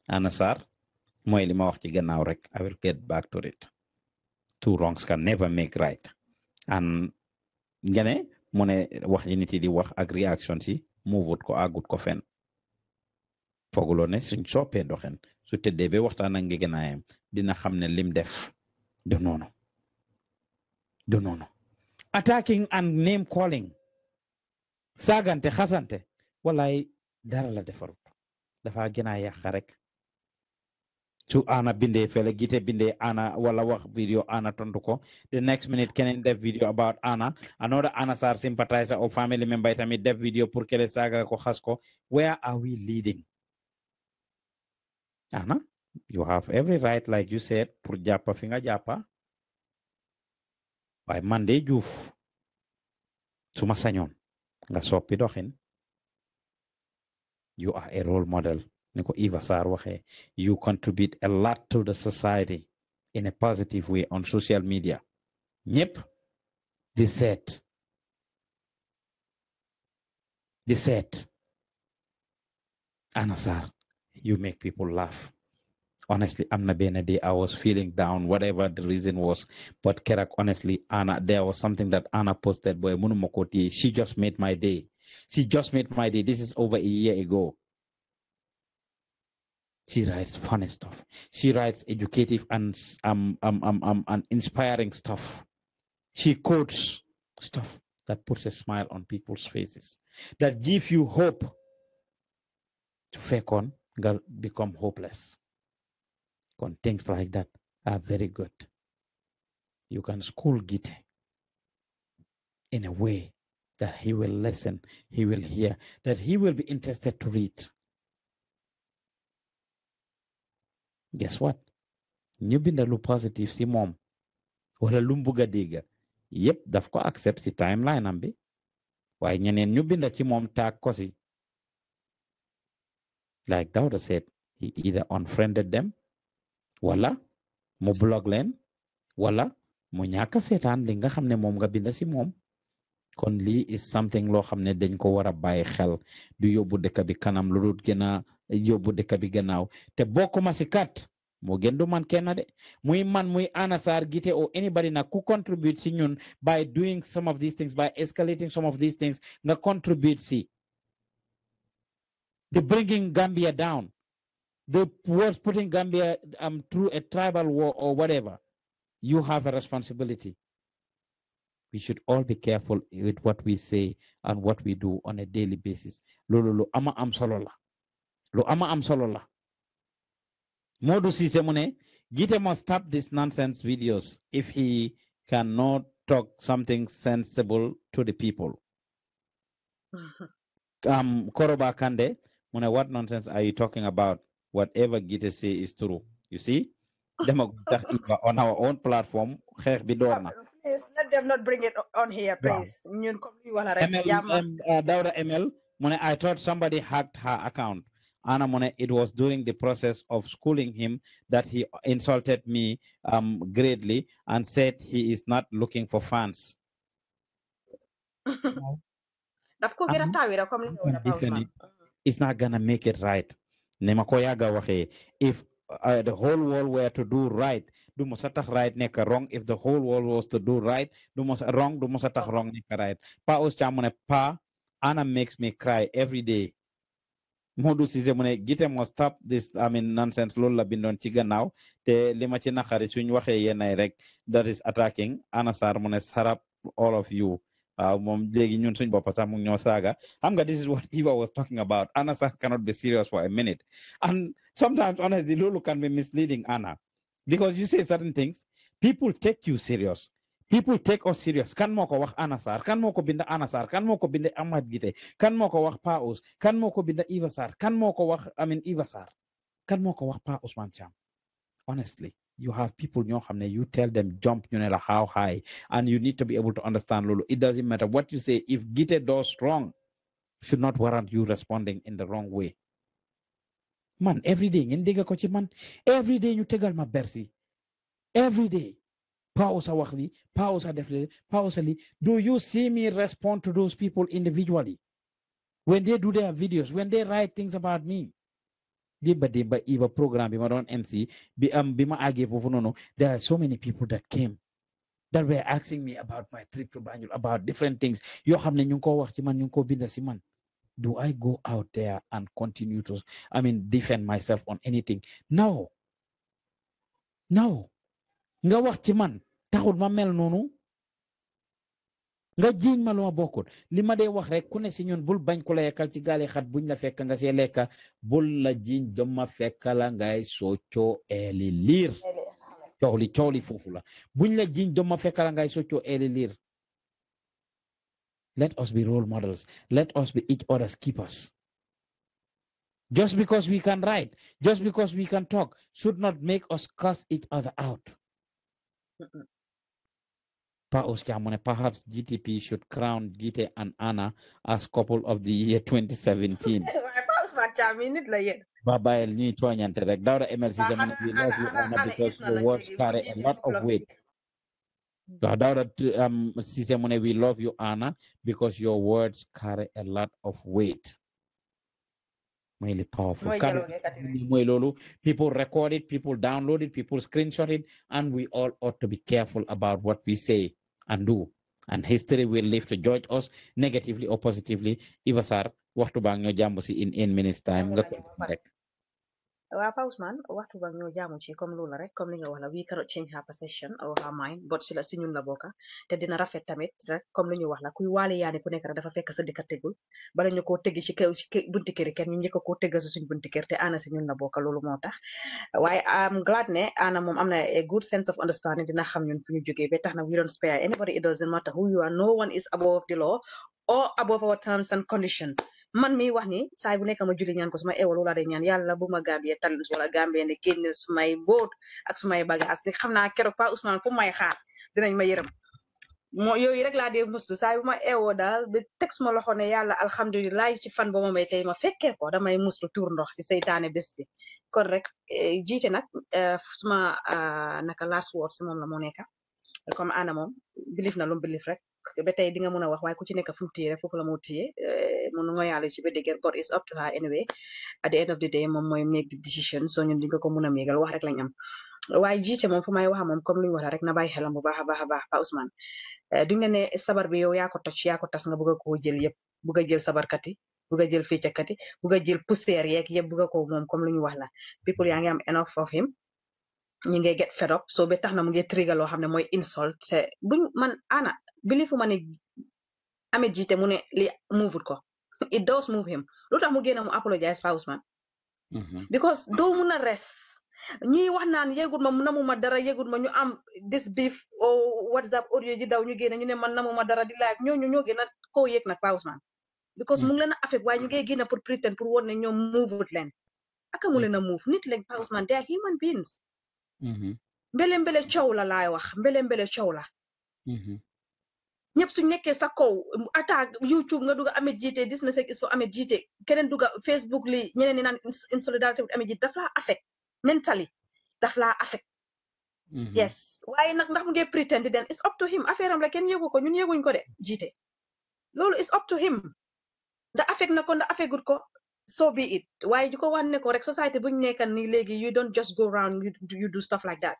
anasar mooy li ma i will get back to it two wrongs can never make right and Gane, Mone, mu ne wax yi nit yi di wax ak réaction si muuvut ko àggut ko fenn fooguloo ne suñ soppee doxen su tëddee ba waxtaan ak ngegenaayam dina xam lim def du noonu Donono. Attacking and name calling. Sagante, khasante, Wallahi dara la defarut. Dafa gën a yàq rek. su ana binde fele gite binde ana wala wax video ana tonduko. the next minute keneen def video about ana another ana sar sympathizer or family member itamit def video pour kele saga ko khasko. where are we leading ana you have every right like you said pour japa fi nga waaye man de juuf su ma sañoon nga soppi doxin you are a role model ni ko Sarr waxee you contribute a lot to the society in a positive way on social media ñëpp di seet di seet Anna Sarr you make people laugh honestly, I'm not being a day. I was feeling down, whatever the reason was. But Kerak, honestly, Anna, there was something that Anna posted by Munumokoti. She just made my day. She just made my day. This is over a year ago. She writes funny stuff. She writes educative and um, um, um, um, and inspiring stuff. She quotes stuff that puts a smile on people's faces, that give you hope to fake on, become hopeless on like that are very good. You can school Gita in a way that he will listen, he will hear, that he will be interested to read. Guess what? ñu bindal lu positif si moom wala lu mu bugg a dégg yépp daf ko accept si timeline am Why? waaye ñeneen ñu binda ci moom taag ko si like Dawda said he either unfriended them wala mu blog len wala mu ñaka seetaan li nga xam mom nga bind si mom, kon li is something lo hamne dañ ko wara baye xel du yobbu dekk bi kanam lu dut gëna yobbu dekk bi gënaaw te bokkuma ci kat mo gendu man kenn de muy man muy anasar gite o anybody na ku contribute si ñun by doing some of these things by escalating some of these things nga contribute si the bringing Gambia down the what's putting Gambia um, through a tribal war or whatever, you have a responsibility. We should all be careful with what we say and what we do on a daily basis. Lo lo lo ama am solola. Lo ama am solola. Modu Sisemune, Gita must stop these nonsense videos if he cannot talk something sensible to the people. Uh-huh. um, Koroba Kande, Mune, what nonsense are you talking about? whatever Gita say is true. You see? on our own platform, uh, Please let them not bring it on here, please. ML, uh, ML, I thought somebody hacked her account. Anna Mone, it was during the process of schooling him that he insulted me um, greatly and said he is not looking for fans. it's not gonna make it right ko if uh, the whole world were to do right du mos tax right nekk wrong if the whole world was to do right du mos wrong du mos tax wrong nekk right pa aus ca ne pa Anna makes me cry every day Modu Cissé mu ne Gite must stop this I mean nonsense loolu la bindoon ci gannaaw te li ma ci naqari suñ waxee rek that is attacking Anna sar mu ne sarap all of you moom léegi ñun suñ bopp sax mu ngi ñoo saaga xam nga this is what Eva was talking about Anna Sarr cannot be serious for a minute and sometimes honestly lulu can be misleading Anna because you say certain things people take you serious people take us serious kan moo ko wax Anna Sarr kan moo ko bind Anna Sarr kan moo ko bind Amad Gite kan moo ko wax Pa Ous kan moo ko bind Eva Sarr kan moo ko wax I mean Eva Sarr kan moo ko wax Pa Ousmane honestly you have people ñoo xam you tell them jump you know how high and you need to be able to understand lulu it doesn't matter what you say if gita does wrong should not warrant you responding in the wrong way man every day in dégg ko man every take tegal ma bersi every day pausa wax li pausa def li pausa li do you see me respond to those people individually when they do their videos when they write things about me dimba dimba iba program bima don MC bi um bima age fofu nono there are so many people that came that were asking me about my trip to Banjul about different things yo xamne ñu ko wax ci man ñu ko binda ci man do I go out there and continue to I mean defend myself on anything no no nga wax ci man taxul ma mel nonu nga ma li ma wax rek ku ne si ñun bul bañ ku la yekkal ci gaale xat buñ la fekk nga see lekka bul la ngay eeli liir foofu la buñ la ngay eeli liir let us be role models let us be each other's keepers just because we can write just because we can talk should not make us curse each other out Paus Chamone, perhaps GTP should crown Gite and Anna as couple of the year 2017. Babayel ñuy tooñante rek love you Anna because your words carry a lot of weight. um, we love you Anna because your words carry a lot of weight. Really powerful. People record it, people download it, people screenshot it, and we all ought to be careful about what we say and do. And history will live to judge us negatively or positively. Ivasar, what to bang nyo jambo in 8 minutes time. waaw pause man waxtu ba ñoo jaamu ci comme loolu rek comme li nga wax la we cannot change her perception or her mind but si la la bokka te dina rafet tamit rek comme li ñu wax la kuy waale yaani ku nekk rek dafa fekk sa dëkka tegul bala ñu koo tegi ci bunti kër kenn ñu njëkk koo teggal si suñ bunti kër te ana si ñun la bokka loolu moo tax waaye am glad ne ana moom am na a good sense of understanding dina xam ñun fu ñu jógee ba tax na we don't spare anybody it doesn't matter who you are no one man mi wax ni saay bu nekk ma julli ñaan ko suma ewal wala de ñaan yàlla bu ma gambie tan wala gambie ne génne sumay boot ak sumay bagage ni xam naa keroog pa Ousmane fu may xaar dinañ ma yërëm moo yooyu rek laa dee muslu saay bu ma eewoo daal ba suma loxo ne yàlla alhamdulilah ci fan ba ma may tey ma fekkee damay muslu tuur ndox ci seytaane bés bi kon rek eh, jiite nag eh, suma ah, naka last word si moom la moo nekka comme ana moom bilif na lu mu rek ba tey di nga a wax waaye ku ci nekk fu mu téye rek foofu la eh, mu téye mu ngoyaale ci ba is up to her anyway at the end of the day moom mooy make the decision so ñun di ko mën a méegal wax rek lañ am waaye jiite moom fu may waxa moom comme lu ñu wax rek na bàyyi xelam bu baax a baax a baax Pa Ousmane eh, duñ la ne sabar bi yow yaa ko toj yaa ko a koo jël yëpp bëgg a jël sabarkat yi bëgg a jël feccakat yi bëgg a jël poussière yeeg yëpp bëgg ko moom comme lu ñu wax la people ñu ngi get fed up so ba tax na mu ngi trigger loo xam ne mooy insult te buñ man ana bilifu ma ne Amé Jite mu ne li move ko it does move him lu tax mu génn mu apologize fa Ousmane mm-hmm. because doo mun a res ñuy wax naan yëgut ma dara yëgut ma ñu am this beef o oh, whatsapp audio ji daw ñu génne ñu ne man namuma dara di laaj ñooñu ñoo gën a koo yëg nag fa Ousmane because mu ngi leen a affect waaye ñu ngi génn pour pretend pour woon ne ñoom move leen akamu mm-hmm. leen a Mm-hmm. mbele mbele coow la laay wax mbele mbele coow la. Mm-hmm. ñëpp suñ nekkee sa kaw attaque YouTube nga dugg Ameth Gitté dis na sek is for Ameth Gitté keneen dugg Facebook li ñeneen ni naan in solidarité with Ameth Gitté daf la affect mentally daf laa affect mm-hmm. yes waaye nag ndax mu ngi den is up to him affaire am la kenn yëgu ko ñun yëguñ ko de Gitté loolu is up to him nda affect na ko nda affectgut ko so bi it waaye di ko wan ne ko rek société bu ñu nekkan ni léegi you don't just go round you do stuff like that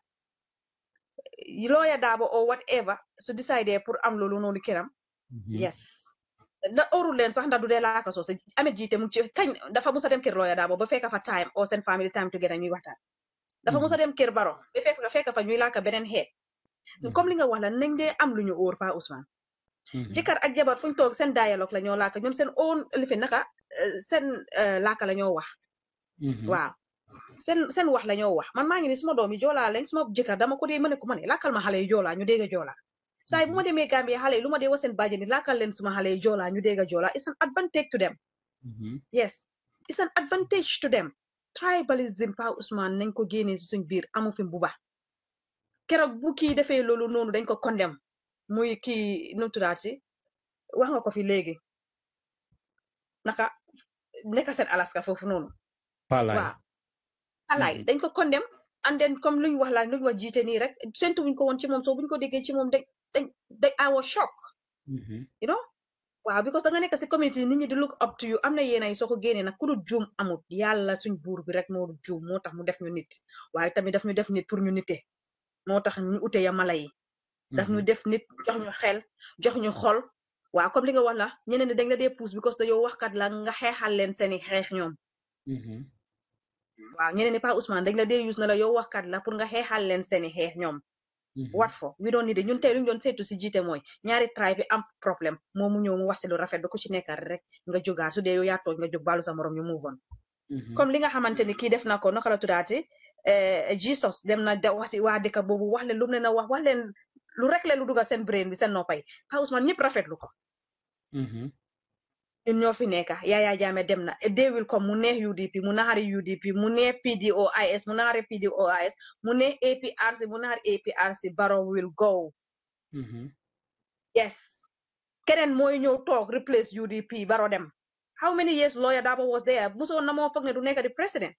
lawyer Darboe or whatever su décidé pour am loolu noonu kiram mm-hmm. yes na óorul leen sax ndax du dee laaka soo sa amet jiite mu ci kañ dafa musa dem kër lawyer Darboe ba fekk fa time or seen family time together ñuy waxtaan dafa musa mm-hmm. dem kër baro ba fekk fa ñuy laaka beneen xeet mm-hmm. comme li nga wax la nañ am lu ñu óor pa jëkkër mm-hmm. ak jabar fu ñu toog seen dialogue la ñoo làkk ñoom seen own lifin naka eh, seen eh, làkk la ñoo wax mm-hmm. waaw seen seen wax la ñoo wax man maa ngi ni suma doom yi joolaa lañ suma jëkkër dama ko dee ma ne ko ma ne làkkal ma xale yi joolaa ñu dégg a joolaa mm-hmm. saa yi bu ma demee Gambie xale yi lu ma dee wax seen bàjjen yi làkkal leen suma xale yi joolaa ñu dégg a joolaa an advantage to them yes it's an advantage to them tribalism pa Ousmane nañ ko génnee si suñ biir amu fi mbuba keroog bu kii defee loolu noonu dañ ko condemn muy kii nu mu tuddaat wax nga ko fi léegi naka nekk seen Alaska foofu noonu. Palaay waaw Palaay mm-hmm. dañ ko condem and then comme luñ wax laa luñ wa jiite nii rek séntu wuñ ko woon ci moom soo buñ ko déggee ci moom dañ dañ dañ I was shock. Mm-hmm. you know waaw because da nga nekk si community nit ñi di yu up to you am na yéenay soo ko génnee ku dul juum amut yàlla suñ buur bi rek mo dul juum tax mu def ñu nit waaye tamit daf ñu def nit pour ñu nite moo tax ñu ute ya mala yi. daf ñu mhm. def nit jox ñu xel jox ñu xool waaw kom li nga wax la ñeneen dañ la dee puus because dañoo waxkat la nga xeexal leen seeni xeex ñoom mhm. waaw ñeneen Pa Ousmane dañ la dee use na la yow waxkat la pour nga xeexal leen seeni xeex ñoom mhm. wat fo wi doon ni de ñun tey lu doon saytu si jiite mooy ñaari tribe bi am problème moom mu ñëw wax si lu rafet ba ku ci nekkal rek nga jógaa su dee yow yaa nga jóg baalu sa morom ñu move on comme li nga xamante ni kii na ko naka la tuddaati eh, Jesus dem na da wax si waa dëkk boobu wax leen lu mu a wax lu rek la lu dugg seen brain bi seen noppay ka Ousmane ñëpp rafetlu ko. Mm-hmm. ñun ñoo fi nekk ya Jammeh dem na they will come mu neex UDP mu naxari UDP mu neex PDOIS mu naxari PDOIS mu neex APRC mu naxari APRC Baro will go. Mm-hmm. yes keneen mooy ñëw toog replace UDP Baro dem how many years lawyer Darboe was there Muso na mo foog ne du nekk di president.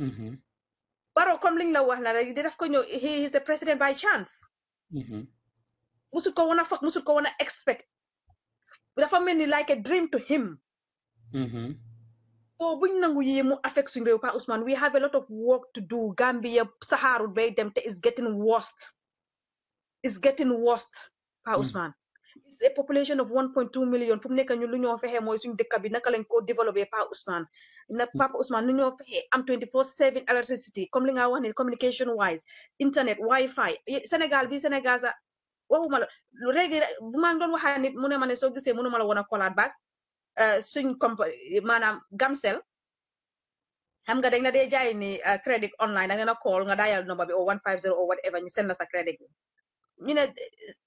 Mm-hmm. Barrow comme liñ la wax na rek di def ko ñëw he is the president by chance. Mm-hmm. musul ko woon a musul ko woon expect dafa mel ni like a dream to him. Mm-hmm. so buñ nangu yi mu affect suñ réew Pa Ousmane we have a lot of work to do Gambia saxaarut bay dem te is getting worse is getting worse Pa mm. Ousmane it's a population of 1.2 million fu mu nekk ñun lu ñoo fexe mooy suñu dëkk bi naka lañ ko développé Paa Ousmane nag Papa Ousmane lu ñoo fexe am 24/7 electricity comme li nga wax ne communication wise internet wifi Sénégal bi Sénégal sax waxuma la léegi bu ma doon waxaa nit mu ne ma ne soo gisee mënuma la woon a kolaat baag euh, suñ compagnie maanaam Gamcel xam nga dañ la dee jaay ni euh, credit online da ngeen a call nga daayal number bi o 150 or whatever ñu send la sa credit bi ñu ne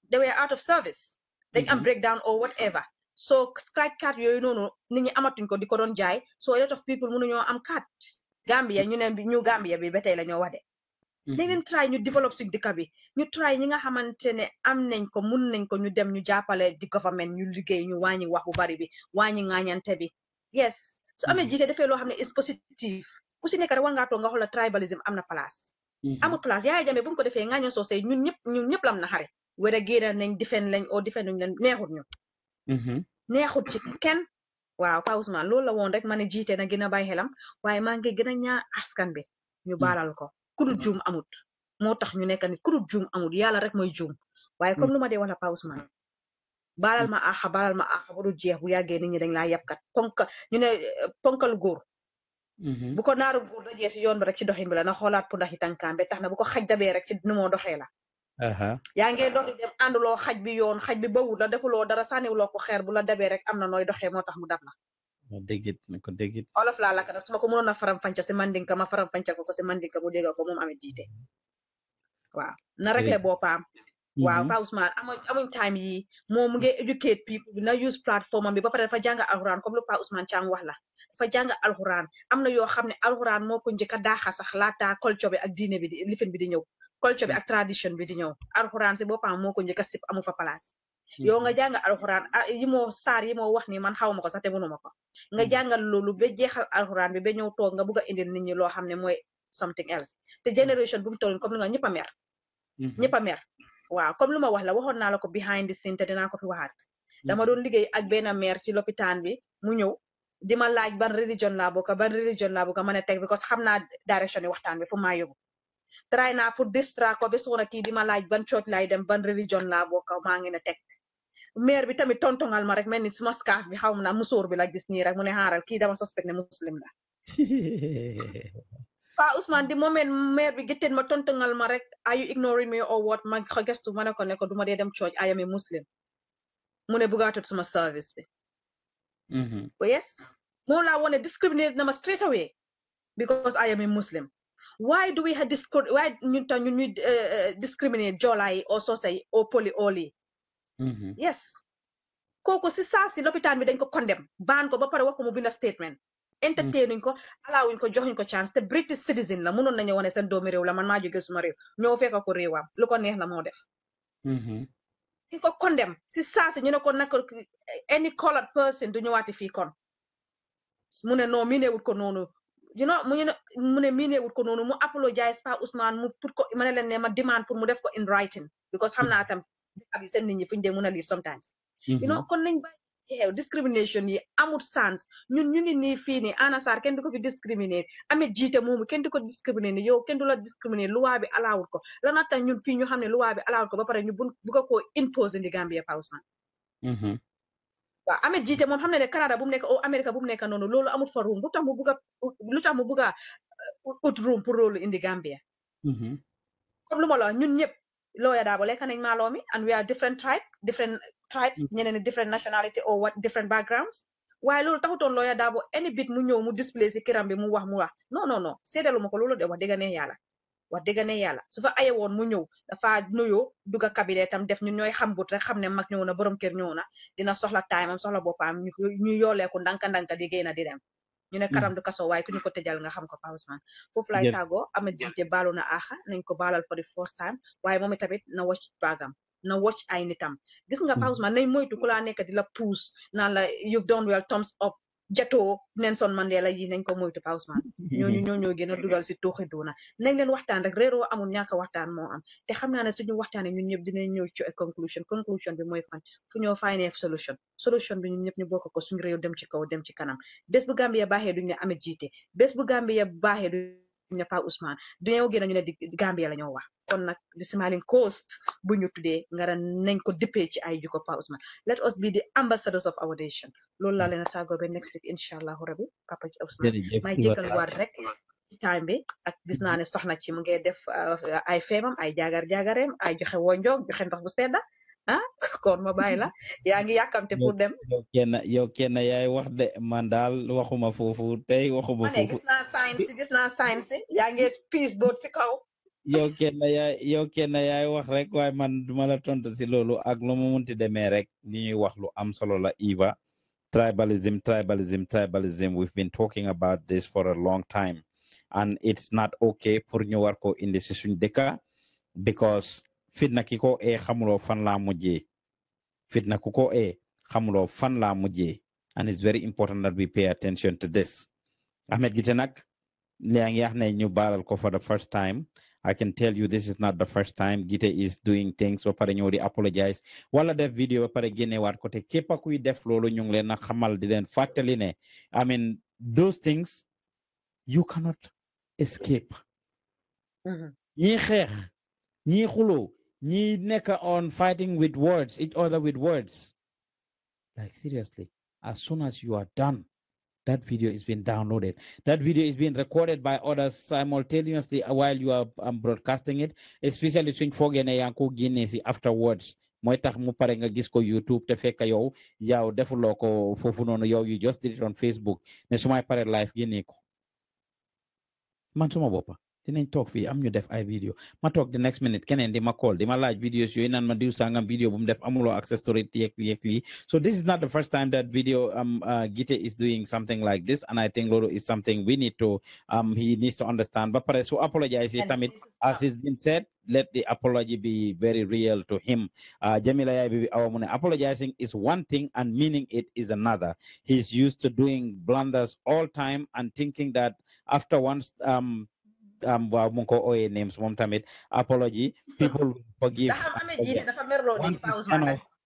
they were out of service dañ am mm-hmm. breakdown or whatever so scratch card yooyu noonu nit ñi amatuñ ko di ko doon jaay so a lot of people mënuñoo am card Gambia ñu ne ñu Gambia bi ba tey la ñoo wax de léegi mm-hmm. leen try ñu développe suñ dëkk bi ñu try ñi nga xamante ne am nañ ko mun nañ ko ñu dem ñu jàppale di government ñu liggéey ñu wàññi wax bu bari bi wàññi ŋaañante bi yes su amee mm-hmm. jiite dafay loo xam ne is positif ku si nekk rek war ngaa toog nga xoolal tribalism am na place amul place yaaya jamee bu mu ñëpp ñun ñëpp lam na xare wara génn nañ defen lañ o defen neng neexut ñu mm-hmm. neexut ci kenn waaw Pa Ousmane loolu la woon rek ma ne jiite na gën a bàyyi xelam waaye maa ngi gën a askan bi ñu mm. baalal ko kudut juum amut moo tax ñu nekk ni kudut juum amut yàlla rek mooy juum waaye comme mm. lu ma dee wala Pa Ousmane baalal ma axa baalal ma axa bu du jeex bu yàggee nit ñi dañ laa kat ponk ñu ne ponkal góor mm-hmm. bu ko naaru góor dajee si yoon bi rek ci doxin bi la na xoolaat pu ndax yi be tax na bu ko xaj dabee rek ci nu moo doxee la yaa ngeen dox di dem ànduloo xaj bi yoon xaj bi bawul la defuloo dara sànniwuloo ko xeer bu la dabee rek am na nooy doxee moo tax mu dab la déggit na ko déggit olof laa lakk nag su ma ko mënoon a faram-fàccee si mandinka ma faram-fàccee ko ko si mandinka mu dégg ko moom amit jiite waaw na réglé boppam waaw mm-hmm. Pa Ousmane amuñ amuñ time yi moom mu ngi educate people na use plateforme bi ba pare dafa jàng alxuraan comme lu Pa Ousmane Chang wax la dafa jàng am na yoo xam ne alxuraan moo ku njëkk a sax laata culture bi ak diine bi di lifin bi di ñëw culture bi hmm. ak tradition bi di ñëw alxuraan si boppam moo ko njëkk a sip amu fa place. Hmm. yow nga jàngal alxuraan ah, yi moo saar yi moo ni man xaw ma ko sax te mënuma ko. nga hmm. jàngal loolu ba jeexal alxuraan bi ba ñëw toog nga ga a indil nit ñi loo xam ne mooy something else te generation mu toll comme ni nga ñëpp a mer. ñëpp a mer waaw comme lu ma wax la waxoon naa la ko behind the scene te dinaa ko fi waxaat. dama doon liggéey ak benn mère ci lopitaan bi mu ñëw. di ma laaj ban religion laa bokk ban religion laa bokk mën a teg because xam naa direction yi waxtaan bi fu maa yóbbu. try naa pour distraire ko ba soxna kii di ma laaj ban church laay dem ban religion laa bokk maa ngi ne teg maire bi tamit tontongal ma rek Men ni suma scarf bi xaw ma naa like bi la gis nii rek mu ne xaaral kii dama suspect ne muslim la Paa Ousmane di moment maire bi gitteen ma tontongal ma rek are you ignoring me or what ma gestu to ne ko ne ko duma dem church I am a muslim mune ne to suma service bi mm-hmm. yes I want wone discriminate na ma straight away because I am a muslim why do we have this? why ñu you need uh, uh, discriminate joolaa also say, "Oh, yi au poli oli mm-hmm. yes kooku si saa si lopitaan bi dañ ko condemn baan ko ba pare wax ko mu binda statement entertainuñ ko alaawuñ ko joxuñ ko chance te british citizen la mënoon nañu wane seen doomi réew la man maa jóge suma réew ñoo fekk ko réewam lu ko neex la moo def mm-hmm. dañ ko condemn si saa si ñu ne ko naka eh, any colored person du ñëwaati fii kon mu ne noo miinewut ko noonu you know mu ñu ne mu ne miinee wut ko noonu mu apologize pa Ousmane mu put ko ma ne ma demande pour mu def ko in writing because xam naa tam xam yi seen nit ñi fuñ dee mën a lire sometimes you know kon nañ bàyyi xew discrimination yi amut sans ñun ñu ngi nii fii nii Anna Sarr kenn du ko fi discriminer amit jiite moomu kenn du ko discriminer yow kenn du la discriminer luwaa bi alaawut ko lana tax ñun fii ñu xam ne wa bi alaawut ko ba pare ñu bu ko koo imposer ndi Gambia pa Ousmane mm-hmm. waaw Ameth Djidja moom xam na ne Canada bu mu nekk au oh, Amérique bu mu nekk noonu loolu amut fa room lu tax mu bugg a lu tax mu bugg a uh, ut room pour loolu indi Gambia. Mm-hmm. comme lu ma la wax ñun ñëpp looya daabo lekk nañ maaloo mi and we are different tribe different tribes mm-hmm. ñeneen ni different nationality or what different backgrounds waaye loolu taxutoon looya daabo any bit mu ñëw mu display si kiram bi mu wax mu wax non non non seedalu ma ko loolu de wax dëgg neex yàlla wa dëgg ne yàlla su fa aye woon mu ñëw dafa nuyoo dugg a kabile tam def ñun ñooy xam but rek xam ne mag ñëw na borom kër ñëw na dina soxla taayamam soxla boppam ñu yooleeku ndanka ndanka di génn di dem ñu ne hmm. karam du kaso waaye ku ñu ko tëjal nga xam ko Pa Ousmane foofu laay tàggoo ama jinte baalu na aaxa nañ ko baalal for time waaye moom tamit na wacc baagam na wacc ay nitam gis nga Pa hmm. Ousmane nañ moytu ku laa nekk di la puus naan la you've done well jatoo Nelson Mandela yi nañ ko moytu Pa Ousmane ñooñu ñoo ñoo gën a dugal si tuuxi duuna nañ leen waxtaan rek réeroo amul waxtaan moo am te xam naa ne waxtaan waxtaanee ñun ñëpp dinañ ñëw ci conclusion conclusion bi mooy fan fu ñoo findee solution solution bi ñun ñëpp ñu bokk ko suñu réew dem ci kaw dem ci kanam bés bu Gambia baaxee duñ ne amee jiite bés bu Gambia baaxee duñ ne Pa Ousmane du yeewu gi nañu ne di Gambia la ñoo wax kon nag the Smiling Coast bu ñu tuddee ngara nañ ko dëppee ci ay jikko Pa Ousmane let us be the ambassadors of our nation loolu laa leen a tàggoo ba next week incha allahu rabi papa ci Ousmane may jégal rek ci bi ak gis naa ne soxna ci mu ngi def uh, ay feemam ay jaagar jaagareem ay joxe wonjoog joxe ndox bu sedda Ah, kon ma pour dem. yow kenn yow kenn yaay wax de man waxuma waxuma gis science gis science peace boat kaw. yow kenn yaay yow kenn yaay wax rek man duma la tontu ak lu mu munti rek ni ñuy wax lu am solo la tribalism, tribalism, tribalism. We've been talking about this for a long time, and it's not okay for New Yorko in this situation because fitna kiko e ee xamuloo fan fitna kuko e ee xamuloo fan and it's very important that we pay attention to this ahmed gite nag yaa ne ñu baalal ko for the first time I can tell you this is not the first time Gite is doing things ba pare ñëw di apologize wala def video ba pare génnewaat ko te képp kuy def loolu ñu ngi leen xamal di leen ne I mean those things you cannot escape. Ni mm-hmm. xeex ni xuloo ñi neka on fighting with words each other with words like seriously as soon as you are done that video is being downloaded that video is being recorded by others simultaneously while you are um, broadcasting it especially between fogee and yaa ngi ko génnee afterwards mooy tax mu pare nga gis ko youtube te fekk yow yow defuloo ko foofu noonu yow you just did it on facebook ne sumay pare live génnee ko man suma boppa dinañ toog fii am ñu def ay vidéo ma toog the next minute keneen di ma call di ma laaj videos yooyu naan ma diw sangam vidéo bu mu def amuloo access to it yeeg yeeg lii so this is not the first time that video um uh, Gite is doing something like this and I think loolu is something we need to um he needs to understand ba pare su apologize tamit as is been said let the apology be very real to him. Uh, Jamila Yaibibi Awamune, apologizing is one thing and meaning it is another. He's used to doing blunders all time and thinking that after once um, um waaw mu ngi ko names Mom tamit apology people forgive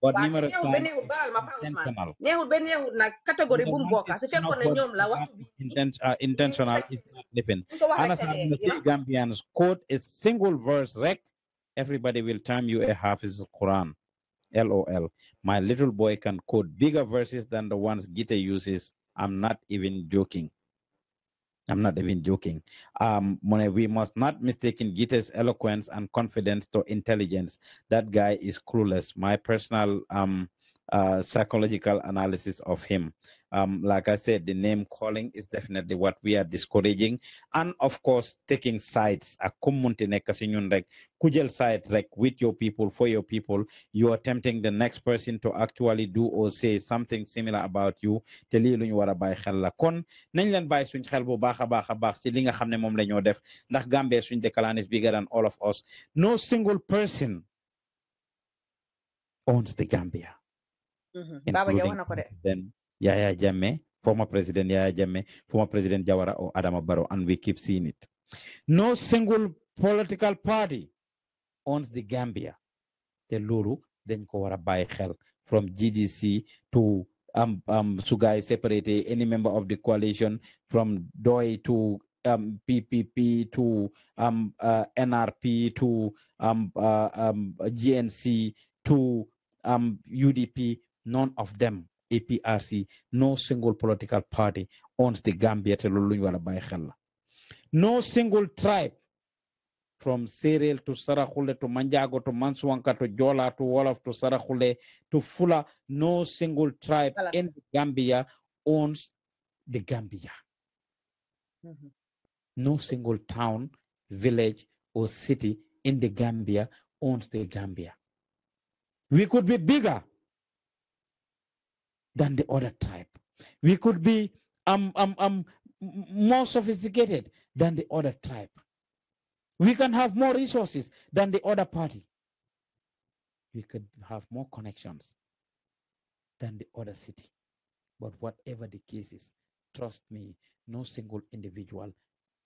but numerous neexul benn neexul nag catégorie bu mu bokk si fekkoon ne ñoom ah, intentional is not living understand the Gambians quote a single verse rek everybody will time you a half is Quran LOL my little boy can quote bigger verses than the ones Gita uses I'm not even joking I'm not even joking. Um, we must not mistake Gita's eloquence and confidence to intelligence. That guy is clueless. My personal um, uh, psychological analysis of him. Um, like I said, the name calling is definitely what we are discouraging. And of course, taking sides. A community rek, kujel side like, with your people, for your people. You are tempting the next person to actually do or say something similar about you. Te li luñ wara bay xel la kon nañ leen bay suñ xel bu baaxa baaxa baax ci li nga xamne mom lañu def ndax Gambia suñ decline is bigger than all of us. No single person owns the Gambia. Mm-hmm. Baba Then Yaya Jammeh, former President Yaya Jammeh, former President Jawara or Adama Barrow, and we keep seeing it. No single political party owns the Gambia. The Lulu, then Kowara by hell from GDC to um, um, Sugai separated any member of the coalition from DOI to um, PPP to um, uh, NRP to um, uh, um, GNC to um, UDP none of them APRC no single political party owns the Gambia te loolu ñu war a xel no single tribe from Seereer to Saraxule to Manjago to Mansuanka to Jola to Wolof to Saraxule to Fula no single tribe in the Gambia owns the Gambia mm-hmm. no single town village or city in the Gambia owns the Gambia we could be bigger than the other tribe. We could be um, um, um, more sophisticated than the other tribe. We can have more resources than the other party. We could have more connections than the other city. But whatever the case is, trust me, no single individual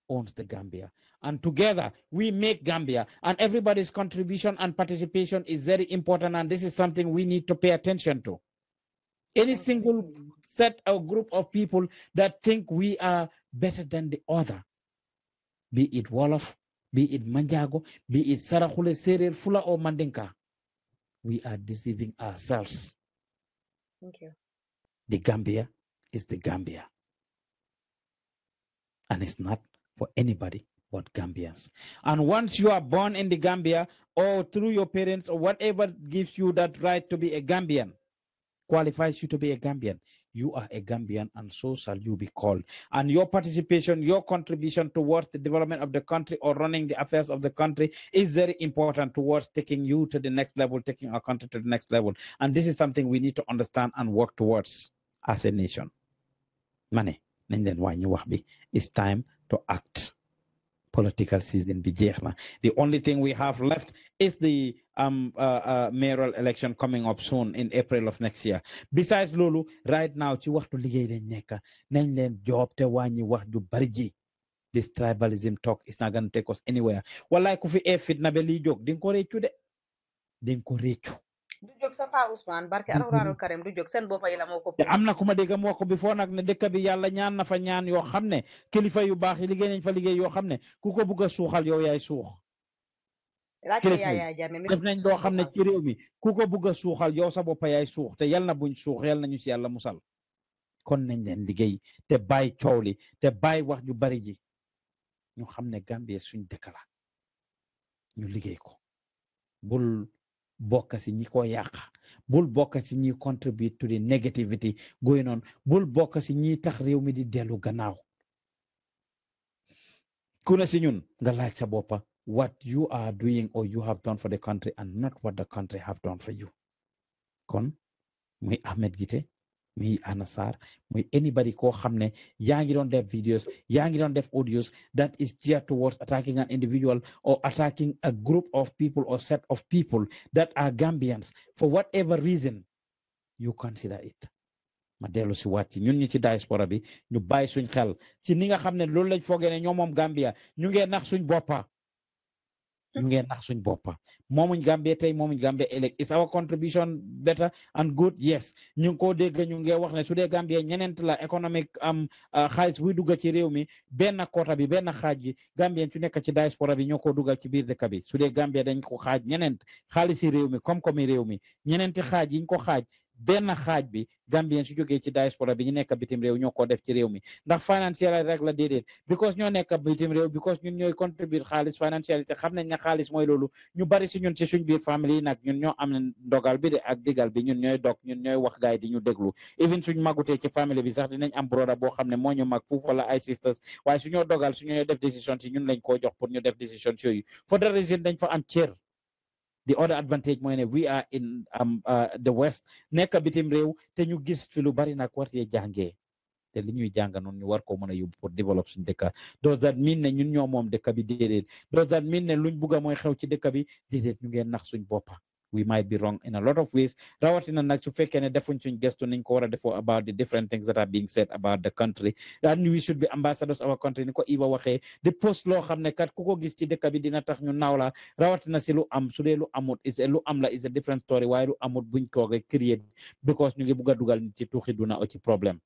owns the Gambia. And together we make Gambia and everybody's contribution and participation is very important. And this is something we need to pay attention to any single set or group of people that think we are better than the other, be it Wolof, be it Manjago, be it Sarakule, Serer, Fula, or Mandinka. We are deceiving ourselves. Thank you. The Gambia is the Gambia. And it's not for anybody but Gambians. And once you are born in the Gambia or through your parents or whatever gives you that right to be a Gambian, qualifies you to be a Gambian. You are a Gambian, and so shall you be called. And your participation, your contribution towards the development of the country or running the affairs of the country is very important towards taking you to the next level, taking our country to the next level. And this is something we need to understand and work towards as a nation. Money. It's time to act political season be jeex na the only thing we have left is the um, uh, uh, mayoral election coming up soon in April of next year besides Lulu, right now ci waxtu liggéey lañ nekk nañ leen joob te wàññi wax ju bari ji this tribalism talk is not going to take us anywhere wallaay kufi fi na fitna be lii jóg di nga ko réccu de di ko réccu du jóg sa paa Ousmane barke mm-hmm. alxuraanul karim du jóg boppa yi moo ko. am na ku a dégg mu wax ko bi foo nag ne dëkk bi yàlla ñaan na fa ñaan yoo xam ne kilifa yu baax yi liggéey nañ fa liggéey yoo xam ne ku ko bugg suuxal yow yaay suux. def nañ loo xam ne ci réew ku ko bugg suuxal yow sa boppa yaay suux te yal na buñ suux yal ñu si yàlla musal kon nañ leen liggéey te bàyyi coow li te bàyyi wax ju bari ji xam ne Gambie suñ dëkk la ñu liggéey ko bul bokk si ñi ko yàq bul bokk si ñi contribute to the negativity going on bul bokk si ñi tax réew mi di dellu gannaaw ku ne si ñun nga laaj sa boppa what you are doing or you have done for the country and not what the country have done for you kon muy Ahmed Gite nii anasar Sarr anybody koo xam ne def videos yaa ngi def audios that is geared towards attacking an individual or attacking a group of people or set of people that are Gambians for whatever reason you consider it ma dellu si wati. You ñun to ci diaspora bi ñu bàyyi suñ xel ci ni nga xam loolu lañ foogee ne ñoom Gambia ñu nax suñ ñu ngeen nax suñ boppa moomuñ Gambia tey moomuñ Gambia ëllëg is our contribution better and good yes ñu ngi koo dégg ñu ngi wax ne su dee Gambia ñeneent la économique am xaalis buy dugga ci réew mi benn koota bi benn xaaj gi Gambien su nekk ci diaspora bi ñoo ko duggal ci biir dëkk bi su dee da dañ ko xaaj ñeneent xaalisi réew mi koom-koomi réew mi ñeneenti xaaj yiñ ko xaaj benn xaaj bi Gambien su jógee ci diaspora bi ñu nekk bitim réew ñoo ko def ci réew mi ndax financial rek la déedéet because ñoo nekk bitim réew because ñun ñooy contribute xaalis financial te xam nañ ne xaalis mooy loolu ñu bari si ñun suñ biir famille yi ñun ñoo am na ndogal bi de ak digal bi ñun ñooy dog ñun ñooy wax gaay di ñu déglu even suñ magutee ci famille bi sax dinañ am broda boo xam ne moo ñu mag foofu wala ay sisters waaye suñoo dogal suñoo def décision si ñun lañ jox pour ñu def the other advantage mooy ne we are in am um, uh, the west nekk bitim réew te ñu gis fi lu bari nag war cee jàngee te li ñuy jàng noonu ñu war ko mën a yóbbu pour développer suñu dëkk does that mean ne ñun ñoo moom dëkk bi déedéet does that mean ne luñ bugg a mooy xew ci dëkk bi déedéet ñu ngeen nax suñ boppa we might be wrong in a lot of ways rawatina nag su ne defuñ suñ gëstu niñ ko war about the different things that are being said about the country and we should be ambassadors of our country ni ko Iba The post law xam kat ku ko gis ci dëkk rawatina si lu am lu amut is lu is a different story Why lu amut create because ñu ngi dugal duna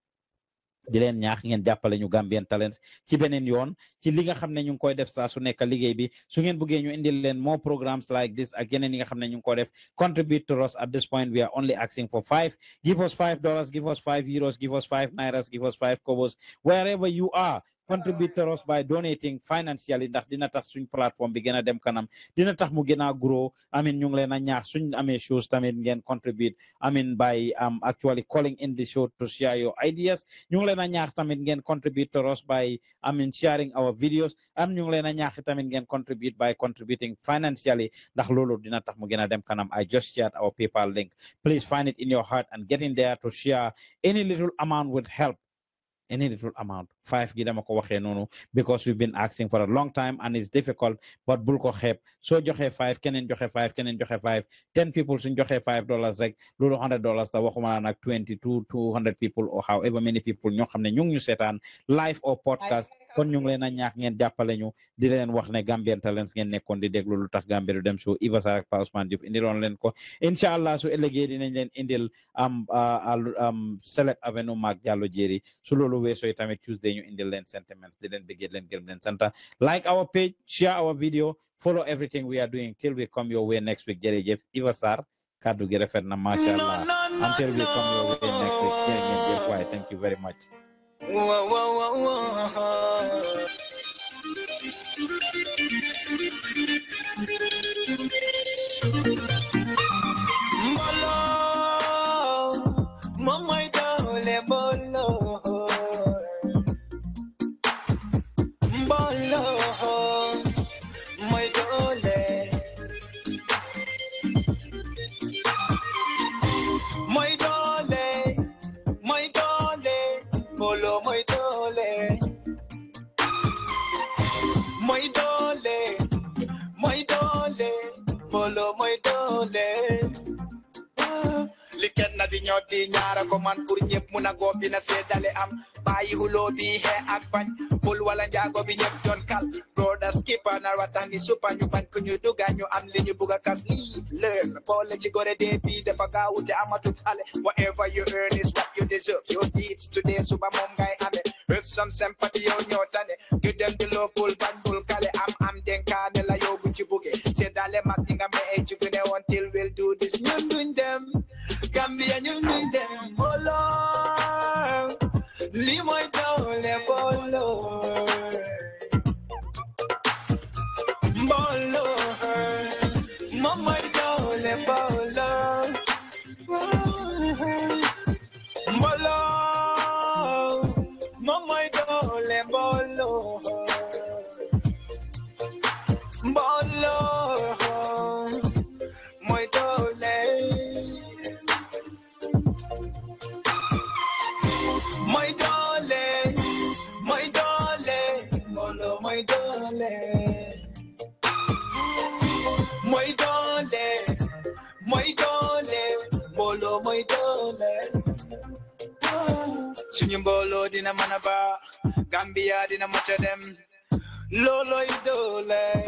di leen ñaax ngeen jàppale ñu Gambian Talents ci yoon ci li nga ñu koy def su nekk liggéey bi su ngeen bëggee ñu indil more programs like this ak yeneen yi nga xam ñu koy def contribute to us at this point we are only asking for five give us five dollars give us five euros give us five nairas give us five kobos wherever you are contribute us by donating financially ndax dina tax suñ plateforme bi dem kanam dina tax mu gën a grow amin ñu ngi leen ñaax suñ amee shows tamit ngeen contribute amin by um actually calling in the show to share your ideas ñu ngi leen a ñaax tamit ngeen contribute to us by amin sharing our videos am ñu ngi leen a ñaax tamit ngeen contribute by contributing financially ndax loolu dina tax mu gën dem kanam I just shared our PayPal link please find it in your heart and get in there to share any little amount would help any little amount five gi ko because we've been asking for a long time and it's difficult but bul ko xeeb soo joxee five you joxe five have joxe Ten people suñ have five dollars rek loolu hundred dollars la waxuma la twenty two two hundred people or however many people ñoo xam ne ñu ngi ñu seetaan live or podcast kon ñu ngi leen a ñaax ngeen jàppale ñu di leen wax ne Gambian Talents ngeen nekkoon di déglu lu tax Gambia du dem show Iba Sarr ak Pa Ousmane Diouf indiloon leen ko incha allah su ëllëgee dinañ leen indil am ah, am Celeb Avenue Mac Jallow Jerry su loolu weesoo tamit Tuesday ñu indil leen sentiments di leen bëggee leen gërëm leen santa like our page share our video follow everything we are doing till we come your way next week jërëjëf Iba Sarr kàddu gi rafet na macha allah until we come your way next week jërë ngeen jëf waaye thank you very much Thank you. sotti ñaara ko man pour ñëpp mun a gombi na seddale am bàyyi xuloo bi he ak bañ bul wala njaago bi ñëpp doon kal broda skipper nar watani supa ñu bañ ko ñu duga ñu am li ñu bugg a kas leave learn boole ci gore dee bi dafa gaawute amatu tale whatever you earn is what you deserve your deeds today suba moom ngay amee with some sympathy yow ñoo tane gi dem di loo bul bañ bul kale am am denkaane la yow bu ci buggee seddale mag ñi nga mee ci gune till we'll do this ñun duñ dem and you need them, oh Lord. Leave my down there, oh Lord. Oh Lord, mama down there, oh Lord. Oh Lord, mama down there, oh Lord. Oh my oh darling. My darling, my darling, oh my darling. My darling, my darling, bolo, my darling. Sunyum bolo di na manaba, Gambia di na mucha dem, lolo idole.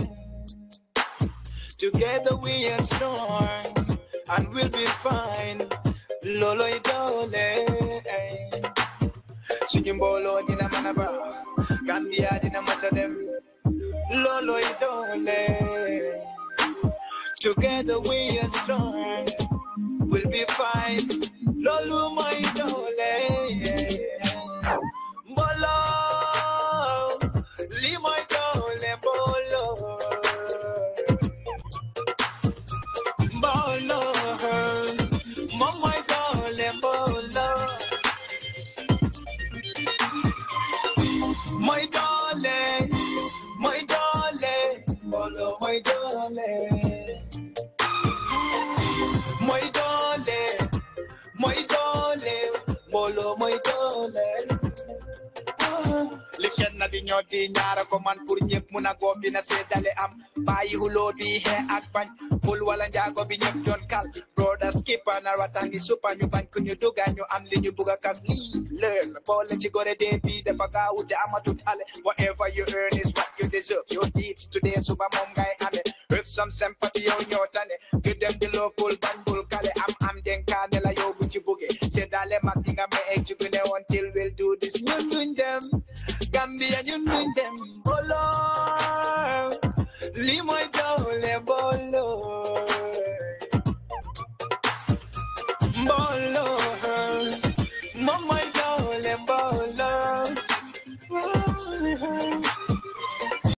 Together we are strong and we'll be fine lolo idole sunyumbolo dina manaba gambia dina masadem lolo idole together we are strong we'll be fine lolo my idole eh. bolo limo idole bolo bolo Molo, muy dole. li kenn di ñoo di ñaara ko man pour ñëpp mun a am bàyyi di xee ak bañ wala njaago bi ñëpp doon kal na supa ñu bañ ko ñu duga ñu am li ñu kas boole ci gore dee bi dafa amatut whatever you earn is what you deserve your today suba moom ngay with some sympathy yow ñoo tane dem di bañ bul kale am am la yow bu ci mag nga may ci gune will do this ñun duñ dem Gambia ñun dem bolo li mooy doole bolo bolo moom mooy doole bolo